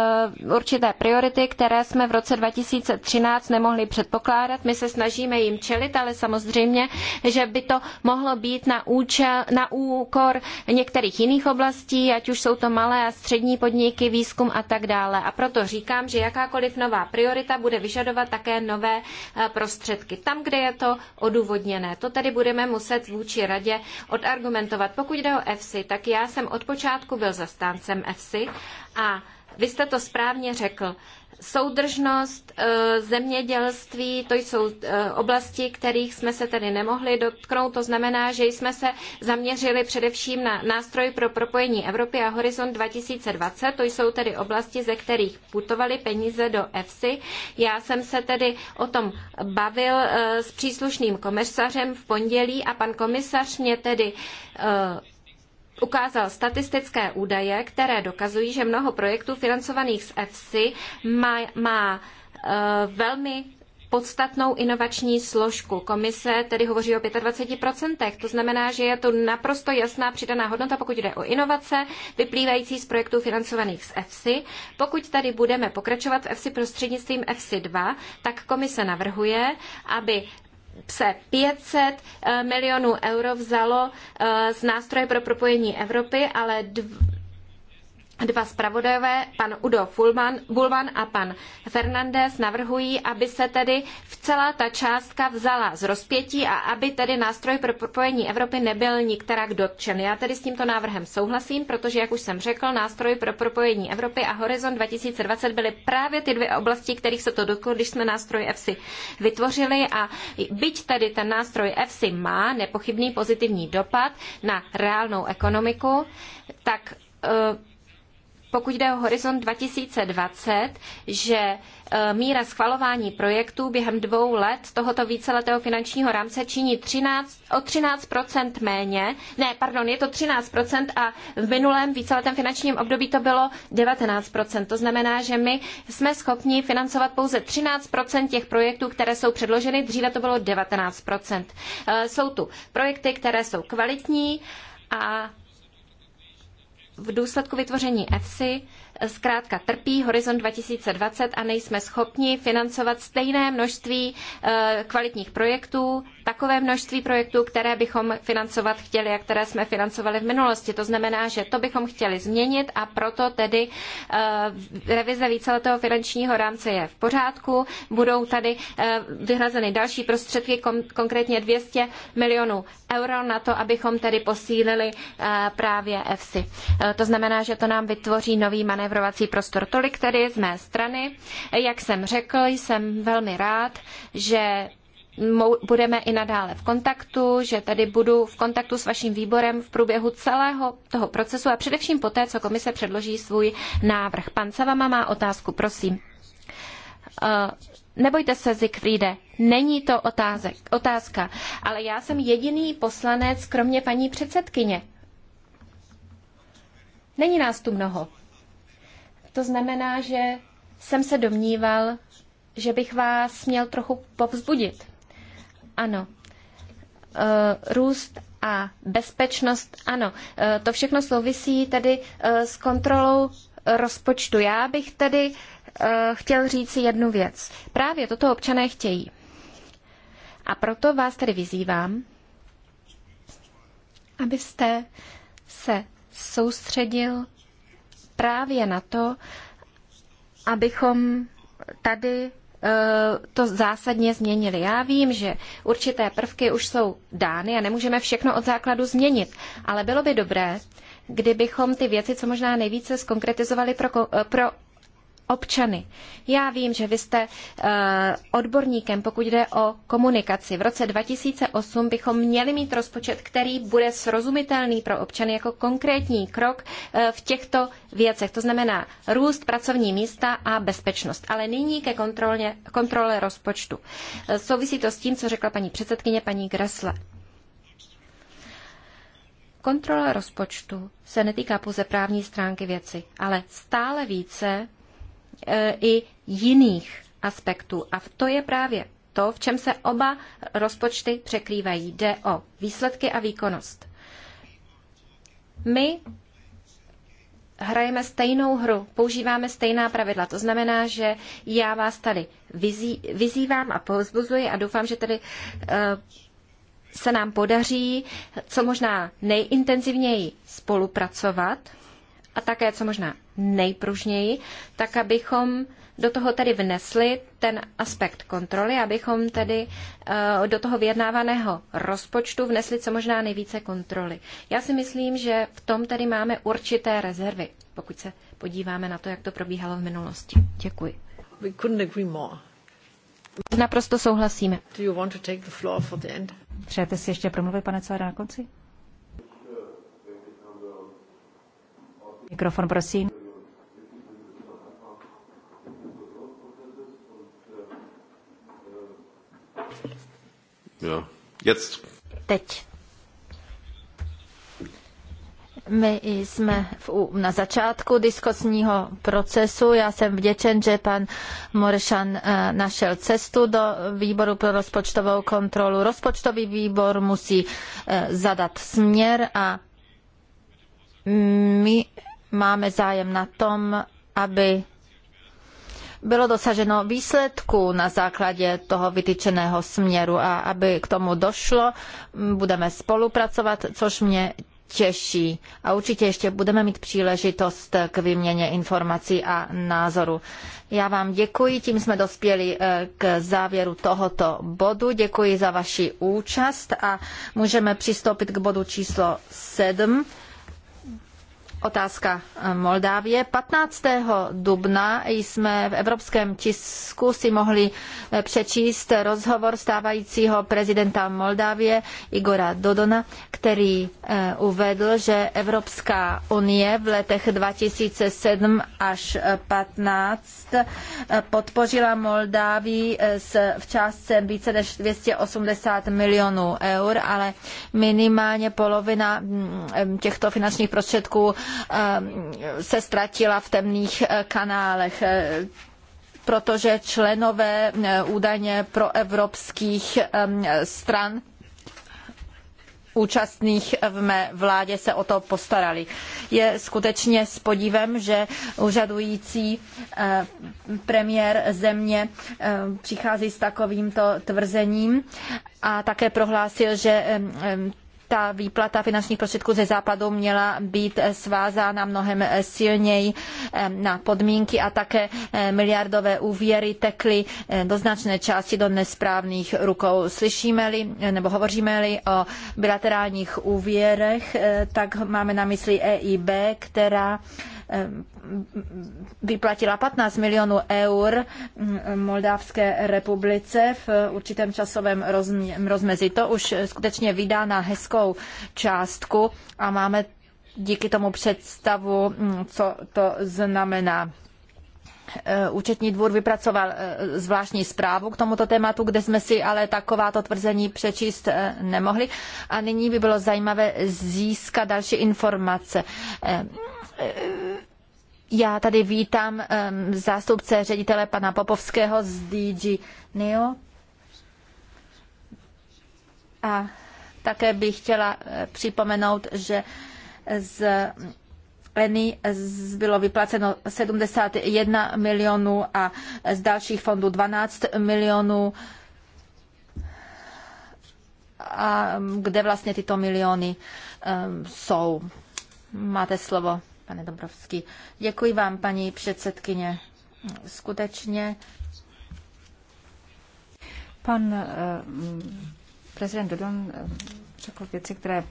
určité priority, které jsme v roce 2013 nemohli předpokládat. My se snažíme jim čelit, ale samozřejmě, že by to mohlo být na, účel, na úkor některých jiných oblastí, ať už jsou to malé a střední podniky, výzkum a tak dále. A proto říkám, že jakákoliv nová priorita bude vyžadovat také nové eh, prostředky. Tam, kde je to odůvodněné, to tedy budeme muset vůči vůči radě odargumentovat. Pokud jde o EFSI, tak já jsem od počátku byl zastáncem EFSI a vy jste to správně řekl. Soudržnost, eh, zemědělství, to jsou eh, oblasti, kterých jsme se tedy nemohli dotknout. To znamená, že jsme se zaměřili především na nástroj pro propojení Evropy a Horizont 2020. To jsou tedy oblasti, ze kterých putovaly peníze do EFSI. Já jsem se tedy o tom bavil eh, s příslušným komisařem v pondělí a pan komisař mě tedy ukázal statistické údaje, které dokazují, že mnoho projektů financovaných z EFSI má, má eh, velmi podstatnou inovační složku. Komise tedy hovoří o 25%, to znamená, že je to naprosto jasná přidaná hodnota, pokud jde o inovace vyplývající z projektů financovaných z EFSI. Pokud tady budeme pokračovat v EFSI prostřednictvím EFSI 2, tak komise navrhuje, aby se 500 eh, milionů euro vzalo eh, z nástroje pro propojení Evropy, ale dv Dva zpravodajové, pan Udo Fulman, Bulman a pan Fernandez, navrhují, aby se tedy v celá ta částka vzala z rozpětí a aby tedy nástroj pro propojení Evropy nebyl nikterak dotčen. Já tedy s tímto návrhem souhlasím, protože, jak už jsem řekl, nástroj pro propojení Evropy a Horizon 2020 byly právě ty dvě oblasti, kterých se to dotklo, když jsme nástroj EFSI vytvořili a byť tedy ten nástroj EFSI má nepochybný pozitivní dopad na reálnou ekonomiku, tak uh, pokud jde o horizont 2020, že e, míra schvalování projektů během dvou let tohoto víceletého finančního rámce činí 13, o 13 méně. Ne, pardon, je to 13 a v minulém víceletém finančním období to bylo 19 To znamená, že my jsme schopni financovat pouze 13 těch projektů, které jsou předloženy, dříve to bylo 19 e, Jsou tu projekty, které jsou kvalitní a v důsledku vytvoření EFSI zkrátka trpí Horizont 2020 a nejsme schopni financovat stejné množství eh, kvalitních projektů, takové množství projektů, které bychom financovat chtěli a které jsme financovali v minulosti. To znamená, že to bychom chtěli změnit a proto tedy eh, revize víceletého finančního rámce je v pořádku. Budou tady eh, vyhrazeny další prostředky, konkrétně 200 milionů euro na to, abychom tedy posílili právě EFSI. To znamená, že to nám vytvoří nový manévr manévrovací prostor. Tolik tedy z mé strany. Jak jsem řekl, jsem velmi rád, že budeme i nadále v kontaktu, že tady budu v kontaktu s vaším výborem v průběhu celého toho procesu a především poté, co komise předloží svůj návrh. Pan Savama má otázku, prosím. Eh, nebojte se, Zikfríde, není to otázek, otázka, ale já jsem jediný poslanec, kromě paní předsedkyně. Není nás tu mnoho. To znamená, že jsem se domníval, že bych vás měl trochu povzbudit. Ano. Eh, růst a bezpečnost, ano. Eh, to všechno souvisí tedy eh, s kontrolou rozpočtu. Já bych tedy chtěl říct jednu věc. Právě toto občané chtějí. A proto vás tedy vyzývám, abyste se soustředil právě na to, abychom tady eh, to zásadně změnili. Já vím, že určité prvky už jsou dány a nemůžeme všechno od základu změnit, ale bylo by dobré, kdybychom ty věci co možná nejvíce skonkretizovali pro, eh, pro občany. Já vím, že vy jste eh, odborníkem, pokud jde o komunikaci. V roce 2008 bychom měli mít rozpočet, který bude srozumitelný pro občany jako konkrétní krok eh, v těchto věcech. To znamená růst pracovní místa a bezpečnost. Ale nyní ke kontrole, kontrole rozpočtu. Uh, souvisí to s tím, co řekla paní předsedkyně, paní Gressle. Kontrola rozpočtu se netýká pouze právní stránky věci, ale stále více E, i jiných aspektů. A to je právě to, v čem se oba rozpočty překrývají. Jde o výsledky a výkonnost. My hrajeme stejnou hru, používáme stejná pravidla. To znamená, že já vás tady vyzý, vyzývám a povzbuzuji a doufám, že tady uh, e, se nám podaří co možná nejintenzivněji spolupracovat a také co možná nejpružněji, tak abychom do toho tedy vnesli ten aspekt kontroly, abychom tedy eh, do toho vyjednávaného rozpočtu vnesli co možná nejvíce kontroly. Já si myslím, že v tom tedy máme určité rezervy, pokud se podíváme na to, jak to probíhalo v minulosti. Děkuji. We couldn't agree more. Naprosto souhlasíme. Přejete si ještě promluvit, pane Cára, na konci? Mikrofon, prosím. Ja, jetzt. Teď. My jsme v, na začátku diskusního procesu. Já jsem vděčen, že pan Moršan eh, našel cestu do výboru pro rozpočtovou kontrolu. Rozpočtový výbor musí eh, zadat směr a my máme zájem na tom, aby bylo dosaženo výsledku na základě toho vytyčeného směru a aby k tomu došlo, budeme spolupracovat, což mě těší. A určitě ještě budeme mít příležitost k výměně informací a názoru. Já vám děkuji, tím jsme dospěli eh, k závěru tohoto bodu. Děkuji za vaši účast a můžeme přistoupit k bodu číslo 7. Otázka eh, Moldávie. 15. dubna jsme v evropském tisku si mohli eh, přečíst rozhovor stávajícího prezidenta Moldávie Igora Dodona, který eh, uvedl, že Evropská unie v letech 2007 až 15 podpořila Moldávii v částce více než 280 milionů eur, ale minimálně polovina mm, těchto finančních prostředků Eh, se ztratila v temných eh, kanálech eh, protože členové údajně proevropských stran účastných v mé vládě se o to postarali. Je skutečně s podívem, že úřadující premiér země přichází s takovýmto tvrzením a také prohlásil, že ta výplata finančních prostředků ze západu měla být svázána mnohem silněji eh, na podmínky a také eh, miliardové úvěry tekly eh, do značné části do nesprávných rukou. Slyšíme-li nebo hovoříme-li o bilaterálních úvěrech, tak máme na mysli EIB, která Ehm, vyplatila 15 milionů eur mm, Moldávské republice v určitém časovém rozmezí. To už skutečně vydá na hezkou částku a máme díky tomu představu, mm, co to znamená. Ehm, účetní dvůr vypracoval ehm, zvláštní zprávu k tomuto tématu, kde jsme si ale takováto tvrzení přečíst nemohli. A nyní by bylo zajímavé získat další informace já tady vítám zástupce ředitele pana Popovského z DG NEO. A také bych chtěla eh, připomenout, že z leny bylo vyplaceno 71 milionů a z dalších fondů 12 milionů. A kde vlastně tyto miliony um, jsou? Máte slovo pane Dobrovský. Děkuji vám, paní předsedkyně. Skutečně pan eh, prezident Dodon eh, řekl věci, které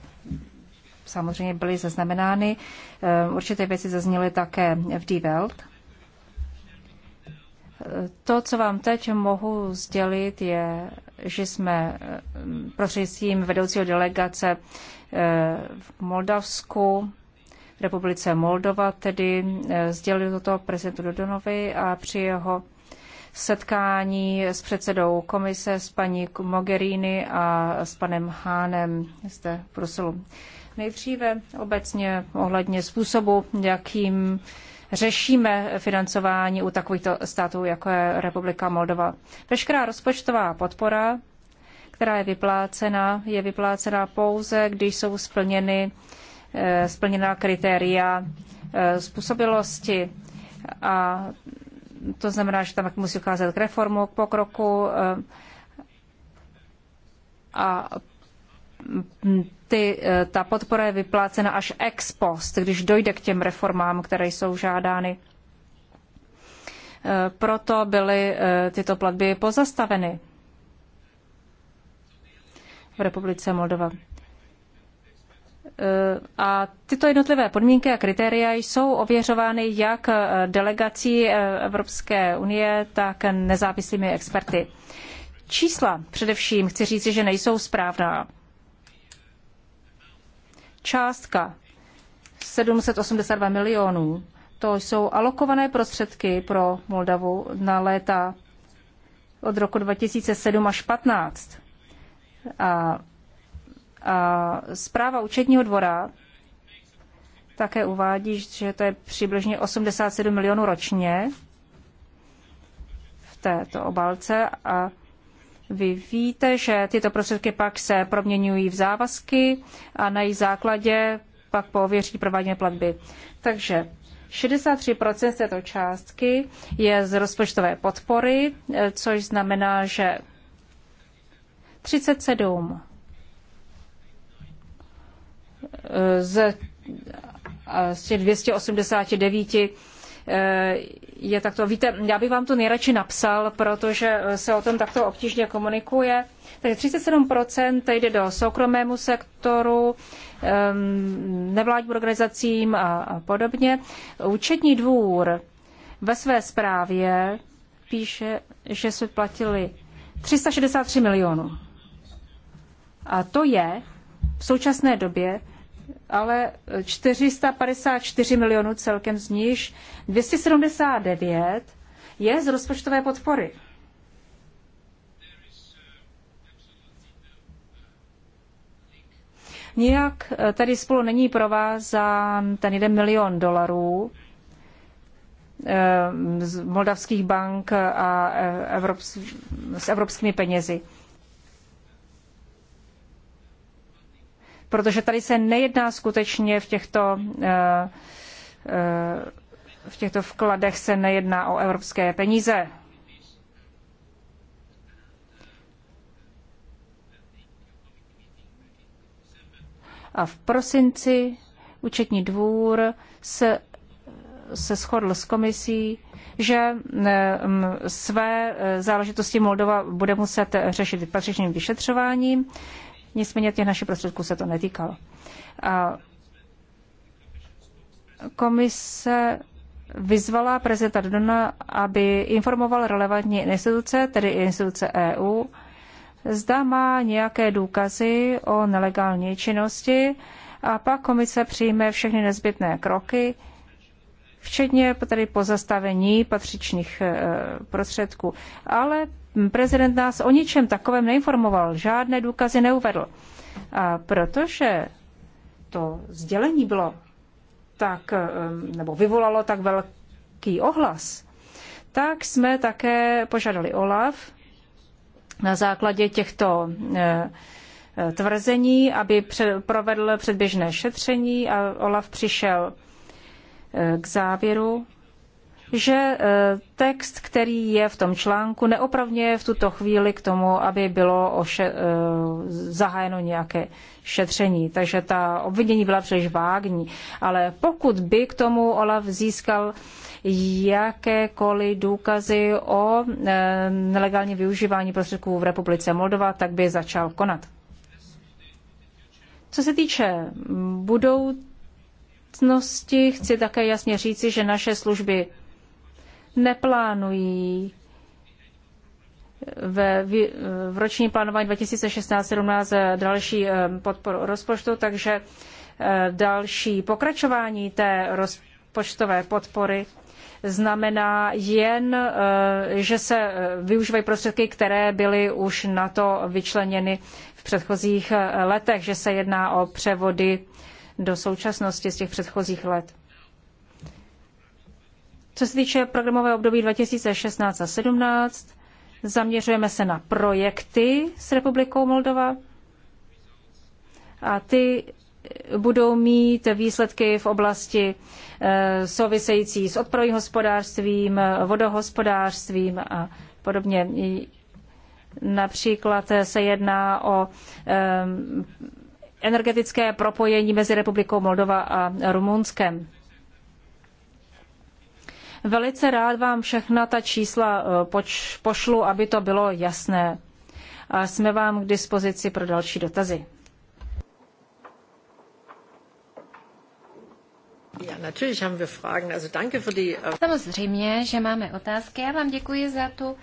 samozřejmě byly zaznamenány. Eh, určité věci zazněly také v Die Welt. Eh, to, co vám teď mohu sdělit, je, že jsme prostřednictvím vedoucího delegace v Moldavsku republice Moldova, tedy eh, sdělil toto prezidentu Dodonovi a při jeho setkání s předsedou komise, s paní Mogherini a s panem Hánem zde v Bruselu. Nejdříve obecně ohledně způsobu, jakým řešíme financování u takovýchto států, jako je Republika Moldova. Veškerá rozpočtová podpora, která je vyplácena, je vyplácena pouze, když jsou splněny Eh, splněna kritéria eh, způsobilosti a to znamená, že tam musí ukázat k reformu, k pokroku eh, a ty, ta podpora je vyplácena až ex post, když dojde k těm reformám, které jsou žádány. Proto byly tyto platby pozastaveny v Republice Moldova. Eh, a tyto jednotlivé podmínky a kritéria jsou ověřovány jak eh, delegací eh, Evropské unie, tak nezávislými experty. Čísla především chci říci, že nejsou správná. Částka 782 milionů, to jsou alokované prostředky pro Moldavu na léta od roku 2007 až 15. A a zpráva účetního dvora také uvádí, že to je přibližně 87 milionů ročně v této obalce a vy víte, že tyto prostředky pak se proměňují v závazky a na jejich základě pak pověří prováděné platby. Takže 63% z této částky je z rozpočtové podpory, což znamená, že 37 z, z těch 289 eh, je takto. Víte, já bych vám to nejradši napsal, protože se o tom takto obtížně komunikuje. Takže 37% jde do soukromému sektoru, ehm, nevládním organizacím a podobně. Účetní dvůr ve své zprávě píše, že se platili 363 milionů. A to je v současné době ale 454 milionů celkem z níž 279 je z rozpočtové podpory. Nijak eh, tady spolu není provázán ten jeden milion dolarů eh, z moldavských bank a eh, evrops- s evropskými penězi. protože tady se nejedná skutečně v těchto, eh, eh, v těchto vkladech se nejedná o evropské peníze. A v prosinci účetní dvůr se, se shodl s komisí, že eh, své záležitosti Moldova bude muset řešit patřičným vyšetřováním nicméně těch našich prostředků se to netýkalo. A komise vyzvala prezidenta Dodona, aby informoval relevantní instituce, tedy instituce EU, zda má nějaké důkazy o nelegální činnosti a pak komise přijme všechny nezbytné kroky, včetně tedy pozastavení patřičných eh, prostředků. Ale prezident nás o ničem takovém neinformoval, žádné důkazy neuvedl. A protože to sdělení bylo tak, nebo vyvolalo tak velký ohlas, tak jsme také požádali OLAF na základě těchto eh, tvrzení, aby provedl předběžné šetření a OLAF přišel eh, k závěru, že e, text, který je v tom článku, neopravňuje v tuto chvíli k tomu, aby bylo oše, e, zahájeno nějaké šetření. Takže ta obvinění byla příliš vágní. Ale pokud by k tomu Olaf získal jakékoliv důkazy o e, nelegálním využívání prostředků v Republice Moldova, tak by začal konat. Co se týče budoucnosti, chci také jasně říci, že naše služby neplánují ve, v roční plánování 2016 2017 další eh, podporu rozpočtu, takže eh, další pokračování té rozpočtové podpory znamená jen, eh, že se využívají prostředky, které byly už na to vyčleněny v předchozích letech, že se jedná o převody do současnosti z těch předchozích let. Co se týče programové období 2016 a 17, zaměřujeme se na projekty s Republikou Moldova a ty budou mít výsledky v oblasti eh, související s odpadovým hospodářstvím, vodohospodářstvím a podobně. Například se jedná o eh, energetické propojení mezi Republikou Moldova a Rumunskem. Velice rád vám všechna ta čísla eh, poč, pošlu, aby to bylo jasné. A jsme vám k dispozici pro další dotazy. Äh, Samozřejmě, že máme otázky. Já vám děkuji za tu uh,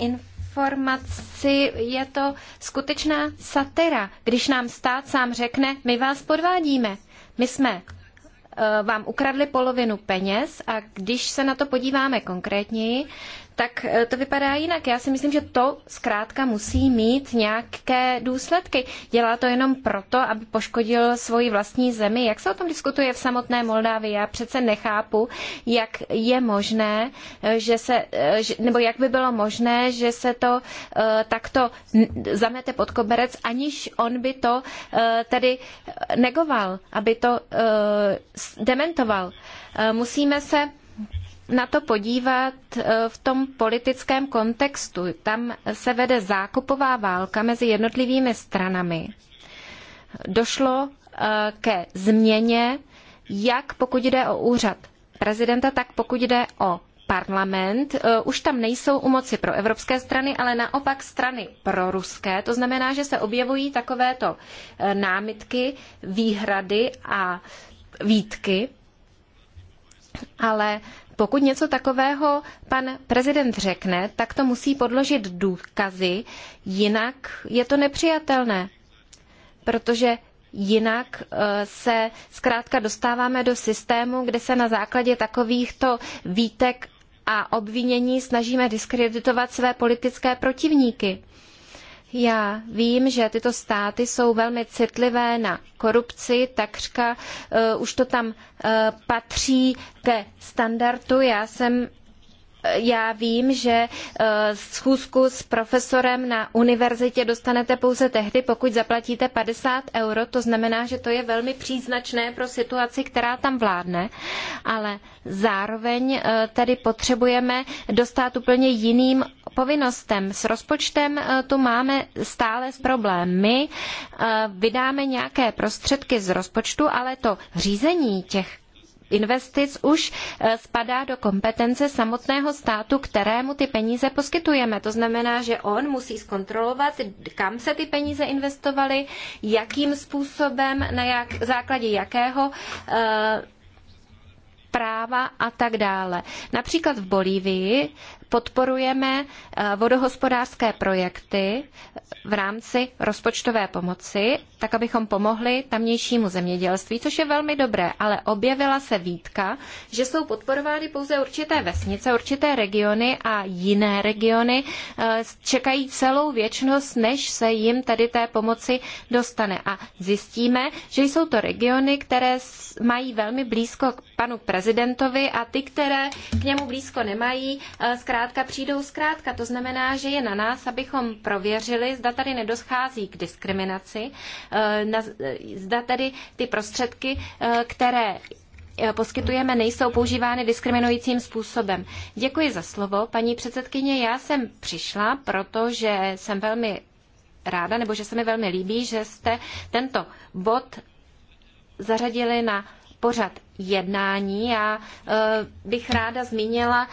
informaci. Je to skutečná satira, když nám stát sám řekne, my vás podvádíme. My jsme Eh, vám ukradli polovinu peněz a když se na to podíváme konkrétněji, tak e, to vypadá jinak. Já si myslím, že to zkrátka musí mít nějaké důsledky. Dělá to jenom proto, aby poškodil svoji vlastní zemi. Jak se o tom diskutuje v samotné Moldávii? Já přece nechápu, jak je možné, e, že se, e, nebo jak by bylo možné, že se to takto zamete pod koberec, aniž on by to tedy negoval, aby to dementoval. Musíme se na to podívat e, v tom politickém kontextu. Tam se vede zákupová válka mezi jednotlivými stranami. Došlo e, ke změně, jak pokud jde o úřad prezidenta, tak pokud jde o parlament. E, už tam nejsou u moci pro evropské strany, ale naopak strany pro ruské. To znamená, že se objevují takovéto námitky, výhrady a výtky. Ale pokud něco takového pan prezident řekne, tak to musí podložit důkazy, jinak je to nepřijatelné, protože jinak eh, se zkrátka dostáváme do systému, kde se na základě takovýchto výtek a obvinění snažíme diskreditovat své politické protivníky. Já vím, že tyto státy jsou velmi citlivé na korupci, takřka uh, už to tam uh, patří ke standardu. Já jsem já vím, že eh, schůzku s profesorem na univerzitě dostanete pouze tehdy, pokud zaplatíte 50 euro. To znamená, že to je velmi příznačné pro situaci, která tam vládne. Ale zároveň eh, tady potřebujeme dostat úplně jiným povinnostem. S rozpočtem eh, tu máme stále problém. My vydáme nějaké prostředky z rozpočtu, ale to řízení těch investic už eh, spadá do kompetence samotného státu, kterému ty peníze poskytujeme. To znamená, že on musí zkontrolovat, kam se ty peníze investovaly, jakým způsobem, na jak, základě jakého eh, práva a tak dále. Například v Bolívii podporujeme eh, vodohospodářské projekty v rámci rozpočtové pomoci tak abychom pomohli tamnějšímu zemědělství, což je velmi dobré, ale objevila se výtka, že jsou podporovány pouze určité vesnice, určité regiony a jiné regiony eh, čekají celou věčnost, než se jim tady té pomoci dostane. A zjistíme, že jsou to regiony, které mají velmi blízko k panu prezidentovi a ty, které k němu blízko nemají, eh, zkrátka přijdou zkrátka. To znamená, že je na nás, abychom prověřili, zda tady nedoschází k diskriminaci Eh, eh, zda tedy ty prostředky, eh, které poskytujeme, nejsou používány diskriminujícím způsobem. Děkuji za slovo, paní předsedkyně. Já jsem přišla, protože jsem velmi ráda, nebo že se mi velmi líbí, že jste tento bod zařadili na pořad jednání. Já bych ráda zmínila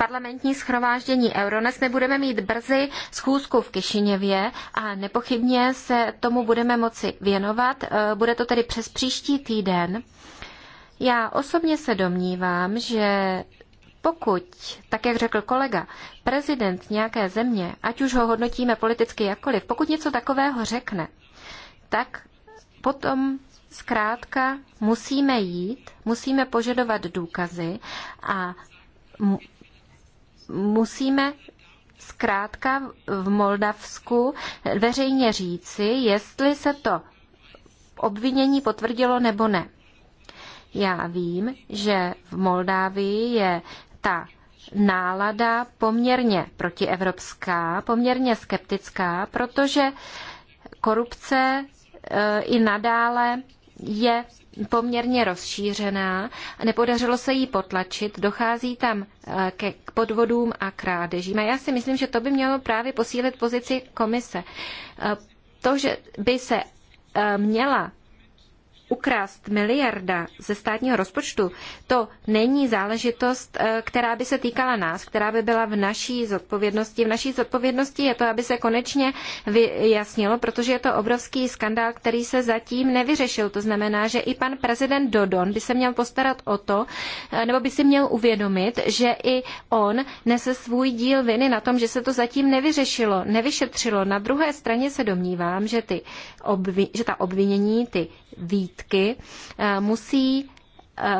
parlamentní schromáždění Euronest. My budeme mít brzy schůzku v Kišiněvě a nepochybně se tomu budeme moci věnovat. Eh, bude to tedy přes příští týden. Já osobně se domnívám, že pokud, tak jak řekl kolega, prezident nějaké země, ať už ho hodnotíme politicky jakkoliv, pokud něco takového řekne, tak potom zkrátka musíme jít, musíme požadovat důkazy a musíme zkrátka v Moldavsku veřejně říci, jestli se to obvinění potvrdilo nebo ne. Já vím, že v Moldávii je ta nálada poměrně protievropská, poměrně skeptická, protože korupce e, i nadále je poměrně rozšířená, nepodařilo se jí potlačit, dochází tam eh, ke k podvodům a krádežím. A já si myslím, že to by mělo právě posílit pozici komise. Eh, to, že by se eh, měla ukrást miliarda ze státního rozpočtu, to není záležitost, eh, která by se týkala nás, která by byla v naší zodpovědnosti. V naší zodpovědnosti je to, aby se konečně vyjasnilo, protože je to obrovský skandál, který se zatím nevyřešil. To znamená, že i pan prezident Dodon by se měl postarat o to, eh, nebo by si měl uvědomit, že i on nese svůj díl viny na tom, že se to zatím nevyřešilo, nevyšetřilo. Na druhé straně se domnívám, že, ty obvi- že ta obvinění, ty výtky, zbytky eh, musí eh,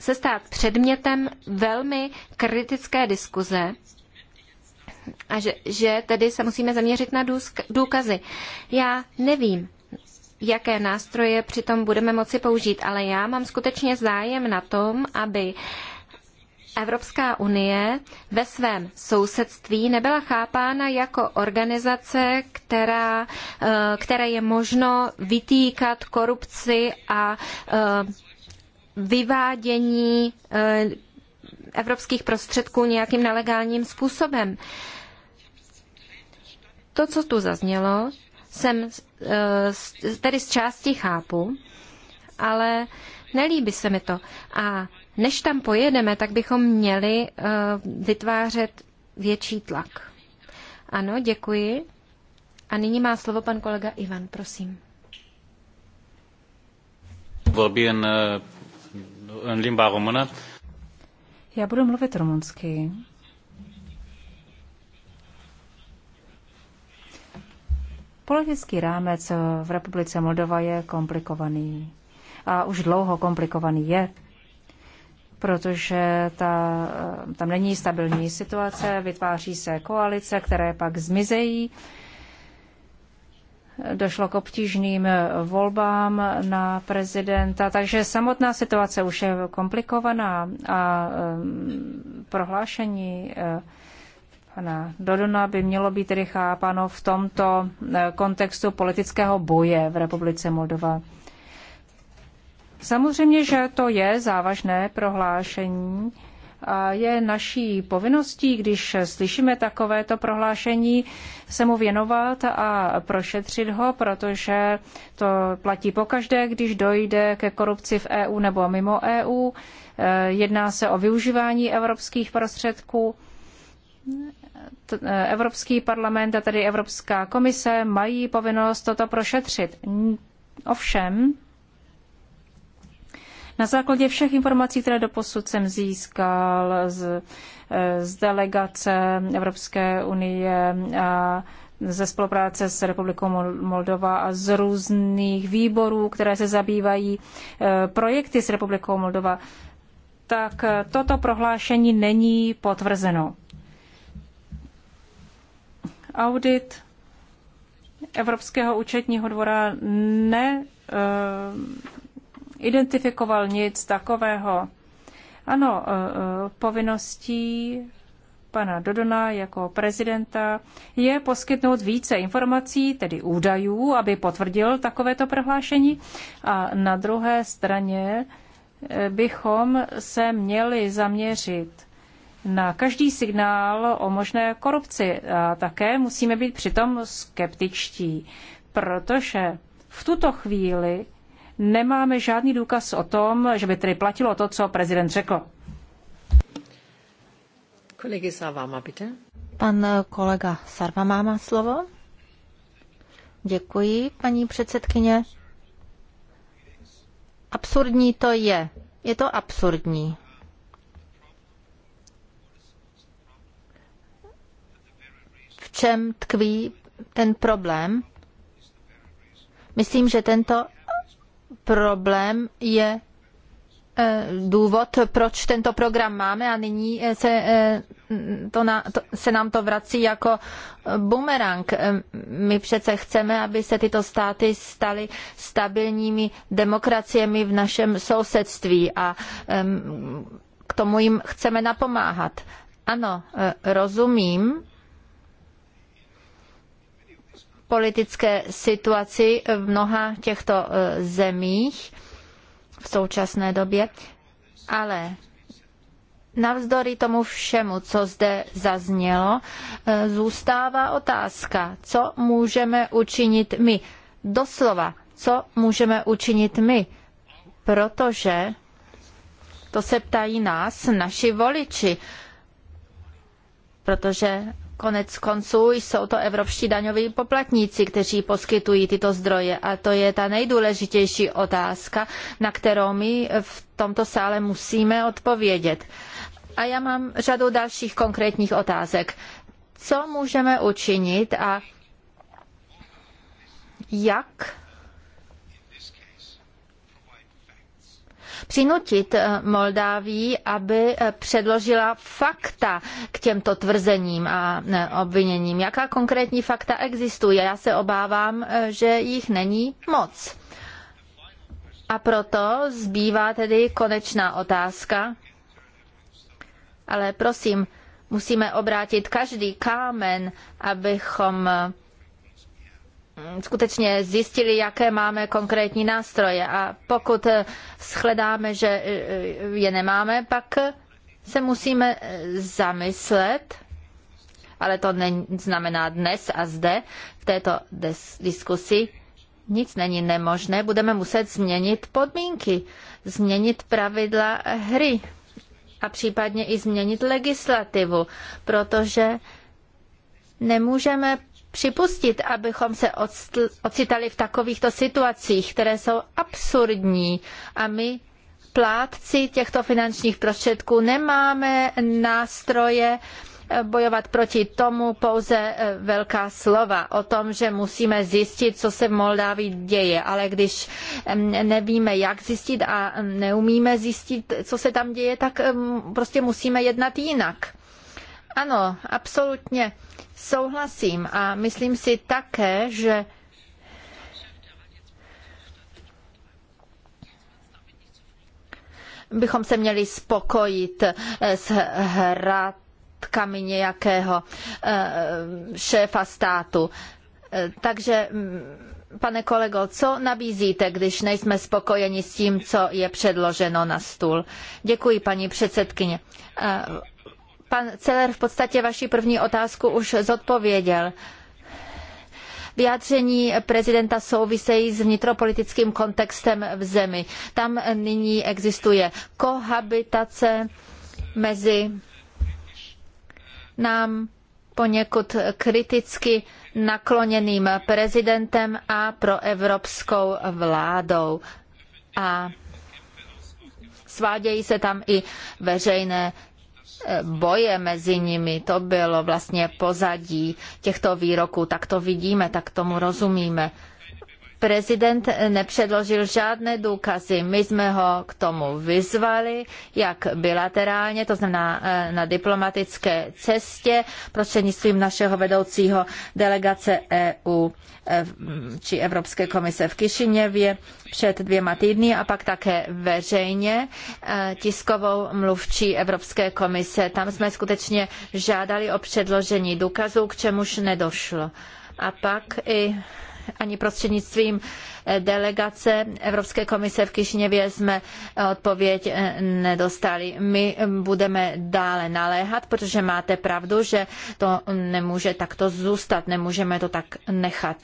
se stát předmětem velmi kritické diskuze a že, že tedy se musíme zaměřit na důkazy. Já nevím, jaké nástroje přitom budeme moci použít, ale já mám skutečně zájem na tom, aby Evropská unie ve svém sousedství nebyla chápána jako organizace, která, eh, které je možno vytýkat korupci a eh, vyvádění eh, evropských prostředků nějakým nelegálním způsobem. To, co tu zaznělo, jsem tedy z části chápu, ale nelíbí se mi to. A než tam pojedeme, tak bychom měli eh, vytvářet větší tlak. Ano, děkuji. A nyní má slovo pan kolega Ivan, prosím. Eh, Já budu mluvit rumunsky. Politický rámec v Republice Moldova je komplikovaný. A už dlouho komplikovaný je protože ta, eh, tam není stabilní situace, vytváří se koalice, které pak zmizejí. Došlo k obtížným volbám na prezidenta, takže samotná situace už je komplikovaná a eh, prohlášení eh, pana Dodona by mělo být tedy v tomto kontextu politického boje v Republice Moldova. Samozřejmě, že to je závažné prohlášení a je naší povinností, když slyšíme takovéto prohlášení, se mu věnovat a prošetřit ho, protože to platí pokaždé, když dojde ke korupci v EU nebo mimo EU. Eh, jedná se o využívání evropských prostředků. Eh, Evropský parlament a tedy Evropská komise mají povinnost toto prošetřit. Ovšem, na základě všech informací, které do jsem získal z, eh, z delegace Evropské unie a ze spolupráce s Republikou Moldova a z různých výborů, které se zabývají eh, projekty s Republikou Moldova, tak eh, toto prohlášení není potvrzeno. Audit Evropského účetního dvora ne identifikoval nic takového. Ano, e, e, povinností pana Dodona jako prezidenta je poskytnout více informací, tedy údajů, aby potvrdil takovéto prohlášení. A na druhé straně e, bychom se měli zaměřit na každý signál o možné korupci a také musíme být přitom skeptičtí, protože v tuto chvíli nemáme žádný důkaz o tom, že by tedy platilo to, co prezident řekl. Kolegy Sarvama, bitte. Pan eh, kolega Sarvama má slovo. Děkuji, paní předsedkyně. Absurdní to je. Je to absurdní. V čem tkví ten problém? Myslím, že tento problém je e, důvod, proč tento program máme a nyní e, se, e, to na, to, se nám to vrací jako bumerang. My přece chceme, aby se tyto státy staly stabilními demokraciemi v našem sousedství a k tomu jim chceme napomáhat. Ano, rozumím politické situaci v mnoha těchto e, zemích v současné době, ale navzdory tomu všemu, co zde zaznělo, e, zůstává otázka, co můžeme učinit my. Doslova, co můžeme učinit my, protože to se ptají nás, naši voliči, protože Konec konců jsou to evropští daňoví poplatníci, kteří poskytují tyto zdroje. A to je ta nejdůležitější otázka, na kterou my v tomto sále musíme odpovědět. A já mám řadu dalších konkrétních otázek. Co můžeme učinit a jak přinutit eh, Moldávii, aby eh, předložila fakta k těmto tvrzením a eh, obviněním. Jaká konkrétní fakta existují? Já se obávám, že jich není moc. A proto zbývá tedy konečná otázka. Ale prosím, musíme obrátit každý kámen, abychom Mm, skutečně zjistili, jaké máme konkrétní nástroje. A pokud eh, shledáme, že eh, eh, je nemáme, pak se musíme zamyslet, ale to neznamená dnes a zde, v této diskusi, nic není nemožné, budeme muset změnit podmínky, změnit pravidla hry a případně i změnit legislativu, protože nemůžeme připustit, abychom se ocitali v takovýchto situacích, které jsou absurdní a my plátci těchto finančních prostředků nemáme nástroje eh, bojovat proti tomu pouze eh, velká slova o tom, že musíme zjistit, co se v Moldávii děje, ale když nevíme, jak zjistit a neumíme zjistit, co se tam děje, tak prostě musíme jednat jinak. Ano, absolutně souhlasím a myslím si také, že bychom se měli spokojit eh, s hrátkami nějakého eh, šéfa státu. Eh, takže, mm, pane kolego, co nabízíte, když nejsme spokojeni s tím, co je předloženo na stůl? Děkuji, paní předsedkyně. Pan Celer v podstatě vaši první otázku už zodpověděl. Vyjádření prezidenta souvisejí s vnitropolitickým kontextem v zemi. Tam nyní existuje kohabitace mezi nám poněkud kriticky nakloněným prezidentem a proevropskou vládou. A svádějí se tam i veřejné boje mezi nimi, to bylo vlastně pozadí těchto výroků. Tak to vidíme, tak tomu rozumíme prezident nepředložil žádné důkazy. My jsme ho k tomu vyzvali, jak bilaterálně, to znamená eh, na diplomatické cestě, prostřednictvím našeho vedoucího delegace EU eh, či Evropské komise v Kišiněvě před dvěma týdny a pak také veřejně eh, tiskovou mluvčí Evropské komise. Tam jsme skutečně žádali o předložení důkazů, k čemuž nedošlo. A pak i ani prostřednictvím eh, delegace Evropské komise v Kišněvě jsme eh, odpověď eh, nedostali. My budeme dále naléhat, protože máte pravdu, že to nemůže takto zůstat, nemůžeme to tak nechat.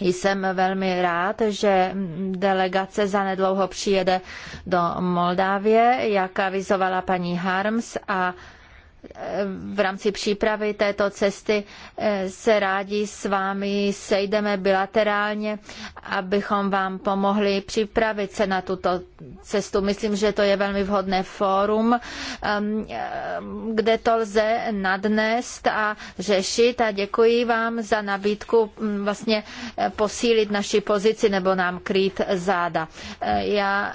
Jsem velmi rád, že delegace zanedlouho přijede do Moldávie, jak avizovala paní Harms a v rámci přípravy této cesty eh, se rádi s vámi sejdeme bilaterálně, abychom vám pomohli připravit se na tuto cestu. Myslím, že to je velmi vhodné fórum, eh, kde to lze nadnést a řešit a děkuji vám za nabídku mm, vlastně eh, posílit naši pozici nebo nám krýt záda. Já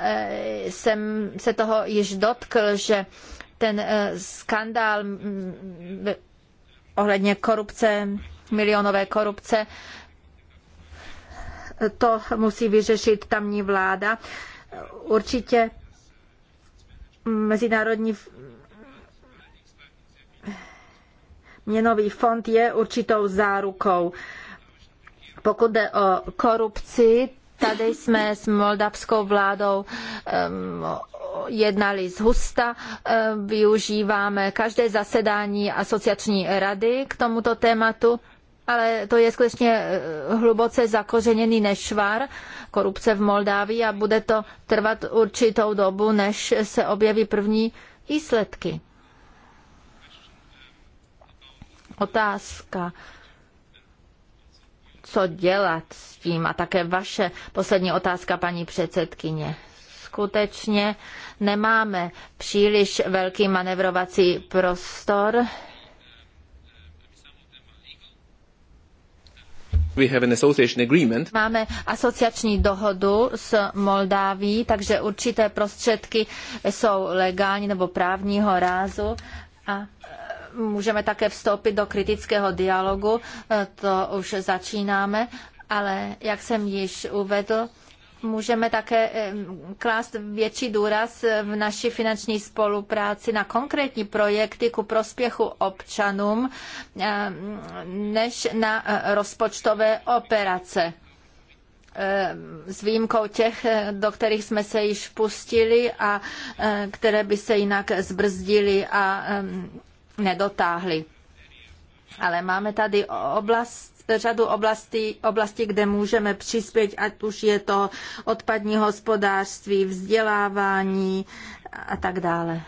jsem se toho již dotkl, že ten eh, skandál mm, ohledně korupce, milionové korupce, to musí vyřešit tamní vláda. Určitě mezinárodní měnový fond je určitou zárukou. Pokud jde o korupci, tady jsme s moldavskou vládou um, jednali z Husta. Eh, využíváme každé zasedání asociační rady k tomuto tématu, ale to je skutečně eh, hluboce zakořeněný nešvar korupce v Moldávii a bude to trvat určitou dobu, než se objeví první výsledky. Otázka co dělat s tím? A také vaše poslední otázka, paní předsedkyně skutečně nemáme příliš velký manevrovací prostor. We have an association agreement. Máme asociační dohodu s Moldáví, takže určité prostředky jsou legální nebo právního rázu a e, můžeme také vstoupit do kritického dialogu, e, to už začínáme, ale jak jsem již uvedl, můžeme také eh, klást větší důraz v naší finanční spolupráci na konkrétní projekty ku prospěchu občanům eh, než na eh, rozpočtové operace s výjimkou těch, do kterých jsme se již pustili a které by se jinak zbrzdily a nedotáhly. Ale máme tady oblast řadu oblastí, oblastí, kde můžeme přispět, ať už je to odpadní hospodářství, vzdělávání a tak dále.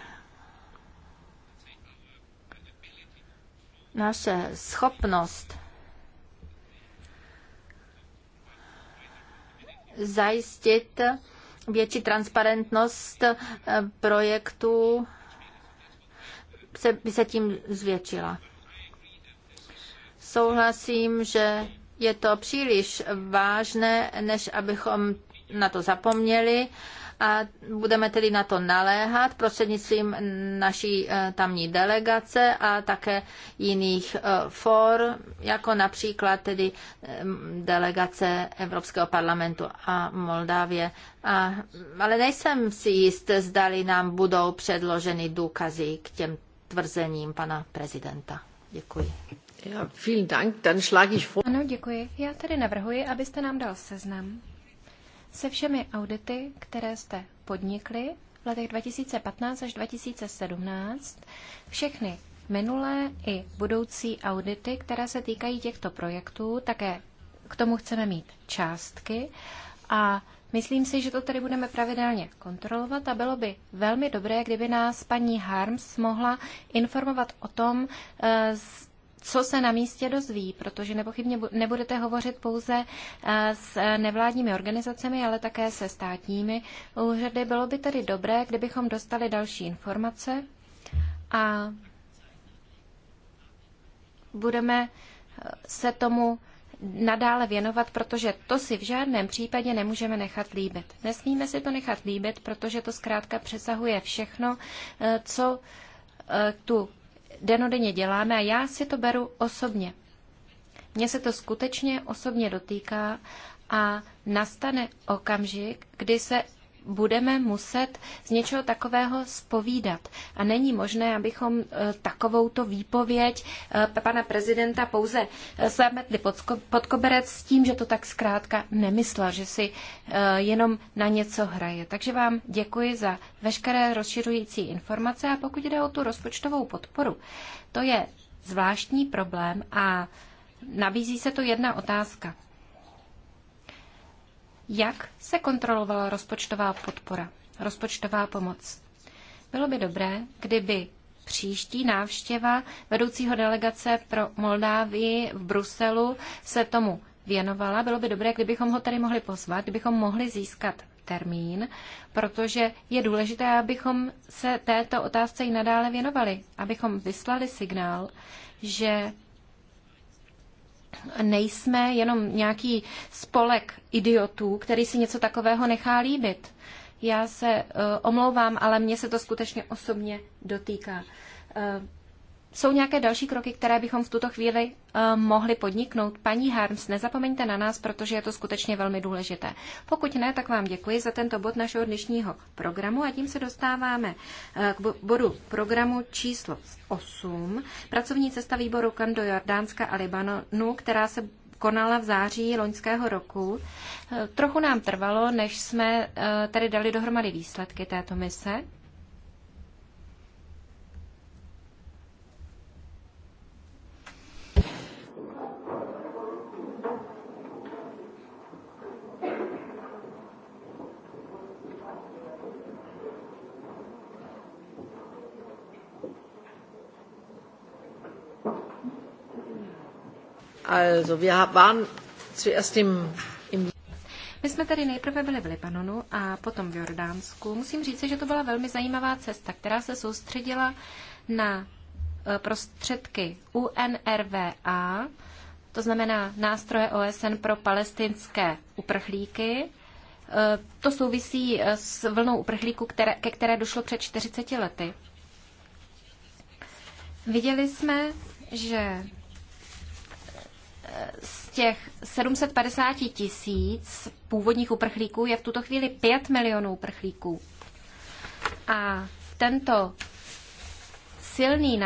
Naše schopnost zajistit větší transparentnost eh, projektu se, by se tím zvětšila souhlasím, že je to příliš vážné, než abychom na to zapomněli a budeme tedy na to naléhat prostřednictvím naší eh, tamní delegace a také jiných eh, for, jako například tedy delegace Evropského parlamentu a Moldávie. A, ale nejsem si jist, zdali nám budou předloženy důkazy k těm tvrzením pana prezidenta. Děkuji. Ja, vielen Dank. Dann schlage ich vor... Ano, děkuji. Já tedy navrhuji, abyste nám dal seznam se všemi audity, které jste podnikli v letech 2015 až 2017, všechny minulé i budoucí audity, které se týkají těchto projektů, také k tomu chceme mít částky a Myslím si, že to tady budeme pravidelně kontrolovat a bylo by velmi dobré, kdyby nás paní Harms mohla informovat o tom, eh, co se na místě dozví, protože nepochybně nebudete hovořit pouze eh, s eh, nevládními organizacemi, ale také se státními úřady. Bylo by tedy dobré, kdybychom dostali další informace a budeme eh, se tomu nadále věnovat, protože to si v žádném případě nemůžeme nechat líbit. Nesmíme si to nechat líbit, protože to zkrátka přesahuje všechno, co tu denodenně děláme a já si to beru osobně. Mně se to skutečně osobně dotýká a nastane okamžik, kdy se budeme muset z něčeho takového spovídat. A není možné, abychom e, takovouto výpověď e, pana prezidenta pouze e, svémetli pod koberec s tím, že to tak zkrátka nemyslel, že si jenom na něco hraje. Takže vám děkuji za veškeré rozšiřující informace a pokud jde o tu rozpočtovou podporu, to je zvláštní problém a nabízí se to jedna otázka jak se kontrolovala rozpočtová podpora, rozpočtová pomoc. Bylo by dobré, kdyby příští návštěva vedoucího delegace pro Moldávii v Bruselu se tomu věnovala. Bylo by dobré, kdybychom ho tady mohli pozvat, kdybychom mohli získat termín, protože je důležité, abychom se této otázce i nadále věnovali, abychom vyslali signál, že nejsme jenom nějaký spolek idiotů, který si něco takového nechá líbit. Já se uh, omlouvám, ale mě se to skutečně osobně dotýká. Uh, jsou nějaké další kroky, které bychom v tuto chvíli uh, mohli podniknout? Paní Harms, nezapomeňte na nás, protože je to skutečně velmi důležité. Pokud ne, tak vám děkuji za tento bod našeho dnešního programu a tím se dostáváme uh, k bodu programu číslo 8. Pracovní cesta výboru KAN do Jordánska a Libanonu, která se konala v září loňského roku. Eh, trochu nám trvalo, než jsme tady dali dohromady výsledky této mise. Also, wir waren zuerst im, im my jsme tedy nejprve byli v Libanonu a potom v Jordánsku. Musím říct, že to byla velmi zajímavá cesta, která se soustředila na e, prostředky UNRWA, to znamená nástroje OSN pro palestinské uprchlíky. E, to souvisí e, s vlnou uprchlíků, které, ke které došlo před 40 lety. Viděli jsme, že z těch 750 tisíc původních uprchlíků je v tuto chvíli 5 milionů uprchlíků. A tento silný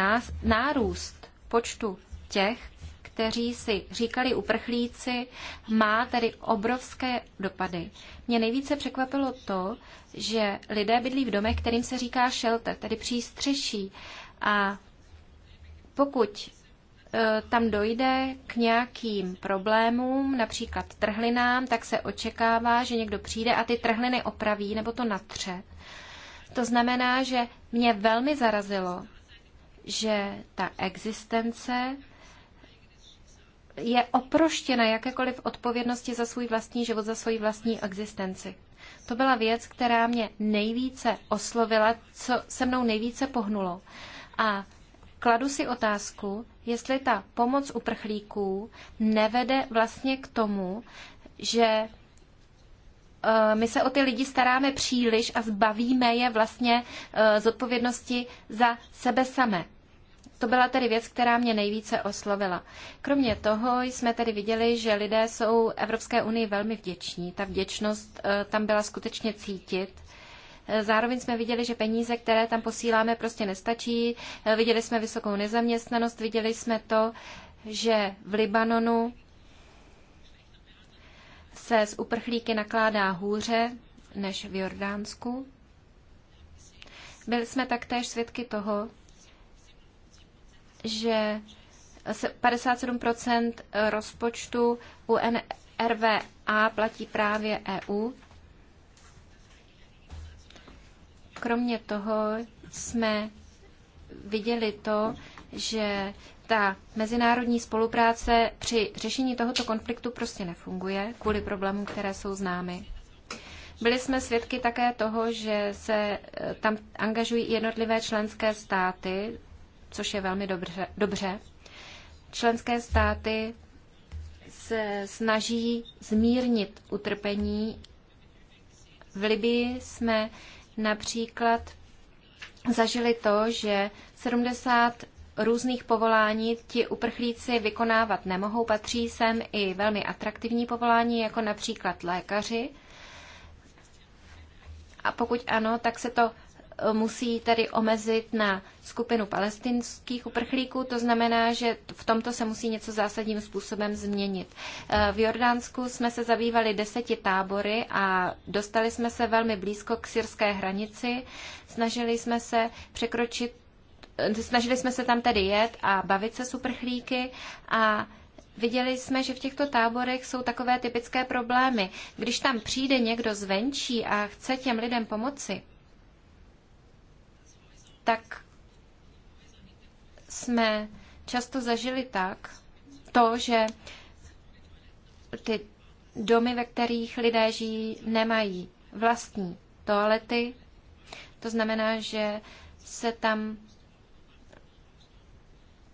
nárůst počtu těch, kteří si říkali uprchlíci, má tedy obrovské dopady. Mě nejvíce překvapilo to, že lidé bydlí v domech, kterým se říká shelter, tedy přístřeší. A pokud Eh, tam dojde k nějakým problémům, například trhlinám, tak se očekává, že někdo přijde a ty trhliny opraví nebo to natře. To znamená, že mě velmi zarazilo, že ta existence je oproštěna jakékoliv odpovědnosti za svůj vlastní život, za svoji vlastní existenci. To byla věc, která mě nejvíce oslovila, co se mnou nejvíce pohnulo. A kladu si otázku, jestli ta pomoc uprchlíků nevede vlastně k tomu, že eh, my se o ty lidi staráme příliš a zbavíme je vlastně eh, z odpovědnosti za sebe samé. To byla tedy věc, která mě nejvíce oslovila. Kromě toho jsme tedy viděli, že lidé jsou Evropské unii velmi vděční. Ta vděčnost eh, tam byla skutečně cítit. Zároveň jsme viděli, že peníze, které tam posíláme, prostě nestačí. Viděli jsme vysokou nezaměstnanost, viděli jsme to, že v Libanonu se z uprchlíky nakládá hůře než v Jordánsku. Byli jsme taktéž svědky toho, že 57 rozpočtu UNRWA platí právě EU. Kromě toho jsme viděli to, že ta mezinárodní spolupráce při řešení tohoto konfliktu prostě nefunguje kvůli problémům, které jsou známy. Byli jsme svědky také toho, že se eh, tam angažují jednotlivé členské státy, což je velmi dobře. dobře. Členské státy se snaží zmírnit utrpení. V Libii jsme například zažili to, že 70 různých povolání ti uprchlíci vykonávat nemohou. Patří sem i velmi atraktivní povolání, jako například lékaři. A pokud ano, tak se to musí tady omezit na skupinu palestinských uprchlíků. To znamená, že v tomto se musí něco zásadním způsobem změnit. Eh, v Jordánsku jsme se zabývali deseti tábory a dostali jsme se velmi blízko k syrské hranici. Snažili jsme se překročit eh, Snažili jsme se tam tedy jet a bavit se s uprchlíky a Viděli jsme, že v těchto táborech jsou takové typické problémy. Když tam přijde někdo zvenčí a chce těm lidem pomoci, tak jsme často zažili tak, to, že ty domy, ve kterých lidé žijí, nemají vlastní toalety. To znamená, že se tam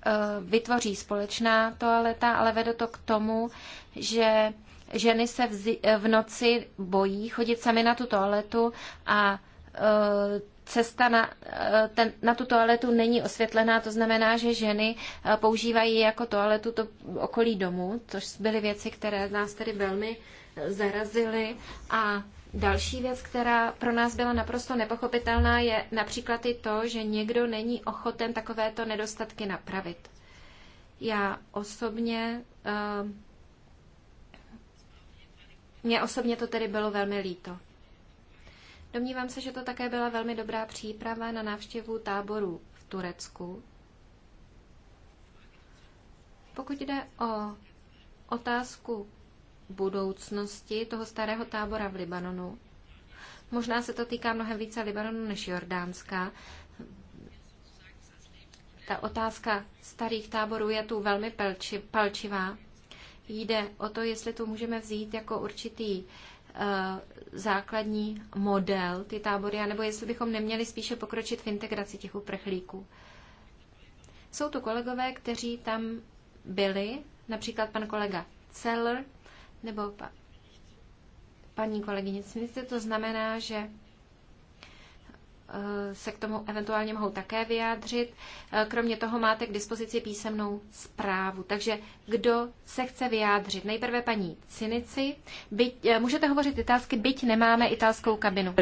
eh, vytvoří společná toaleta, ale vede to k tomu, že ženy se v, v noci bojí chodit sami na tu toaletu a eh, cesta na, eh, ten, na tu toaletu není osvětlená, to znamená, že ženy eh, používají jako toaletu to okolí domu, což byly věci, které nás tedy velmi eh, zarazily a Další věc, která pro nás byla naprosto nepochopitelná, je například i to, že někdo není ochoten takovéto nedostatky napravit. Já osobně, uh, mně osobně to tedy bylo velmi líto. Domnívám se, že to také byla velmi dobrá příprava na návštěvu táborů v Turecku. Pokud jde o otázku budoucnosti toho starého tábora v Libanonu, možná se to týká mnohem více Libanonu než Jordánska, ta otázka starých táborů je tu velmi palčivá. Jde o to, jestli to můžeme vzít jako určitý Eh, základní model, ty tábory, anebo jestli bychom neměli spíše pokročit v integraci těch uprchlíků. Jsou tu kolegové, kteří tam byli, například pan kolega Celler, nebo pa, paní kolegyně Smith. To znamená, že Eh, se k tomu eventuálně mohou také vyjádřit. Eh, kromě toho máte k dispozici písemnou zprávu. Takže kdo se chce vyjádřit? Nejprve paní Cinici. Byť, eh, můžete hovořit italsky, byť nemáme italskou kabinu.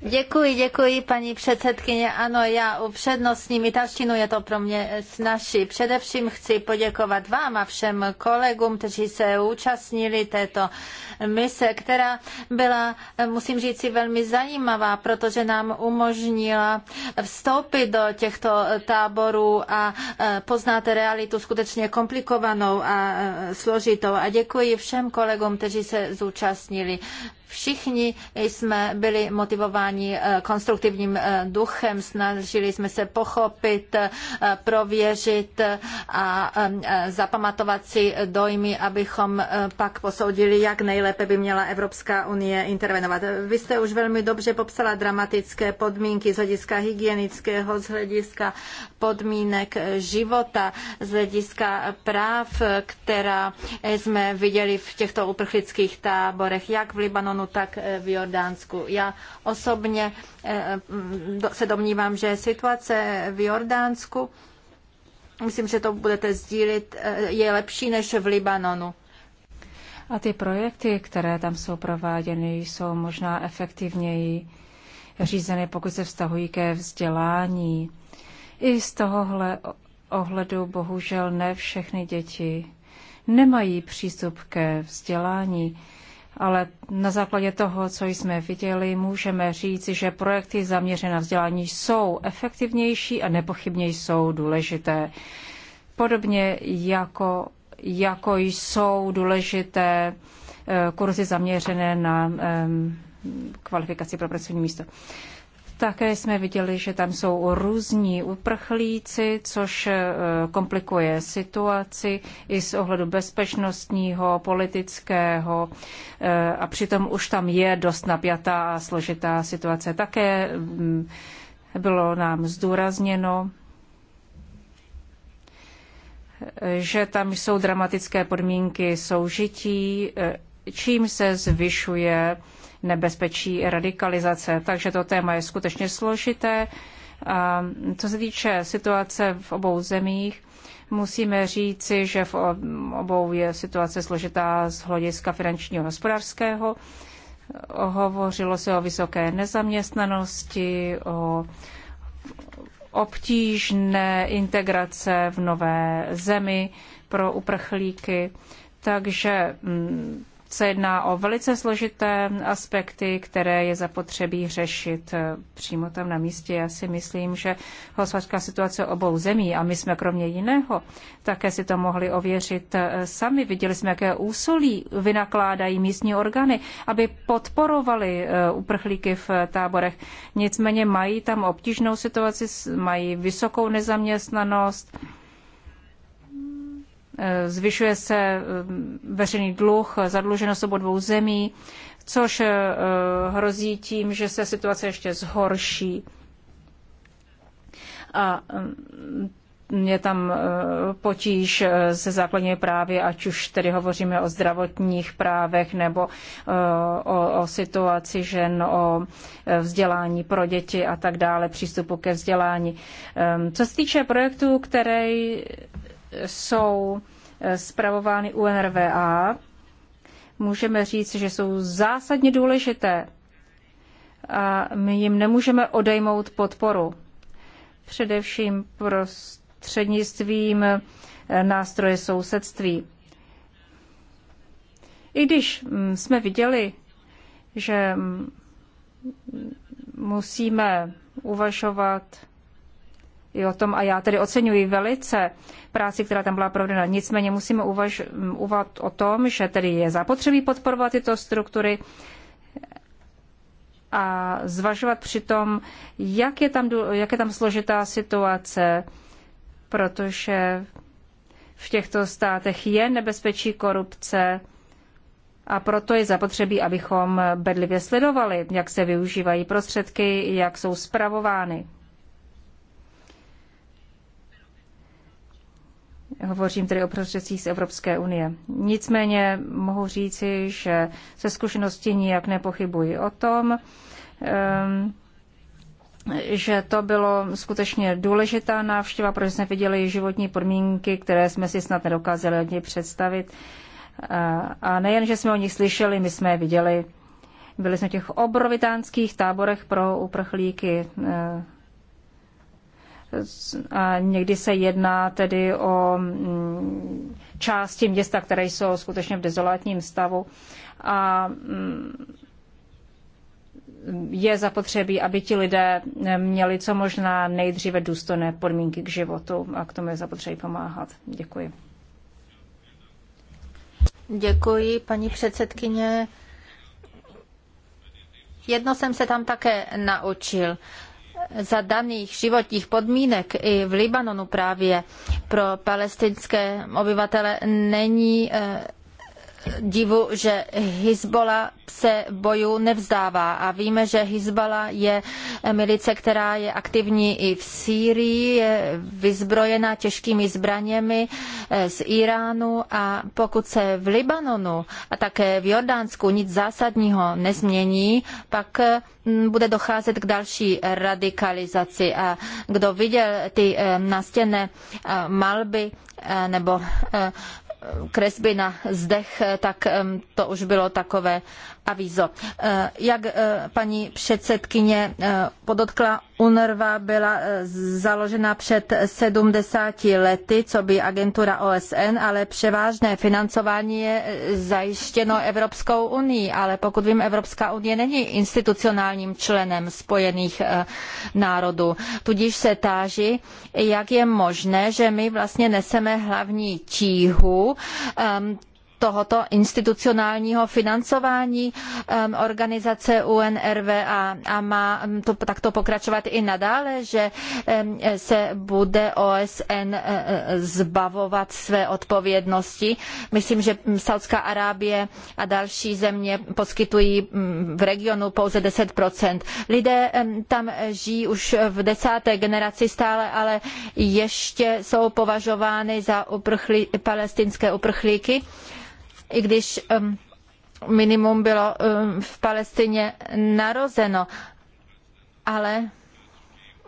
Děkuji, děkuji paní předsedkyně. Ano, já upřednostním italštinu, je to pro mě snažší. Především chci poděkovat vám a všem kolegům, kteří se účastnili této mise, která byla, musím říct, velmi zajímavá, proto protože že nám umožnila vstoupit do těchto táborů a e, poznat realitu skutečně komplikovanou a e, složitou. A děkuji všem kolegům, kteří se zúčastnili. Všichni jsme byli motivováni eh, konstruktivním eh, duchem, snažili jsme se pochopit, eh, prověřit a zapamatovat si dojmy, abychom pak posoudili, jak nejlépe by měla Evropská unie intervenovat. Vy jste už velmi dobře popsala dramatické podmínky z hlediska hygienického, z hlediska podmínek života, z hlediska práv, která jsme viděli v těchto uprchlických táborech, jak v Libanonu, regionu, tak eh, v Jordánsku. Já osobně eh, mm, se domnívám, že situace v Jordánsku, myslím, že to budete sdílit, eh, je lepší než v Libanonu. A ty projekty, které tam jsou prováděny, jsou možná efektivněji řízeny, pokud se vztahují ke vzdělání. I z tohohle ohledu bohužel ne všechny děti nemají přístup ke vzdělání ale na základě toho, co jsme viděli, můžeme říci, že projekty zaměřené na vzdělání jsou efektivnější a nepochybně jsou důležité. Podobně jako, jako jsou důležité eh, kurzy zaměřené na kvalifikaci pro pracovní místo. Také jsme viděli, že tam jsou různí uprchlíci, což eh, komplikuje situaci i z ohledu bezpečnostního, politického eh, a přitom už tam je dost napjatá a složitá situace. Také mm, bylo nám zdůrazněno, že tam jsou dramatické podmínky soužití, eh, čím se zvyšuje nebezpečí radikalizace. Takže to téma je skutečně složité. A co se týče situace v obou zemích, musíme říci, že v obou je situace složitá z hlediska finančního a hospodářského. Hovořilo se o vysoké nezaměstnanosti, o obtížné integrace v nové zemi pro uprchlíky. Takže mm, se jedná o velice složité aspekty, které je zapotřebí řešit eh, přímo tam na místě. Já si myslím, že hospodářská situace obou zemí, a my jsme kromě jiného také si to mohli ověřit eh, sami, viděli jsme, jaké úsolí vynakládají místní orgány, aby podporovali eh, uprchlíky v táborech. Nicméně mají tam obtížnou situaci, mají vysokou nezaměstnanost, zvyšuje se eh, veřejný dluh, zadluženost obou dvou zemí, což eh, hrozí tím, že se situace ještě zhorší. A mm, je tam eh, potíž se základními právy, ať už tedy hovoříme o zdravotních právech nebo o, o situaci žen, o vzdělání pro děti a tak dále, přístupu ke vzdělání. Ehm, co se týče projektů, které jsou zpravovány eh, UNRWA, můžeme říct, že jsou zásadně důležité a my jim nemůžeme odejmout podporu. Především prostřednictvím eh, nástroje sousedství. I když mm, jsme viděli, že mm, musíme uvažovat i o tom, a já tedy oceňuji velice práci, která tam byla provedena. Nicméně musíme uvaž, uvat o tom, že tedy je zapotřebí podporovat tyto struktury a zvažovat přitom, jak je tam, jak je tam složitá situace, protože v těchto státech je nebezpečí korupce a proto je zapotřebí, abychom bedlivě sledovali, jak se využívají prostředky, jak jsou spravovány. Hovořím tedy o prostředcích z Evropské unie. Nicméně mohu říci, že ze zkušenosti nijak nepochybuji o tom, ehm, že to bylo skutečně důležitá návštěva, protože jsme viděli životní podmínky, které jsme si snad nedokázali od něj představit. A nejen, že jsme o nich slyšeli, my jsme je viděli. Byli jsme v těch obrovitánských táborech pro uprchlíky eh, a někdy se jedná tedy o mm, části města, které jsou skutečně v dezolátním stavu. A mm, je zapotřebí, aby ti lidé měli co možná nejdříve důstojné podmínky k životu a k tomu je zapotřebí pomáhat. Děkuji. Děkuji, paní předsedkyně. Jedno jsem se tam také naučil za daných životních podmínek i v Libanonu právě pro palestinské obyvatele není eh, divu, že Hizbola se bojů nevzdává a víme, že Hizbola je milice, která je aktivní i v Sýrii, je vyzbrojena těžkými zbraněmi eh, z Iránu a pokud se v Libanonu a také v Jordánsku nic zásadního nezmění, pak eh, bude docházet k další radikalizaci. A kdo viděl ty eh, nástěnné malby nebo kresby na zdech, tak to už bylo takové avízo. Eh, jak eh, paní předsedkyně eh, podotkla, UNRWA byla založena před 70 lety, co by agentura OSN, ale převážné financování je zajištěno Evropskou unii, ale pokud vím, Evropská unie není institucionálním členem Spojených národů. Tudíž se táží, jak je možné, že my vlastně neseme hlavní tíhu ehm, tohoto institucionálního financování organizace UNRWA a má to takto pokračovat i nadále, že se bude OSN e, e, zbavovat své odpovědnosti. Myslím, že Saudská Arábie a další země poskytují v regionu pouze 10 Lidé tam žijí už v desáté generaci stále, ale ještě jsou považovány za uprchlí, palestinské uprchlíky i když minimum bylo v Palestině narozeno, ale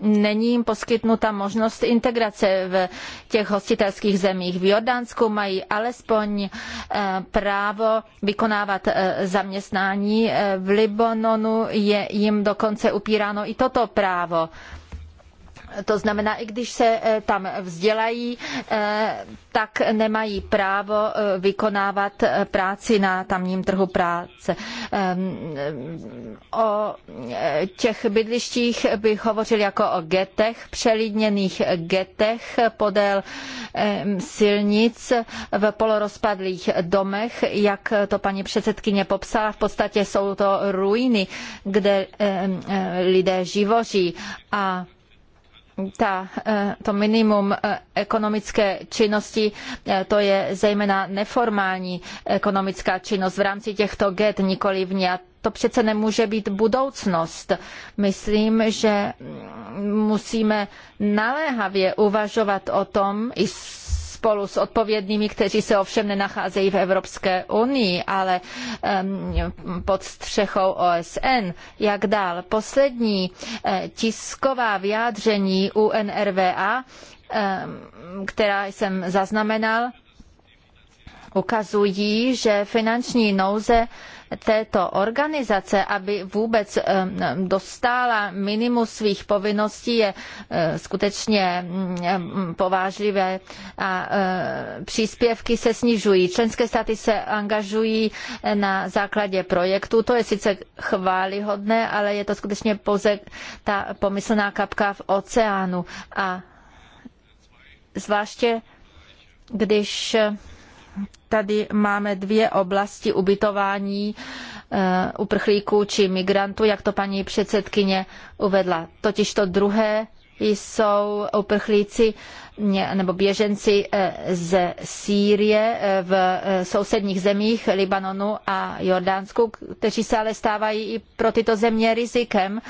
není jim poskytnuta možnost integrace v těch hostitelských zemích. V Jordánsku mají alespoň právo vykonávat zaměstnání, v Libanonu je jim dokonce upíráno i toto právo. To znamená, i když se eh, tam vzdělají, eh, tak nemají právo eh, vykonávat práci na tamním trhu práce. Ehm, o těch bydlištích bych hovořil jako o getech, přelidněných getech podél ehm, silnic v polorozpadlých domech, jak to paní předsedkyně popsala. V podstatě jsou to ruiny, kde ehm, lidé živoří a ta, eh, to minimum eh, ekonomické činnosti, eh, to je zejména neformální ekonomická činnost v rámci těchto get, nikoli vně. A to přece nemůže být budoucnost. Myslím, že mm, musíme naléhavě uvažovat o tom, i s spolu s odpovědnými, kteří se ovšem nenacházejí v Evropské unii, ale pod střechou OSN. Jak dál? Poslední eh, tisková vyjádření UNRWA, která jsem zaznamenal, ukazují, že finanční nouze této organizace, aby vůbec eh, dostála minimum svých povinností, je eh, skutečně mm, mm, povážlivé a eh, příspěvky se snižují. Členské státy se angažují na základě projektu. To je sice chválihodné, ale je to skutečně pouze ta pomyslná kapka v oceánu. A zvláště když Tady máme dvě oblasti ubytování eh, uprchlíků či migrantů, jak to paní předsedkyně uvedla. Totiž to druhé jsou uprchlíci nebo běženci eh, z Sýrie eh, v sousedních zemích Libanonu a Jordánsku, kteří se ale stávají i pro tyto země rizikem,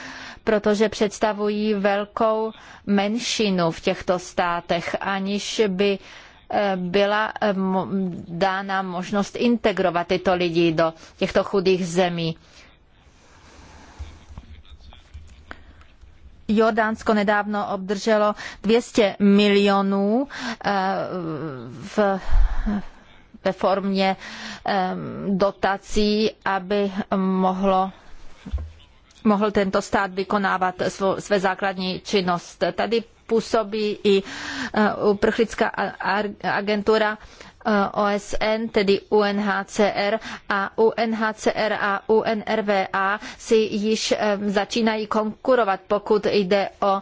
protože představují velkou menšinu v těchto státech, aniž by byla eh, dána možnost integrovat tyto lidi do těchto chudých zemí. Jordánsko nedávno obdrželo 200 milionů eh, v, ve formě eh, dotací, aby mohlo mohl tento stát vykonávat svou, své základní činnost. Tady působí i eh, uprchlická agentura eh, OSN, tedy UNHCR a UNHCR a UNRWA si již eh, začínají konkurovat, pokud jde o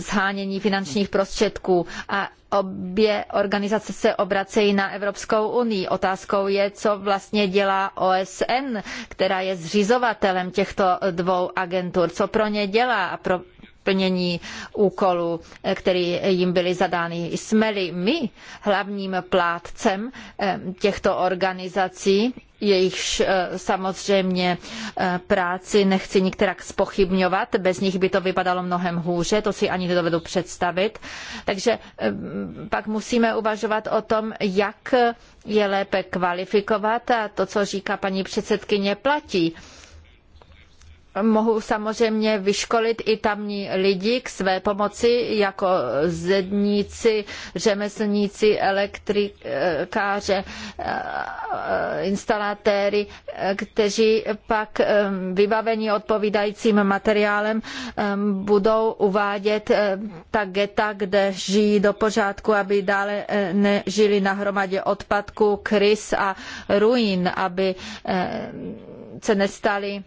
shánění finančních prostředků. A obě organizace se obracejí na Evropskou unii. Otázkou je, co vlastně dělá OSN, která je zřizovatelem těchto dvou agentur, co pro ně dělá a pro plnění úkolů, eh, který jim byly zadány. Jsme-li my hlavním plátcem eh, těchto organizací, jejichž eh, samozřejmě práci nechci nikterak spochybňovat, bez nich by to vypadalo mnohem hůře, to si ani nedovedu představit. Takže pak musíme uvažovat o tom, jak je lépe kvalifikovat a to, co říká paní předsedkyně, platí mohu samozřejmě vyškolit i tamní lidi k své pomoci, jako zedníci, řemeslníci, elektrikáře, instalatéry, kteří pak vybavení odpovídajícím materiálem budou uvádět ta geta, kde žijí do pořádku, aby dále eh, nežili na hromadě odpadků, krys a ruin, aby se nestali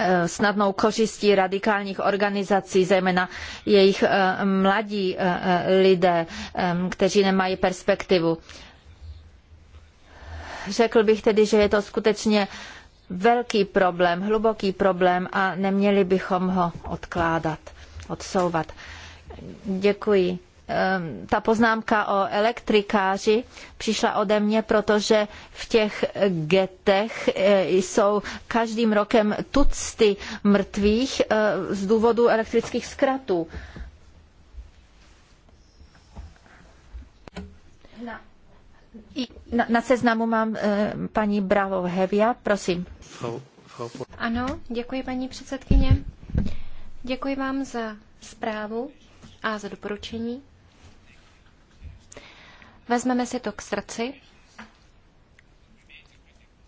Eh, snadnou kořistí radikálních organizací, zejména jejich eh, mladí eh, lidé, kteří nemají perspektivu. Řekl bych tedy, že je to skutečně velký problém, hluboký problém a neměli bychom ho odkládat, odsouvat. Děkuji. Ehm, ta poznámka o elektrikáři přišla ode mě, protože v těch getech eh, jsou každým rokem tucty mrtvých eh, z důvodu elektrických zkratů. na, na seznamu mám eh, paní Bravo Hevia, prosím. Ano, děkuji paní předsedkyně. Děkuji vám za zprávu a za doporučení. Vezmeme si to k srdci.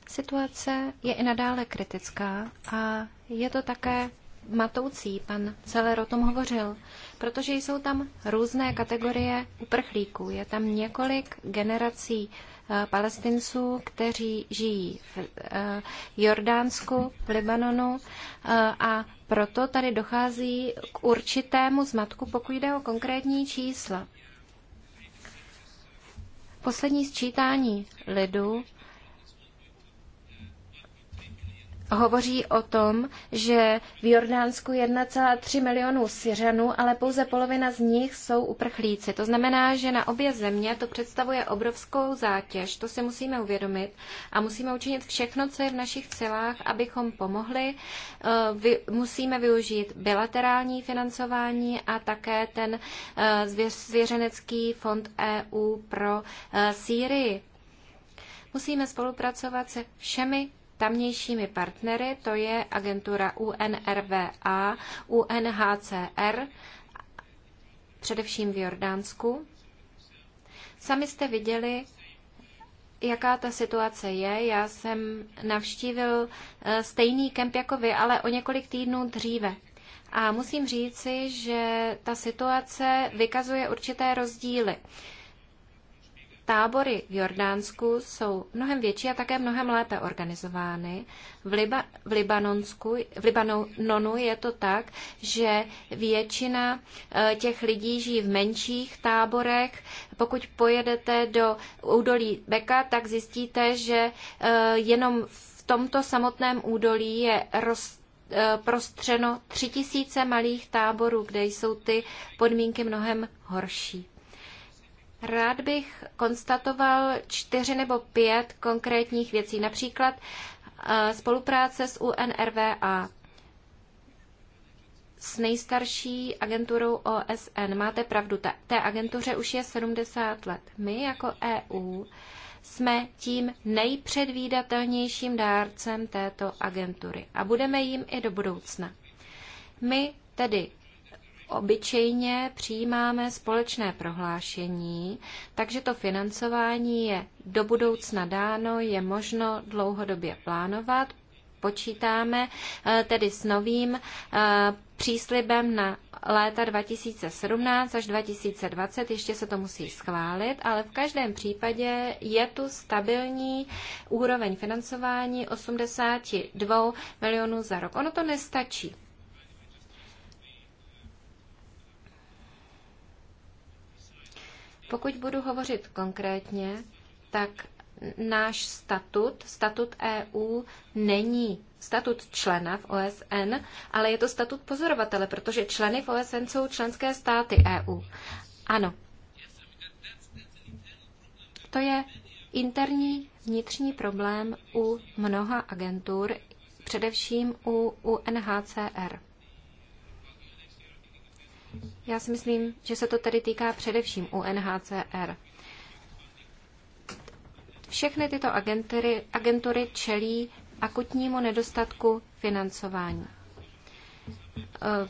Situace je i nadále kritická a je to také matoucí, pan Celer o tom hovořil, protože jsou tam různé kategorie uprchlíků. Je tam několik generací eh, palestinců, kteří žijí v eh, Jordánsku, v Libanonu eh, a proto tady dochází k určitému zmatku, pokud jde o konkrétní čísla. Poslední sčítání lidu hovoří o tom, že v Jordánsku 1,3 milionů Syřanů, ale pouze polovina z nich jsou uprchlíci. To znamená, že na obě země to představuje obrovskou zátěž, to si musíme uvědomit a musíme učinit všechno, co je v našich silách, abychom pomohli. Eh, musíme využít bilaterální financování a také ten eh, svěřenecký fond EU pro eh, Sýrii. Musíme spolupracovat se všemi tamnějšími partnery, to je agentura UNRWA, UNHCR, především v Jordánsku. Sami jste viděli, jaká ta situace je. Já jsem navštívil eh, stejný kemp jako vy, ale o několik týdnů dříve. A musím říci, že ta situace vykazuje určité rozdíly. Tábory v Jordánsku jsou mnohem větší a také mnohem lépe organizovány. V, Liba, v, Libanonsku, v Libanonu je to tak, že většina eh, těch lidí žijí v menších táborech. Pokud pojedete do údolí Beka, tak zjistíte, že eh, jenom v tomto samotném údolí je roz, eh, prostřeno tři tisíce malých táborů, kde jsou ty podmínky mnohem horší. Rád bych konstatoval čtyři nebo pět konkrétních věcí, například eh, spolupráce s UNRWA, s nejstarší agenturou OSN. Máte pravdu, ta, té agentuře už je 70 let. My jako EU jsme tím nejpředvídatelnějším dárcem této agentury a budeme jim i do budoucna. My tedy obyčejně přijímáme společné prohlášení, takže to financování je do budoucna dáno, je možno dlouhodobě plánovat. Počítáme eh, tedy s novým eh, příslibem na léta 2017 až 2020, ještě se to musí schválit, ale v každém případě je tu stabilní úroveň financování 82 milionů za rok. Ono to nestačí. Pokud budu hovořit konkrétně, tak náš statut, statut EU, není statut člena v OSN, ale je to statut pozorovatele, protože členy v OSN jsou členské státy EU. Ano. To je interní vnitřní problém u mnoha agentur, především u UNHCR. Já si myslím, že se to tady týká především UNHCR. Všechny tyto agentury, agentury čelí akutnímu nedostatku financování. Eh,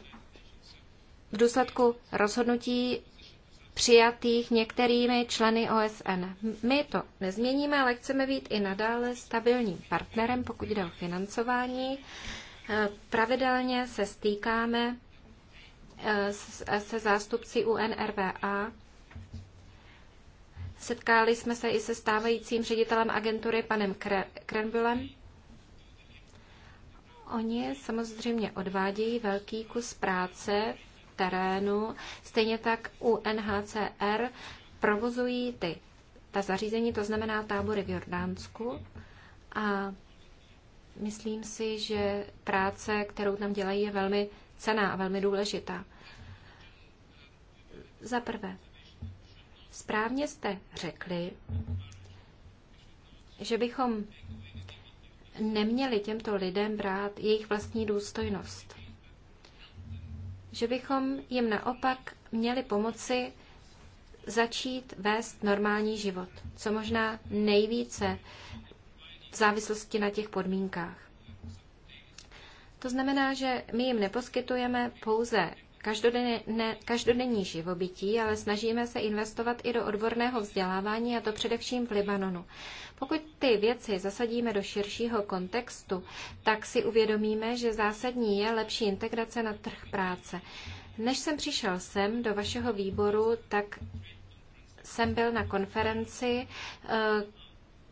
v důsledku rozhodnutí přijatých některými členy OSN. My to nezměníme, ale chceme být i nadále stabilním partnerem, pokud jde o financování. Eh, pravidelně se stýkáme Eh, se zástupci UNRWA. Setkali jsme se i se stávajícím ředitelem agentury panem Krenbylem. Oni samozřejmě odvádějí velký kus práce v terénu, stejně tak UNHCR provozují ty, ta zařízení, to znamená tábory v Jordánsku. A myslím si, že práce, kterou tam dělají, je velmi cená a velmi důležitá. Za prvé, správně jste řekli, že bychom neměli těmto lidem brát jejich vlastní důstojnost. Že bychom jim naopak měli pomoci začít vést normální život, co možná nejvíce v závislosti na těch podmínkách. To znamená, že my jim neposkytujeme pouze každodenní, ne, každodenní živobytí, ale snažíme se investovat i do odborného vzdělávání, a to především v Libanonu. Pokud ty věci zasadíme do širšího kontextu, tak si uvědomíme, že zásadní je lepší integrace na trh práce. Než jsem přišel sem do vašeho výboru, tak jsem byl na konferenci, eh,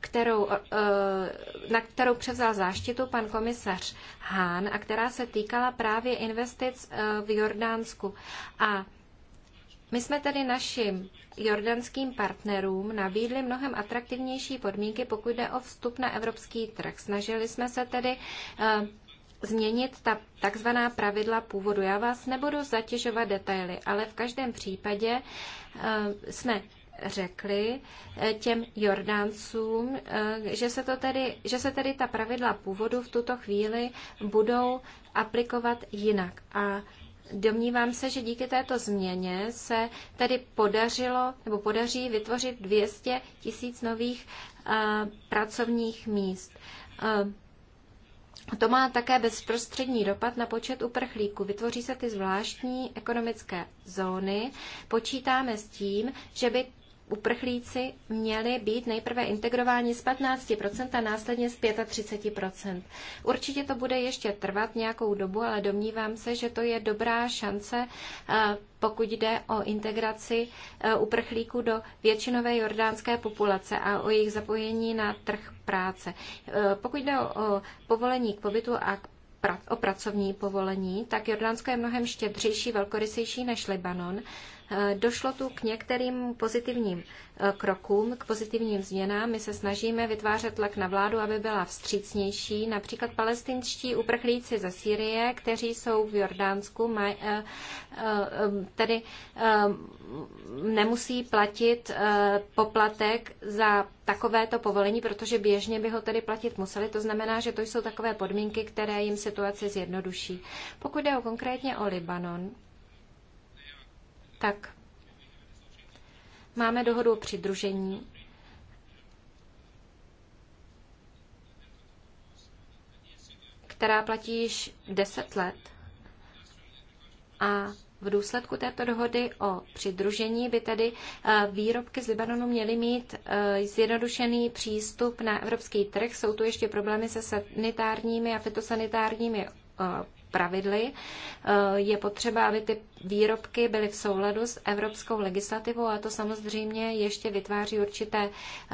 kterou, eh, eh, na kterou převzal záštitu pan komisař Hán a která se týkala právě investic eh, v Jordánsku. A my jsme tedy našim jordanským partnerům nabídli mnohem atraktivnější podmínky, pokud jde o vstup na evropský trh. Snažili jsme se tedy změnit ta takzvaná pravidla původu. Já vás nebudu zatěžovat detaily, ale v každém případě jsme řekli eh, těm Jordáncům, eh, že se, to tedy, že se tedy ta pravidla původu v tuto chvíli budou aplikovat jinak. A domnívám se, že díky této změně se tedy podařilo nebo podaří vytvořit 200 tisíc nových uh, pracovních míst. Uh, to má také bezprostřední dopad na počet uprchlíků. Vytvoří se ty zvláštní ekonomické zóny. Počítáme s tím, že by uprchlíci měli být nejprve integrováni z 15% a následně z 35%. Určitě to bude ještě trvat nějakou dobu, ale domnívám se, že to je dobrá šance, eh, pokud jde o integraci eh, uprchlíků do většinové jordánské populace a o jejich zapojení na trh práce. Eh, pokud jde o povolení k pobytu a k o pracovní povolení, tak Jordánsko je mnohem štědřejší, velkorysejší než Libanon. Eh, došlo tu k některým pozitivním eh, krokům, k pozitivním změnám. My se snažíme vytvářet tlak na vládu, aby byla vstřícnější. Například palestinští uprchlíci ze Sýrie, kteří jsou v Jordánsku, maj, eh, tedy nemusí platit poplatek za takovéto povolení, protože běžně by ho tedy platit museli. To znamená, že to jsou takové podmínky, které jim situaci zjednoduší. Pokud jde o konkrétně o Libanon, tak máme dohodu o přidružení. která platí již 10 let. A v důsledku této dohody o přidružení by tedy eh, výrobky z Libanonu měly mít eh, zjednodušený přístup na evropský trh. Jsou tu ještě problémy se sanitárními a fitosanitárními eh, pravidly. Eh, je potřeba, aby ty výrobky byly v souladu s evropskou legislativou a to samozřejmě ještě vytváří určité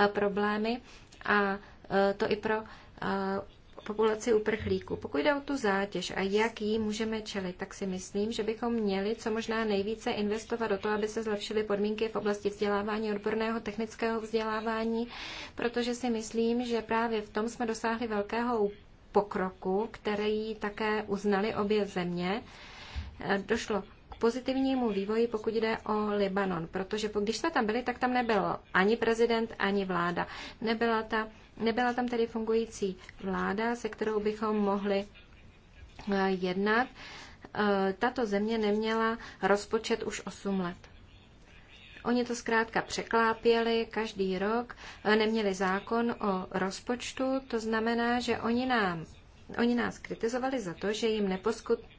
eh, problémy a eh, to i pro populaci uprchlíků. Pokud jde o tu zátěž a jak ji můžeme čelit, tak si myslím, že bychom měli co možná nejvíce investovat do toho, aby se zlepšily podmínky v oblasti vzdělávání, odborného technického vzdělávání, protože si myslím, že právě v tom jsme dosáhli velkého pokroku, který také uznali obě země. E, došlo k pozitivnímu vývoji, pokud jde o Libanon, protože když jsme tam byli, tak tam nebyl ani prezident, ani vláda. Nebyla, ta, nebyla tam tedy fungující vláda, se kterou bychom mohli e, jednat. E, tato země neměla rozpočet už 8 let. Oni to zkrátka překlápěli každý rok, eh, neměli zákon o rozpočtu, to znamená, že oni nám Oni nás kritizovali za to, že jim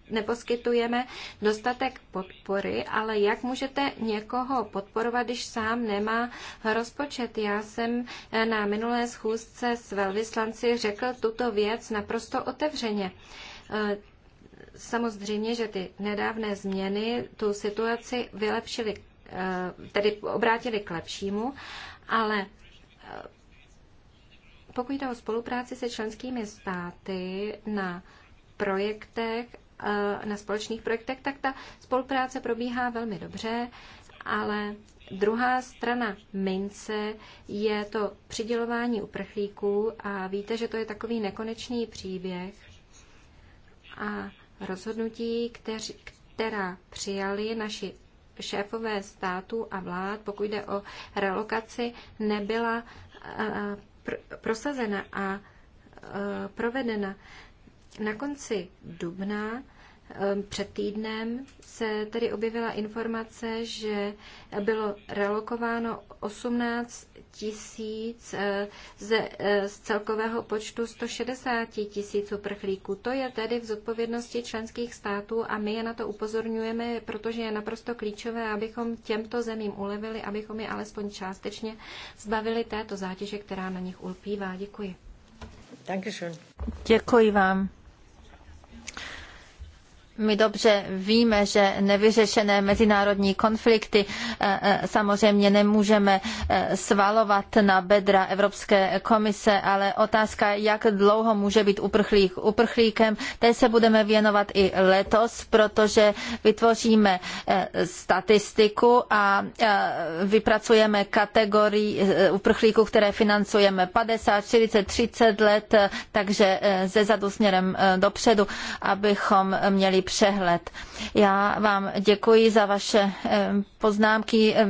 neposkytujeme dostatek podpory, ale jak můžete někoho podporovat, když sám nemá rozpočet? Já jsem eh, na minulé schůzce s velvyslanci řekl tuto věc naprosto otevřeně. Eh, samozřejmě, že ty nedávné změny tu situaci vylepšily Eh, tedy obrátili k lepšímu, ale eh, pokud jde o spolupráci se členskými státy na projektech, eh, na společných projektech, tak ta spolupráce probíhá velmi dobře, ale druhá strana mince je to přidělování uprchlíků a víte, že to je takový nekonečný příběh a rozhodnutí, kteř, která přijali naši šéfové států a vlád, pokud jde o relokaci, nebyla eh, prosazena a eh, provedena. Na konci dubna eh, před týdnem se tedy objevila informace, že bylo relokováno 18 tisíc eh, z, eh, z celkového počtu 160 tisíc uprchlíků. To je tedy v zodpovědnosti členských států a my je na to upozorňujeme, protože je naprosto klíčové, abychom těmto zemím ulevili, abychom je alespoň částečně zbavili této zátěže, která na nich ulpívá. Děkuji. Děkuji vám. My dobře víme, že nevyřešené mezinárodní konflikty eh, eh, samozřejmě nemůžeme eh, svalovat na bedra Evropské komise, ale otázka, jak dlouho může být uprchlík uprchlíkem, té se budeme věnovat i letos, protože vytvoříme statistiku a vypracujeme kategorii uprchlíků, které financujeme 50, 40, 30 let, takže ze zadu směrem dopředu, abychom měli přehled. Já vám děkuji za vaše eh, poznámky. Eh,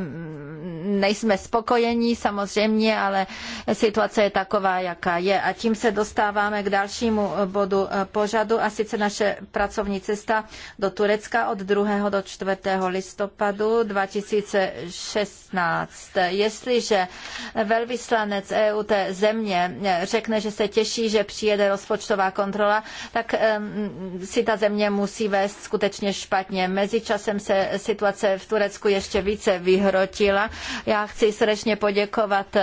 nejsme spokojení samozřejmě, ale situace je taková, jaká je. A tím se dostáváme k dalšímu eh, bodu pořadu a sice naše pracovní cesta do Turecka od 2. do 4. listopadu 2016. Jestliže velvyslanec EU té země řekne, že se těší, že přijede rozpočtová kontrola, tak ehm, si ta země musí musí vést skutečně špatně. Mezičasem se situace v Turecku ještě více vyhrotila. Já chci srdečně poděkovat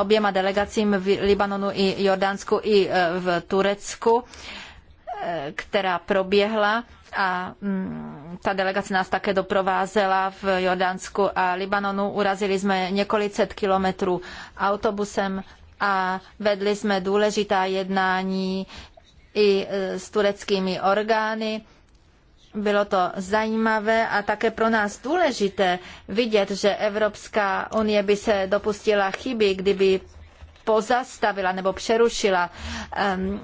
oběma delegacím v Libanonu i Jordánsku i e, v Turecku e, která proběhla a mm, ta delegace nás také doprovázela v Jordánsku a Libanonu. Urazili jsme několik set kilometrů autobusem a vedli jsme důležitá jednání i e, s tureckými orgány. Bylo to zajímavé a také pro nás důležité vidět, že Evropská unie by se dopustila chyby, kdyby pozastavila nebo přerušila um,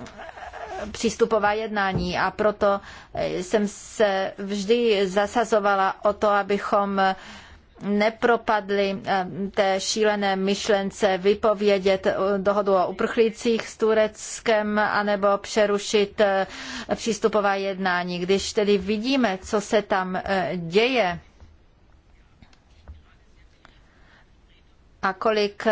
přístupová jednání a proto e, jsem se vždy zasazovala o to, abychom uh, nepropadli eh, té šílené myšlence vypovědět eh, dohodu o uprchlících s Tureckem anebo přerušit eh, přístupová jednání. Když tedy vidíme, co se tam děje a kolik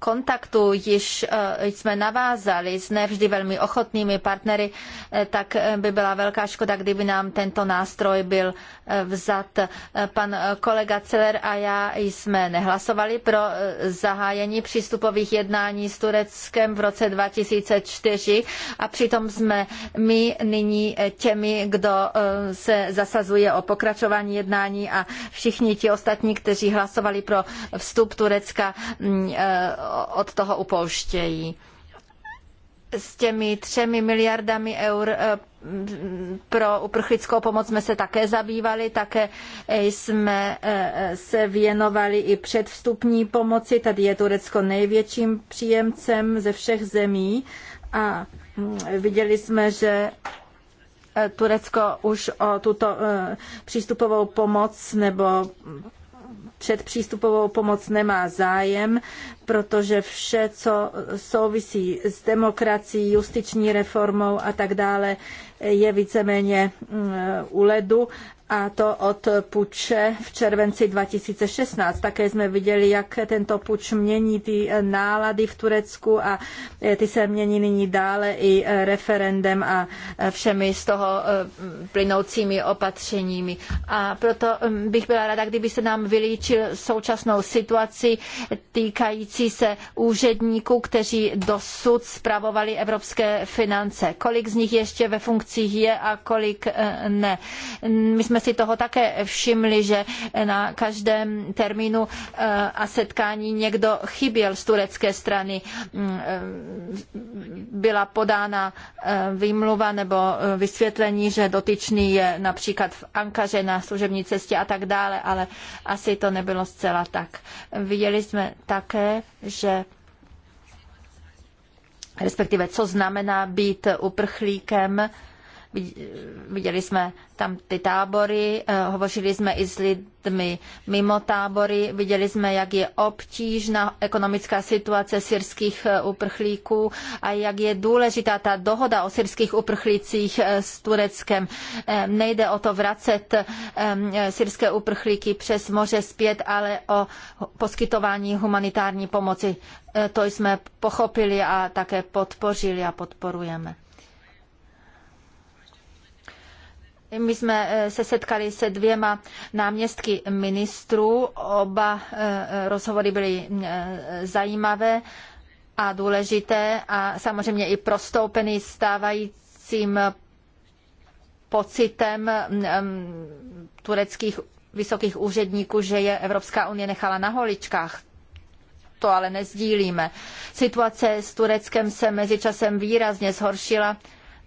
kontaktu již eh, jsme navázali s nevždy velmi ochotnými partnery, eh, tak eh, by byla velká škoda, kdyby nám tento nástroj byl vzat. Pan kolega Celer a já jsme nehlasovali pro zahájení přístupových jednání s Tureckem v roce 2004 a přitom jsme my nyní těmi, kdo se zasazuje o pokračování jednání a všichni ti ostatní, kteří hlasovali pro vstup Turecka mm, od toho upouštějí. S těmi třemi miliardami eur eh, pro uprchlickou pomoc jsme se také zabývali, také eh, jsme eh, se věnovali i předvstupní pomoci. Tady je Turecko největším příjemcem ze všech zemí a hm, viděli jsme, že Turecko už o tuto přístupovou pomoc nebo předpřístupovou pomoc nemá zájem, protože vše, co souvisí s demokracií, justiční reformou a tak dále, je víceméně mm, u ledu a to od puče v červenci 2016. Také jsme viděli, jak tento puč mění ty eh, nálady v Turecku a eh, ty se mění nyní dále i eh, referendem a všemi z toho plynoucími opatřeními. A proto hm, bych byla ráda, kdyby se nám vylíčil současnou situaci týkající se úředníků, kteří dosud spravovali evropské finance. Kolik z nich ještě ve funkcích je a kolik ne. My jsme si toho také všimli, že na každém termínu eh, a setkání někdo chyběl z turecké strany. Mm, eh, byla podána eh, výmluva nebo vysvětlení, že dotyčný je například v Ankaře na služební cestě a tak dále, ale asi to nebylo zcela tak. Viděli jsme také, že respektive co znamená být uprchlíkem, Viděli jsme tam ty tábory, eh, hovořili jsme i s lidmi mimo tábory, viděli jsme, jak je obtížná ekonomická situace syrských eh, uprchlíků a jak je důležitá ta dohoda o syrských uprchlících eh, s Tureckem. Nejde o to vracet syrské uprchlíky přes moře zpět, ale o poskytování humanitární pomoci. To jsme pochopili a také podpořili a podporujeme. My jsme eh, se setkali se dvěma náměstky ministrů. Oba eh, rozhovory byly eh, zajímavé a důležité a samozřejmě i prostoupeny stávajícím pocitem mm, mm, tureckých vysokých úředníků, že je Evropská unie nechala na holičkách to ale nezdílíme. Situace s Tureckem se mezičasem výrazně zhoršila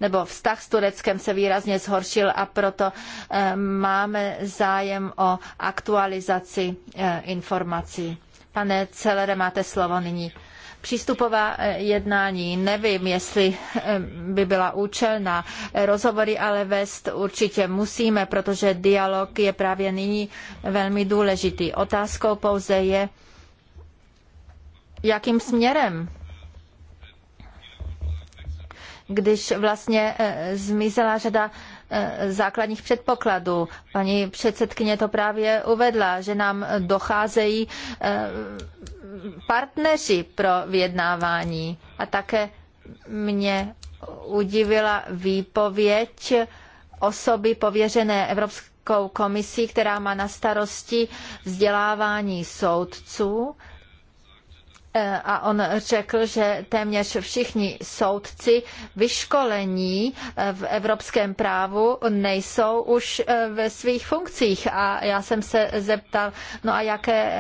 nebo vztah s Tureckem se výrazně zhoršil a proto eh, máme zájem o aktualizaci eh, informací. Pane Celere, máte slovo nyní. Přístupová eh, jednání, nevím, jestli by byla účelná. Rozhovory ale vést určitě musíme, protože dialog je právě nyní velmi důležitý. Otázkou pouze je, jakým směrem když vlastně e, zmizela řada e, základních předpokladů. Paní předsedkyně to právě uvedla, že nám docházejí e, partneři pro vyjednávání a také mě udivila výpověď osoby pověřené Evropskou komisí, která má na starosti vzdělávání soudců Eh, a on řekl, že téměř všichni soudci vyškolení eh, v evropském právu nejsou už eh, ve svých funkcích. A já jsem se zeptal, no a jaké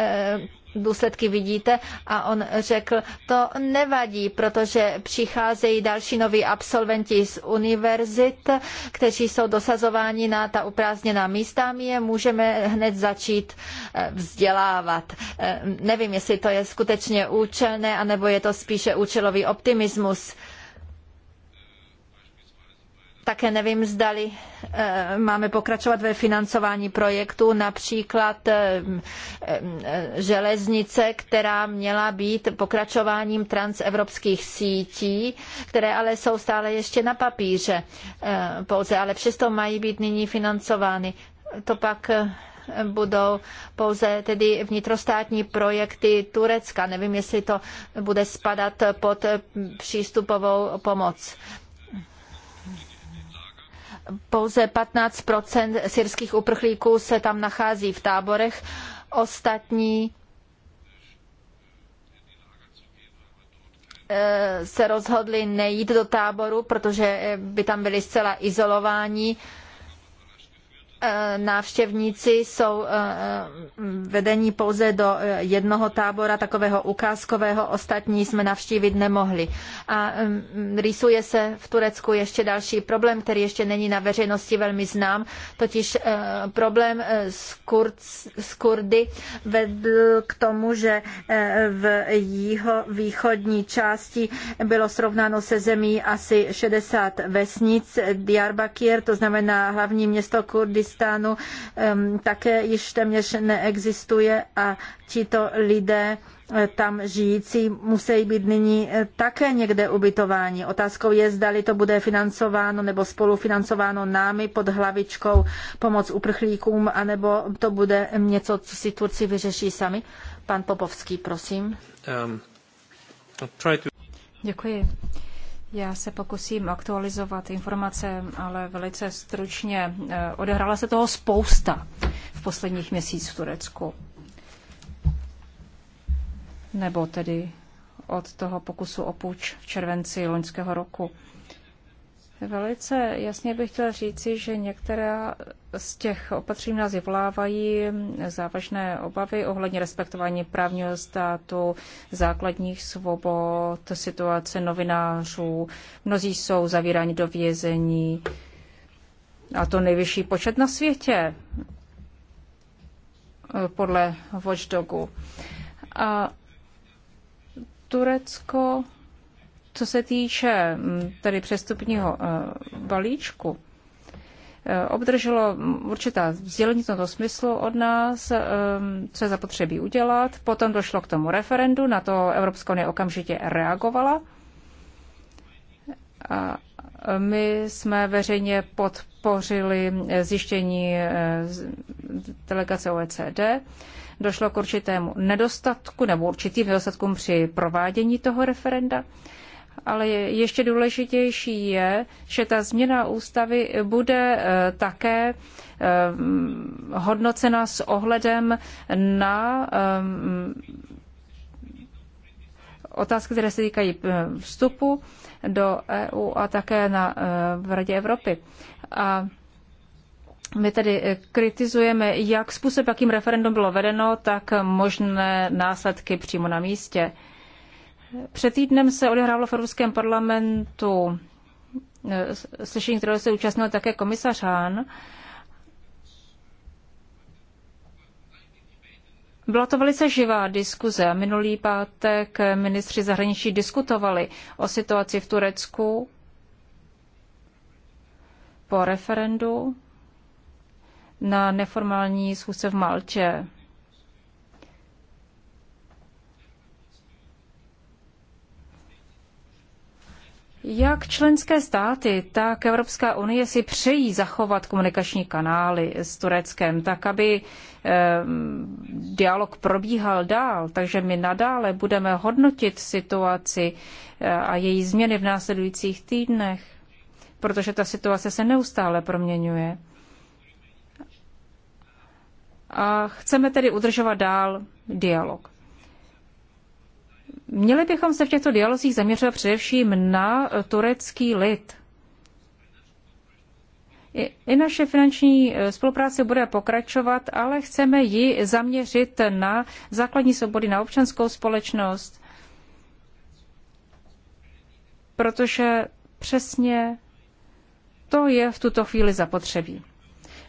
důsledky vidíte? A on řekl, to nevadí, protože přicházejí další noví absolventi z univerzit, kteří jsou dosazováni na ta uprázdněná místa, my je můžeme hned začít eh, vzdělávat. Eh, nevím, jestli to je skutečně účelné, anebo je to spíše účelový optimismus. Také nevím, zdali eh, máme pokračovat ve financování projektů, například eh, eh, železnice, která měla být pokračováním transevropských sítí, které ale jsou stále ještě na papíře pouze, ale přesto mají být nyní financovány. To pak budou pouze tedy vnitrostátní projekty Turecka. Nevím, jestli to bude spadat pod přístupovou pomoc. Pouze 15 syrských uprchlíků se tam nachází v táborech, ostatní eh, se rozhodli nejít do táboru, protože by tam byli zcela izolováni. Eh, návštěvníci jsou eh, eh, vedení pouze do jednoho tábora, takového ukázkového, ostatní jsme navštívit nemohli. A mm, rýsuje se v Turecku ještě další problém, který ještě není na veřejnosti velmi znám, totiž problém s, Kurd, s Kurdy vedl k tomu, že v jeho východní části bylo srovnáno se zemí asi 60 vesnic. Diyarbakir, to znamená hlavní město Kurdistánu, Pakistánu také již téměř neexistuje a tito lidé eh, tam žijící musí být nyní eh, také někde ubytováni. Otázkou je, zdali to bude financováno nebo spolufinancováno námi pod hlavičkou pomoc uprchlíkům, anebo to bude něco, co si Turci vyřeší sami. Pan Popovský, prosím. Um, Děkuji. Já se pokusím aktualizovat informace, ale velice stručně. Eh, Odehrála se toho spousta v posledních měsících v Turecku. Nebo tedy od toho pokusu o puč v červenci loňského roku. Velice jasně bych chtěla říci, že některá z těch opatření nás vyvolávají závažné obavy ohledně respektování právního státu, základních svobod, situace novinářů. Mnozí jsou zavíráni do vězení. A to nejvyšší počet na světě podle Watchdogu. A Turecko co se týče mm, tedy přestupního eh, balíčku, eh, obdrželo určitá vzdělení v tomto smyslu od nás, eh, co je zapotřebí udělat. Potom došlo k tomu referendu, na to Evropská unie okamžitě reagovala. A my jsme veřejně podpořili zjištění delegace OECD. Došlo k určitému nedostatku nebo určitým nedostatkům při provádění toho referenda ale ještě důležitější je, že ta změna ústavy bude eh, také eh, hodnocena s ohledem na eh, otázky, které se týkají vstupu do EU a také na, v Radě Evropy. A my tedy kritizujeme jak způsob, jakým referendum bylo vedeno, tak možné následky přímo na místě. Před týdnem se odehrálo v Evropském parlamentu e, slyšení, kterého se účastnil také komisař Hahn. Byla to velice živá diskuze. Minulý pátek ministři zahraničí diskutovali o situaci v Turecku po referendu na neformální schůzce v Malče. Jak členské státy, tak Evropská unie si přejí zachovat komunikační kanály s Tureckem, tak aby eh, dialog probíhal dál, takže my nadále budeme hodnotit situaci eh, a její změny v následujících týdnech, protože ta situace se neustále proměňuje. A chceme tedy udržovat dál dialog. Měli bychom se v těchto dialozích zaměřovat především na eh, turecký lid. I naše finanční eh, spolupráce bude pokračovat, ale chceme ji zaměřit na základní svobody, na občanskou společnost, protože přesně to je v tuto chvíli zapotřebí.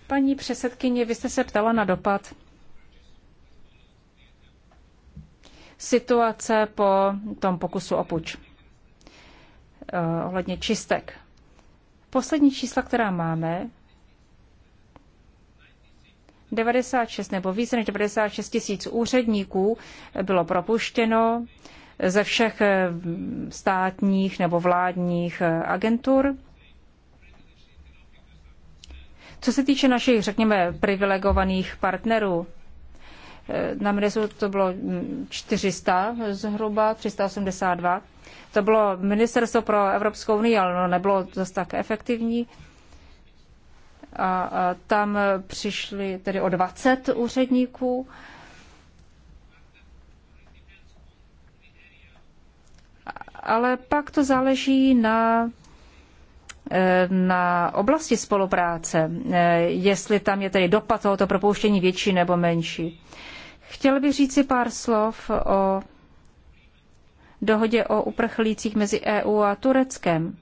Paní předsedkyně, vy jste se ptala na dopad situace po tom pokusu o puč eh, ohledně čistek. Poslední čísla, která máme, 96 nebo více než 96 tisíc úředníků bylo propuštěno ze všech eh, státních nebo vládních eh, agentur. Co se týče našich, řekněme, privilegovaných partnerů, Eh, na rezort to bylo 400 mm, zhruba, 382. To bylo ministerstvo pro Evropskou unii, ale nebylo zase tak efektivní. A, a tam přišli tedy o 20 úředníků. Ale pak to záleží na eh, na oblasti spolupráce, eh, jestli tam je tedy dopad tohoto propouštění větší nebo menší. Chtěl bych říci pár slov o dohodě o uprchlících mezi EU a Tureckem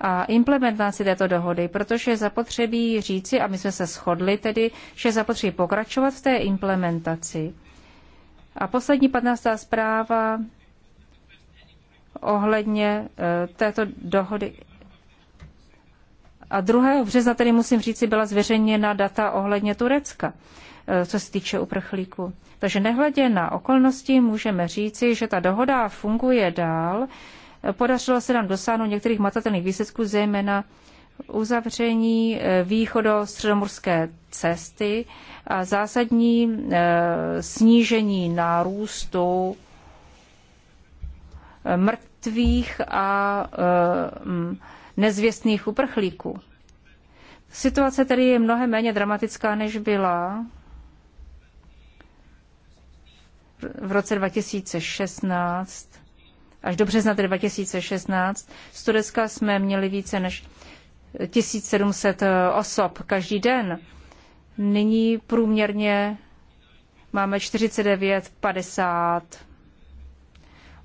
a implementaci této dohody, protože zapotřebí říci, a my jsme se shodli tedy, že zapotřebí pokračovat v té implementaci. A poslední 15. zpráva ohledně e, této dohody. A 2. března tedy musím říci, byla zveřejněna data ohledně Turecka. Eh, co se týče uprchlíků. Takže nehledě na okolnosti můžeme říci, že ta dohoda funguje dál. Eh, podařilo se nám dosáhnout některých matatelných výsledků, zejména uzavření eh, východo-středomorské cesty a zásadní snížení nárůstu mrtvých a mm, nezvěstných uprchlíků. Situace tedy je mnohem méně dramatická, než byla v roce 2016 až do března 2016 z Turecka jsme měli více než 1700 osob každý den. Nyní průměrně máme 49-50,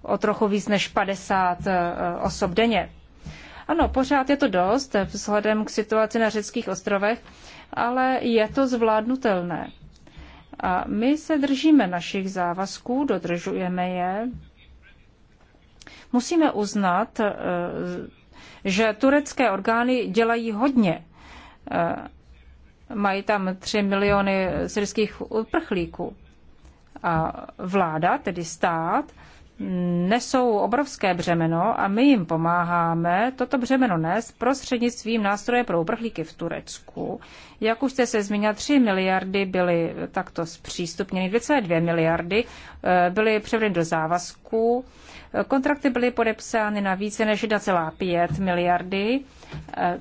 o trochu víc než 50 eh, osob denně. Ano, pořád je to dost eh, vzhledem k situaci na řeckých ostrovech, ale je to zvládnutelné. A my se držíme našich závazků, dodržujeme je. Musíme uznat, eh, že turecké orgány dělají hodně. Eh, mají tam 3 miliony syrských uprchlíků. A vláda, tedy stát, nesou obrovské břemeno a my jim pomáháme toto břemeno nést prostřednictvím nástroje pro uprchlíky v Turecku. Jak už jste se zmínil, 3 miliardy byly takto zpřístupněny, 2,2 miliardy eh, byly převedeny do závazků. Kontrakty byly podepsány na více než 1,5 miliardy, eh,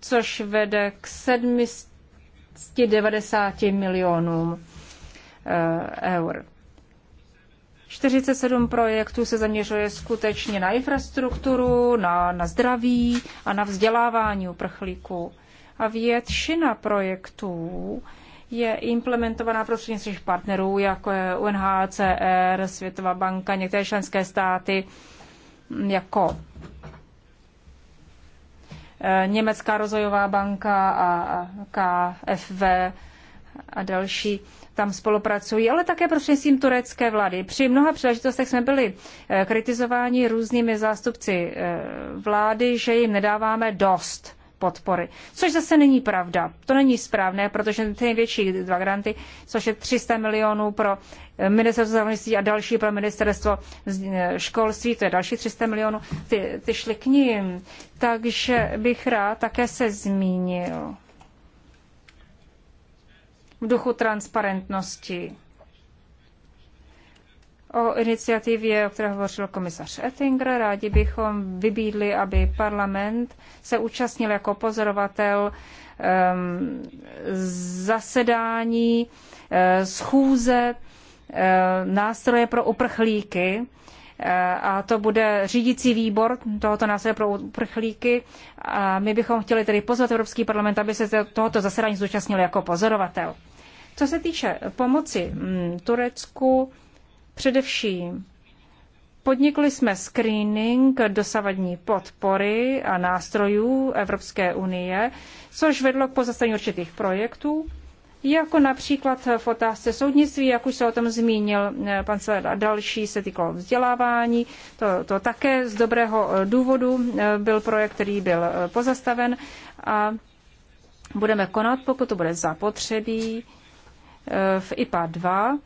což vede k 790 milionům eh, eur. 47 projektů se zaměřuje skutečně na infrastrukturu, na, na zdraví a na vzdělávání uprchlíků. A většina projektů je implementovaná prostřednictvím partnerů, jako je UNHCR, Světová banka, některé členské státy, jako eh, Německá rozvojová banka a KFV a další tam spolupracují, ale také prostřednictvím turecké vlády. Při mnoha příležitostech jsme byli eh, kritizováni různými zástupci eh, vlády, že jim nedáváme dost podpory. Což zase není pravda. To není správné, protože ty největší dva granty, což je 300 milionů pro eh, ministerstvo zdravotnictví a další pro ministerstvo školství, to je další 300 milionů, ty, ty šly k ním. Takže bych rád také se zmínil v duchu transparentnosti. O iniciativě, o které hovořil komisař Ettinger, rádi bychom vybídli, aby parlament se účastnil jako pozorovatel um, zasedání, uh, schůze, uh, nástroje pro uprchlíky, eh, a to bude řídící výbor tohoto nástroje pro uprchlíky. A my bychom chtěli tedy pozvat Evropský parlament, aby se tohoto zasedání zúčastnil jako pozorovatel. Co se týče eh, pomoci mm, Turecku, především podnikli jsme screening dosavadní podpory a nástrojů Evropské unie, což vedlo k pozastavení určitých projektů, jako například v otázce soudnictví, jak už se o tom zmínil eh, pan Sled a další, se týkalo vzdělávání. To, to také z dobrého eh, důvodu byl projekt, který byl pozastaven a budeme konat, pokud to bude zapotřebí v IPA 2,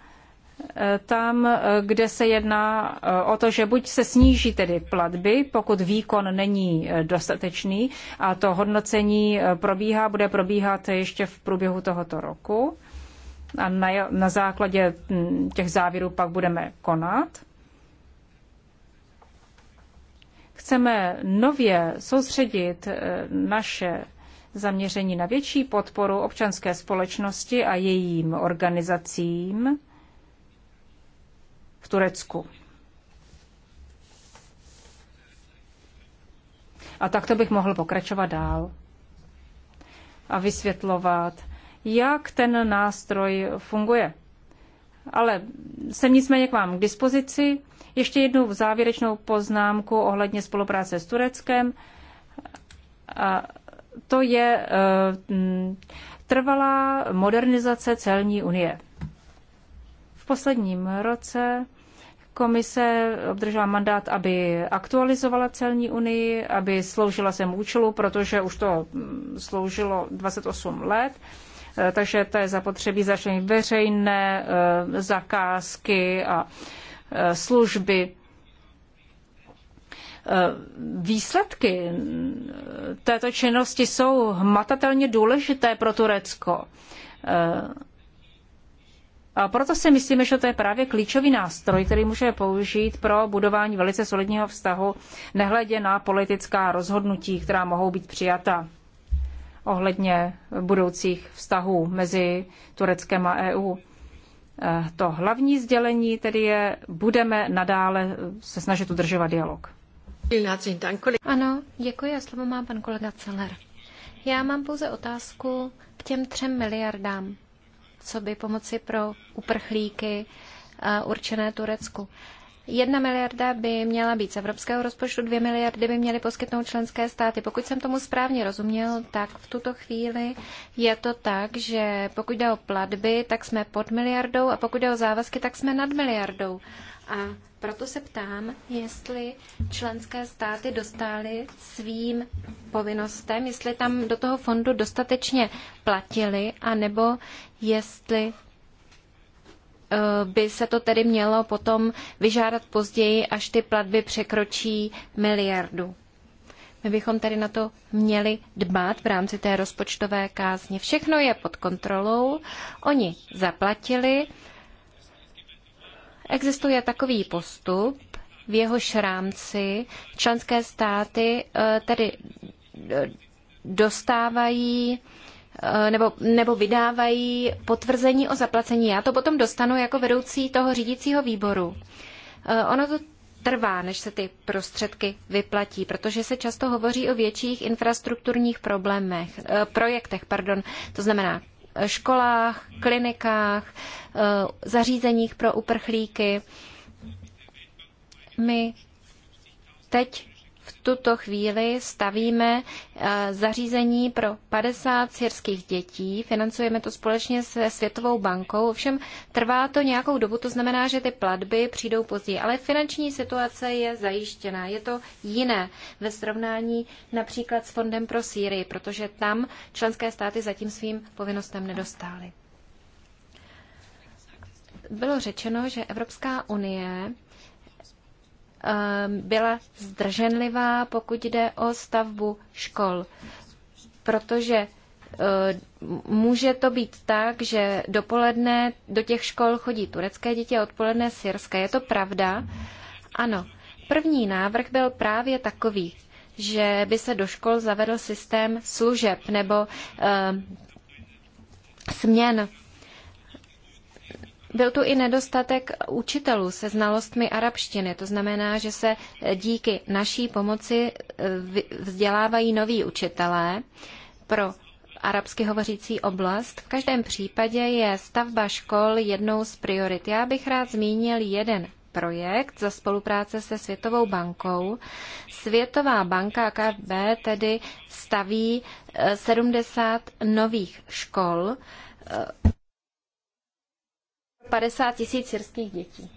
tam, kde se jedná eh, o to, že buď se sníží tedy platby, pokud výkon není eh, dostatečný a to hodnocení eh, probíhá, bude probíhat ještě v průběhu tohoto roku a na, na základě hm, těch závěrů pak budeme konat. Chceme nově soustředit naše zaměření na větší podporu občanské společnosti a jejím organizacím v Turecku. A takto bych mohl pokračovat dál a vysvětlovat, jak ten nástroj funguje. Ale jsem nicméně k vám k dispozici. Ještě jednu závěrečnou poznámku ohledně spolupráce s Tureckem. A to je eh, trvalá modernizace celní unie. V posledním roce komise obdržela mandát, aby aktualizovala celní unii, aby sloužila sem účelu, protože už to sloužilo 28 let. Eh, takže to je zapotřebí začlenit veřejné eh, zakázky a služby Eh, výsledky této činnosti jsou hmatatelně důležité pro Turecko. Eh, a proto si myslíme, že to je právě klíčový nástroj, který může použít pro budování velice solidního vztahu, nehledě na politická rozhodnutí, která mohou být přijata ohledně budoucích vztahů mezi Tureckem a EU. Eh, to hlavní sdělení tedy je, budeme nadále se snažit udržovat dialog. Ano, děkuji a slovo má pan kolega Celer. Já mám pouze otázku k těm třem miliardám, co by pomoci pro uprchlíky eh, určené Turecku. Jedna miliarda by měla být z evropského rozpočtu, dvě miliardy by měly poskytnout členské státy. Pokud jsem tomu správně rozuměl, tak v tuto chvíli je to tak, že pokud jde o platby, tak jsme pod miliardou a pokud jde o závazky, tak jsme nad miliardou. A proto se ptám, jestli členské státy dostály svým povinnostem, jestli tam do toho fondu dostatečně platili, anebo jestli eh, by se to tedy mělo potom vyžádat později, až ty platby překročí miliardu. My bychom tedy na to měli dbát v rámci té rozpočtové kázně. Všechno je pod kontrolou, oni zaplatili, Existuje takový postup, v jehož rámci členské státy eh, tedy eh, dostávají eh, nebo, nebo vydávají potvrzení o zaplacení. Já to potom dostanu jako vedoucí toho řídícího výboru. Ono to trvá, než se ty prostředky vyplatí, protože se často hovoří o větších infrastrukturních problémech, projektech, pardon. To znamená, školách, klinikách, eh, zařízeních pro uprchlíky. My teď v tuto chvíli stavíme eh, zařízení pro 50 syrských dětí, financujeme to společně se Světovou bankou, ovšem trvá to nějakou dobu, to znamená, že ty platby přijdou později, ale finanční situace je zajištěná. Je to jiné ve srovnání například s Fondem pro Sýrii, protože tam členské státy zatím svým povinnostem nedostály bylo řečeno, že Evropská unie Ehm, byla zdrženlivá, pokud jde o stavbu škol, protože eh, může to být tak, že dopoledne do těch škol chodí turecké děti a odpoledne syrské. Je to pravda? Ano. První návrh byl právě takový, že by se do škol zavedl systém služeb nebo eh, směn byl tu i nedostatek učitelů se znalostmi arabštiny. To znamená, že se eh, díky naší pomoci eh, vzdělávají noví učitelé pro arabsky hovořící oblast. V každém případě je stavba škol jednou z priorit. Já bych rád zmínil jeden projekt za spolupráce se Světovou bankou. Světová banka AKB tedy staví 70 eh, nových škol 50 tisíc syrských dětí.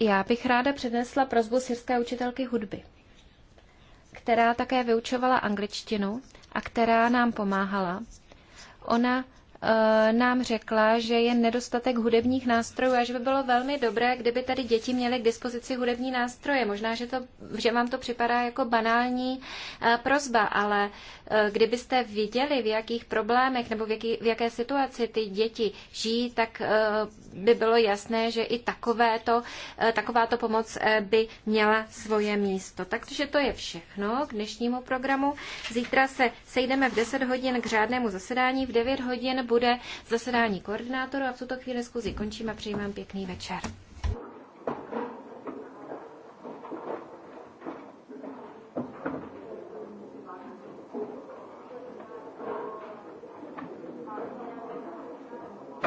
Já bych ráda přednesla prozbu syrské učitelky hudby, která také vyučovala angličtinu a která nám pomáhala. Ona e, nám řekla, že je nedostatek hudebních nástrojů a že by bylo velmi dobré, kdyby tady děti měly k dispozici hudební nástroje. Možná, že, to, že vám to připadá jako banální e, prozba, ale Eh, kdybyste viděli, v jakých problémech nebo v, jaký, v jaké situaci ty děti žijí, tak eh, by bylo jasné, že i takovéto, eh, takováto pomoc by měla svoje místo. Takže to je všechno k dnešnímu programu. Zítra se sejdeme v 10 hodin k řádnému zasedání. V 9 hodin bude zasedání koordinátoru a v tuto chvíli zkuzi končím a přijímám pěkný večer.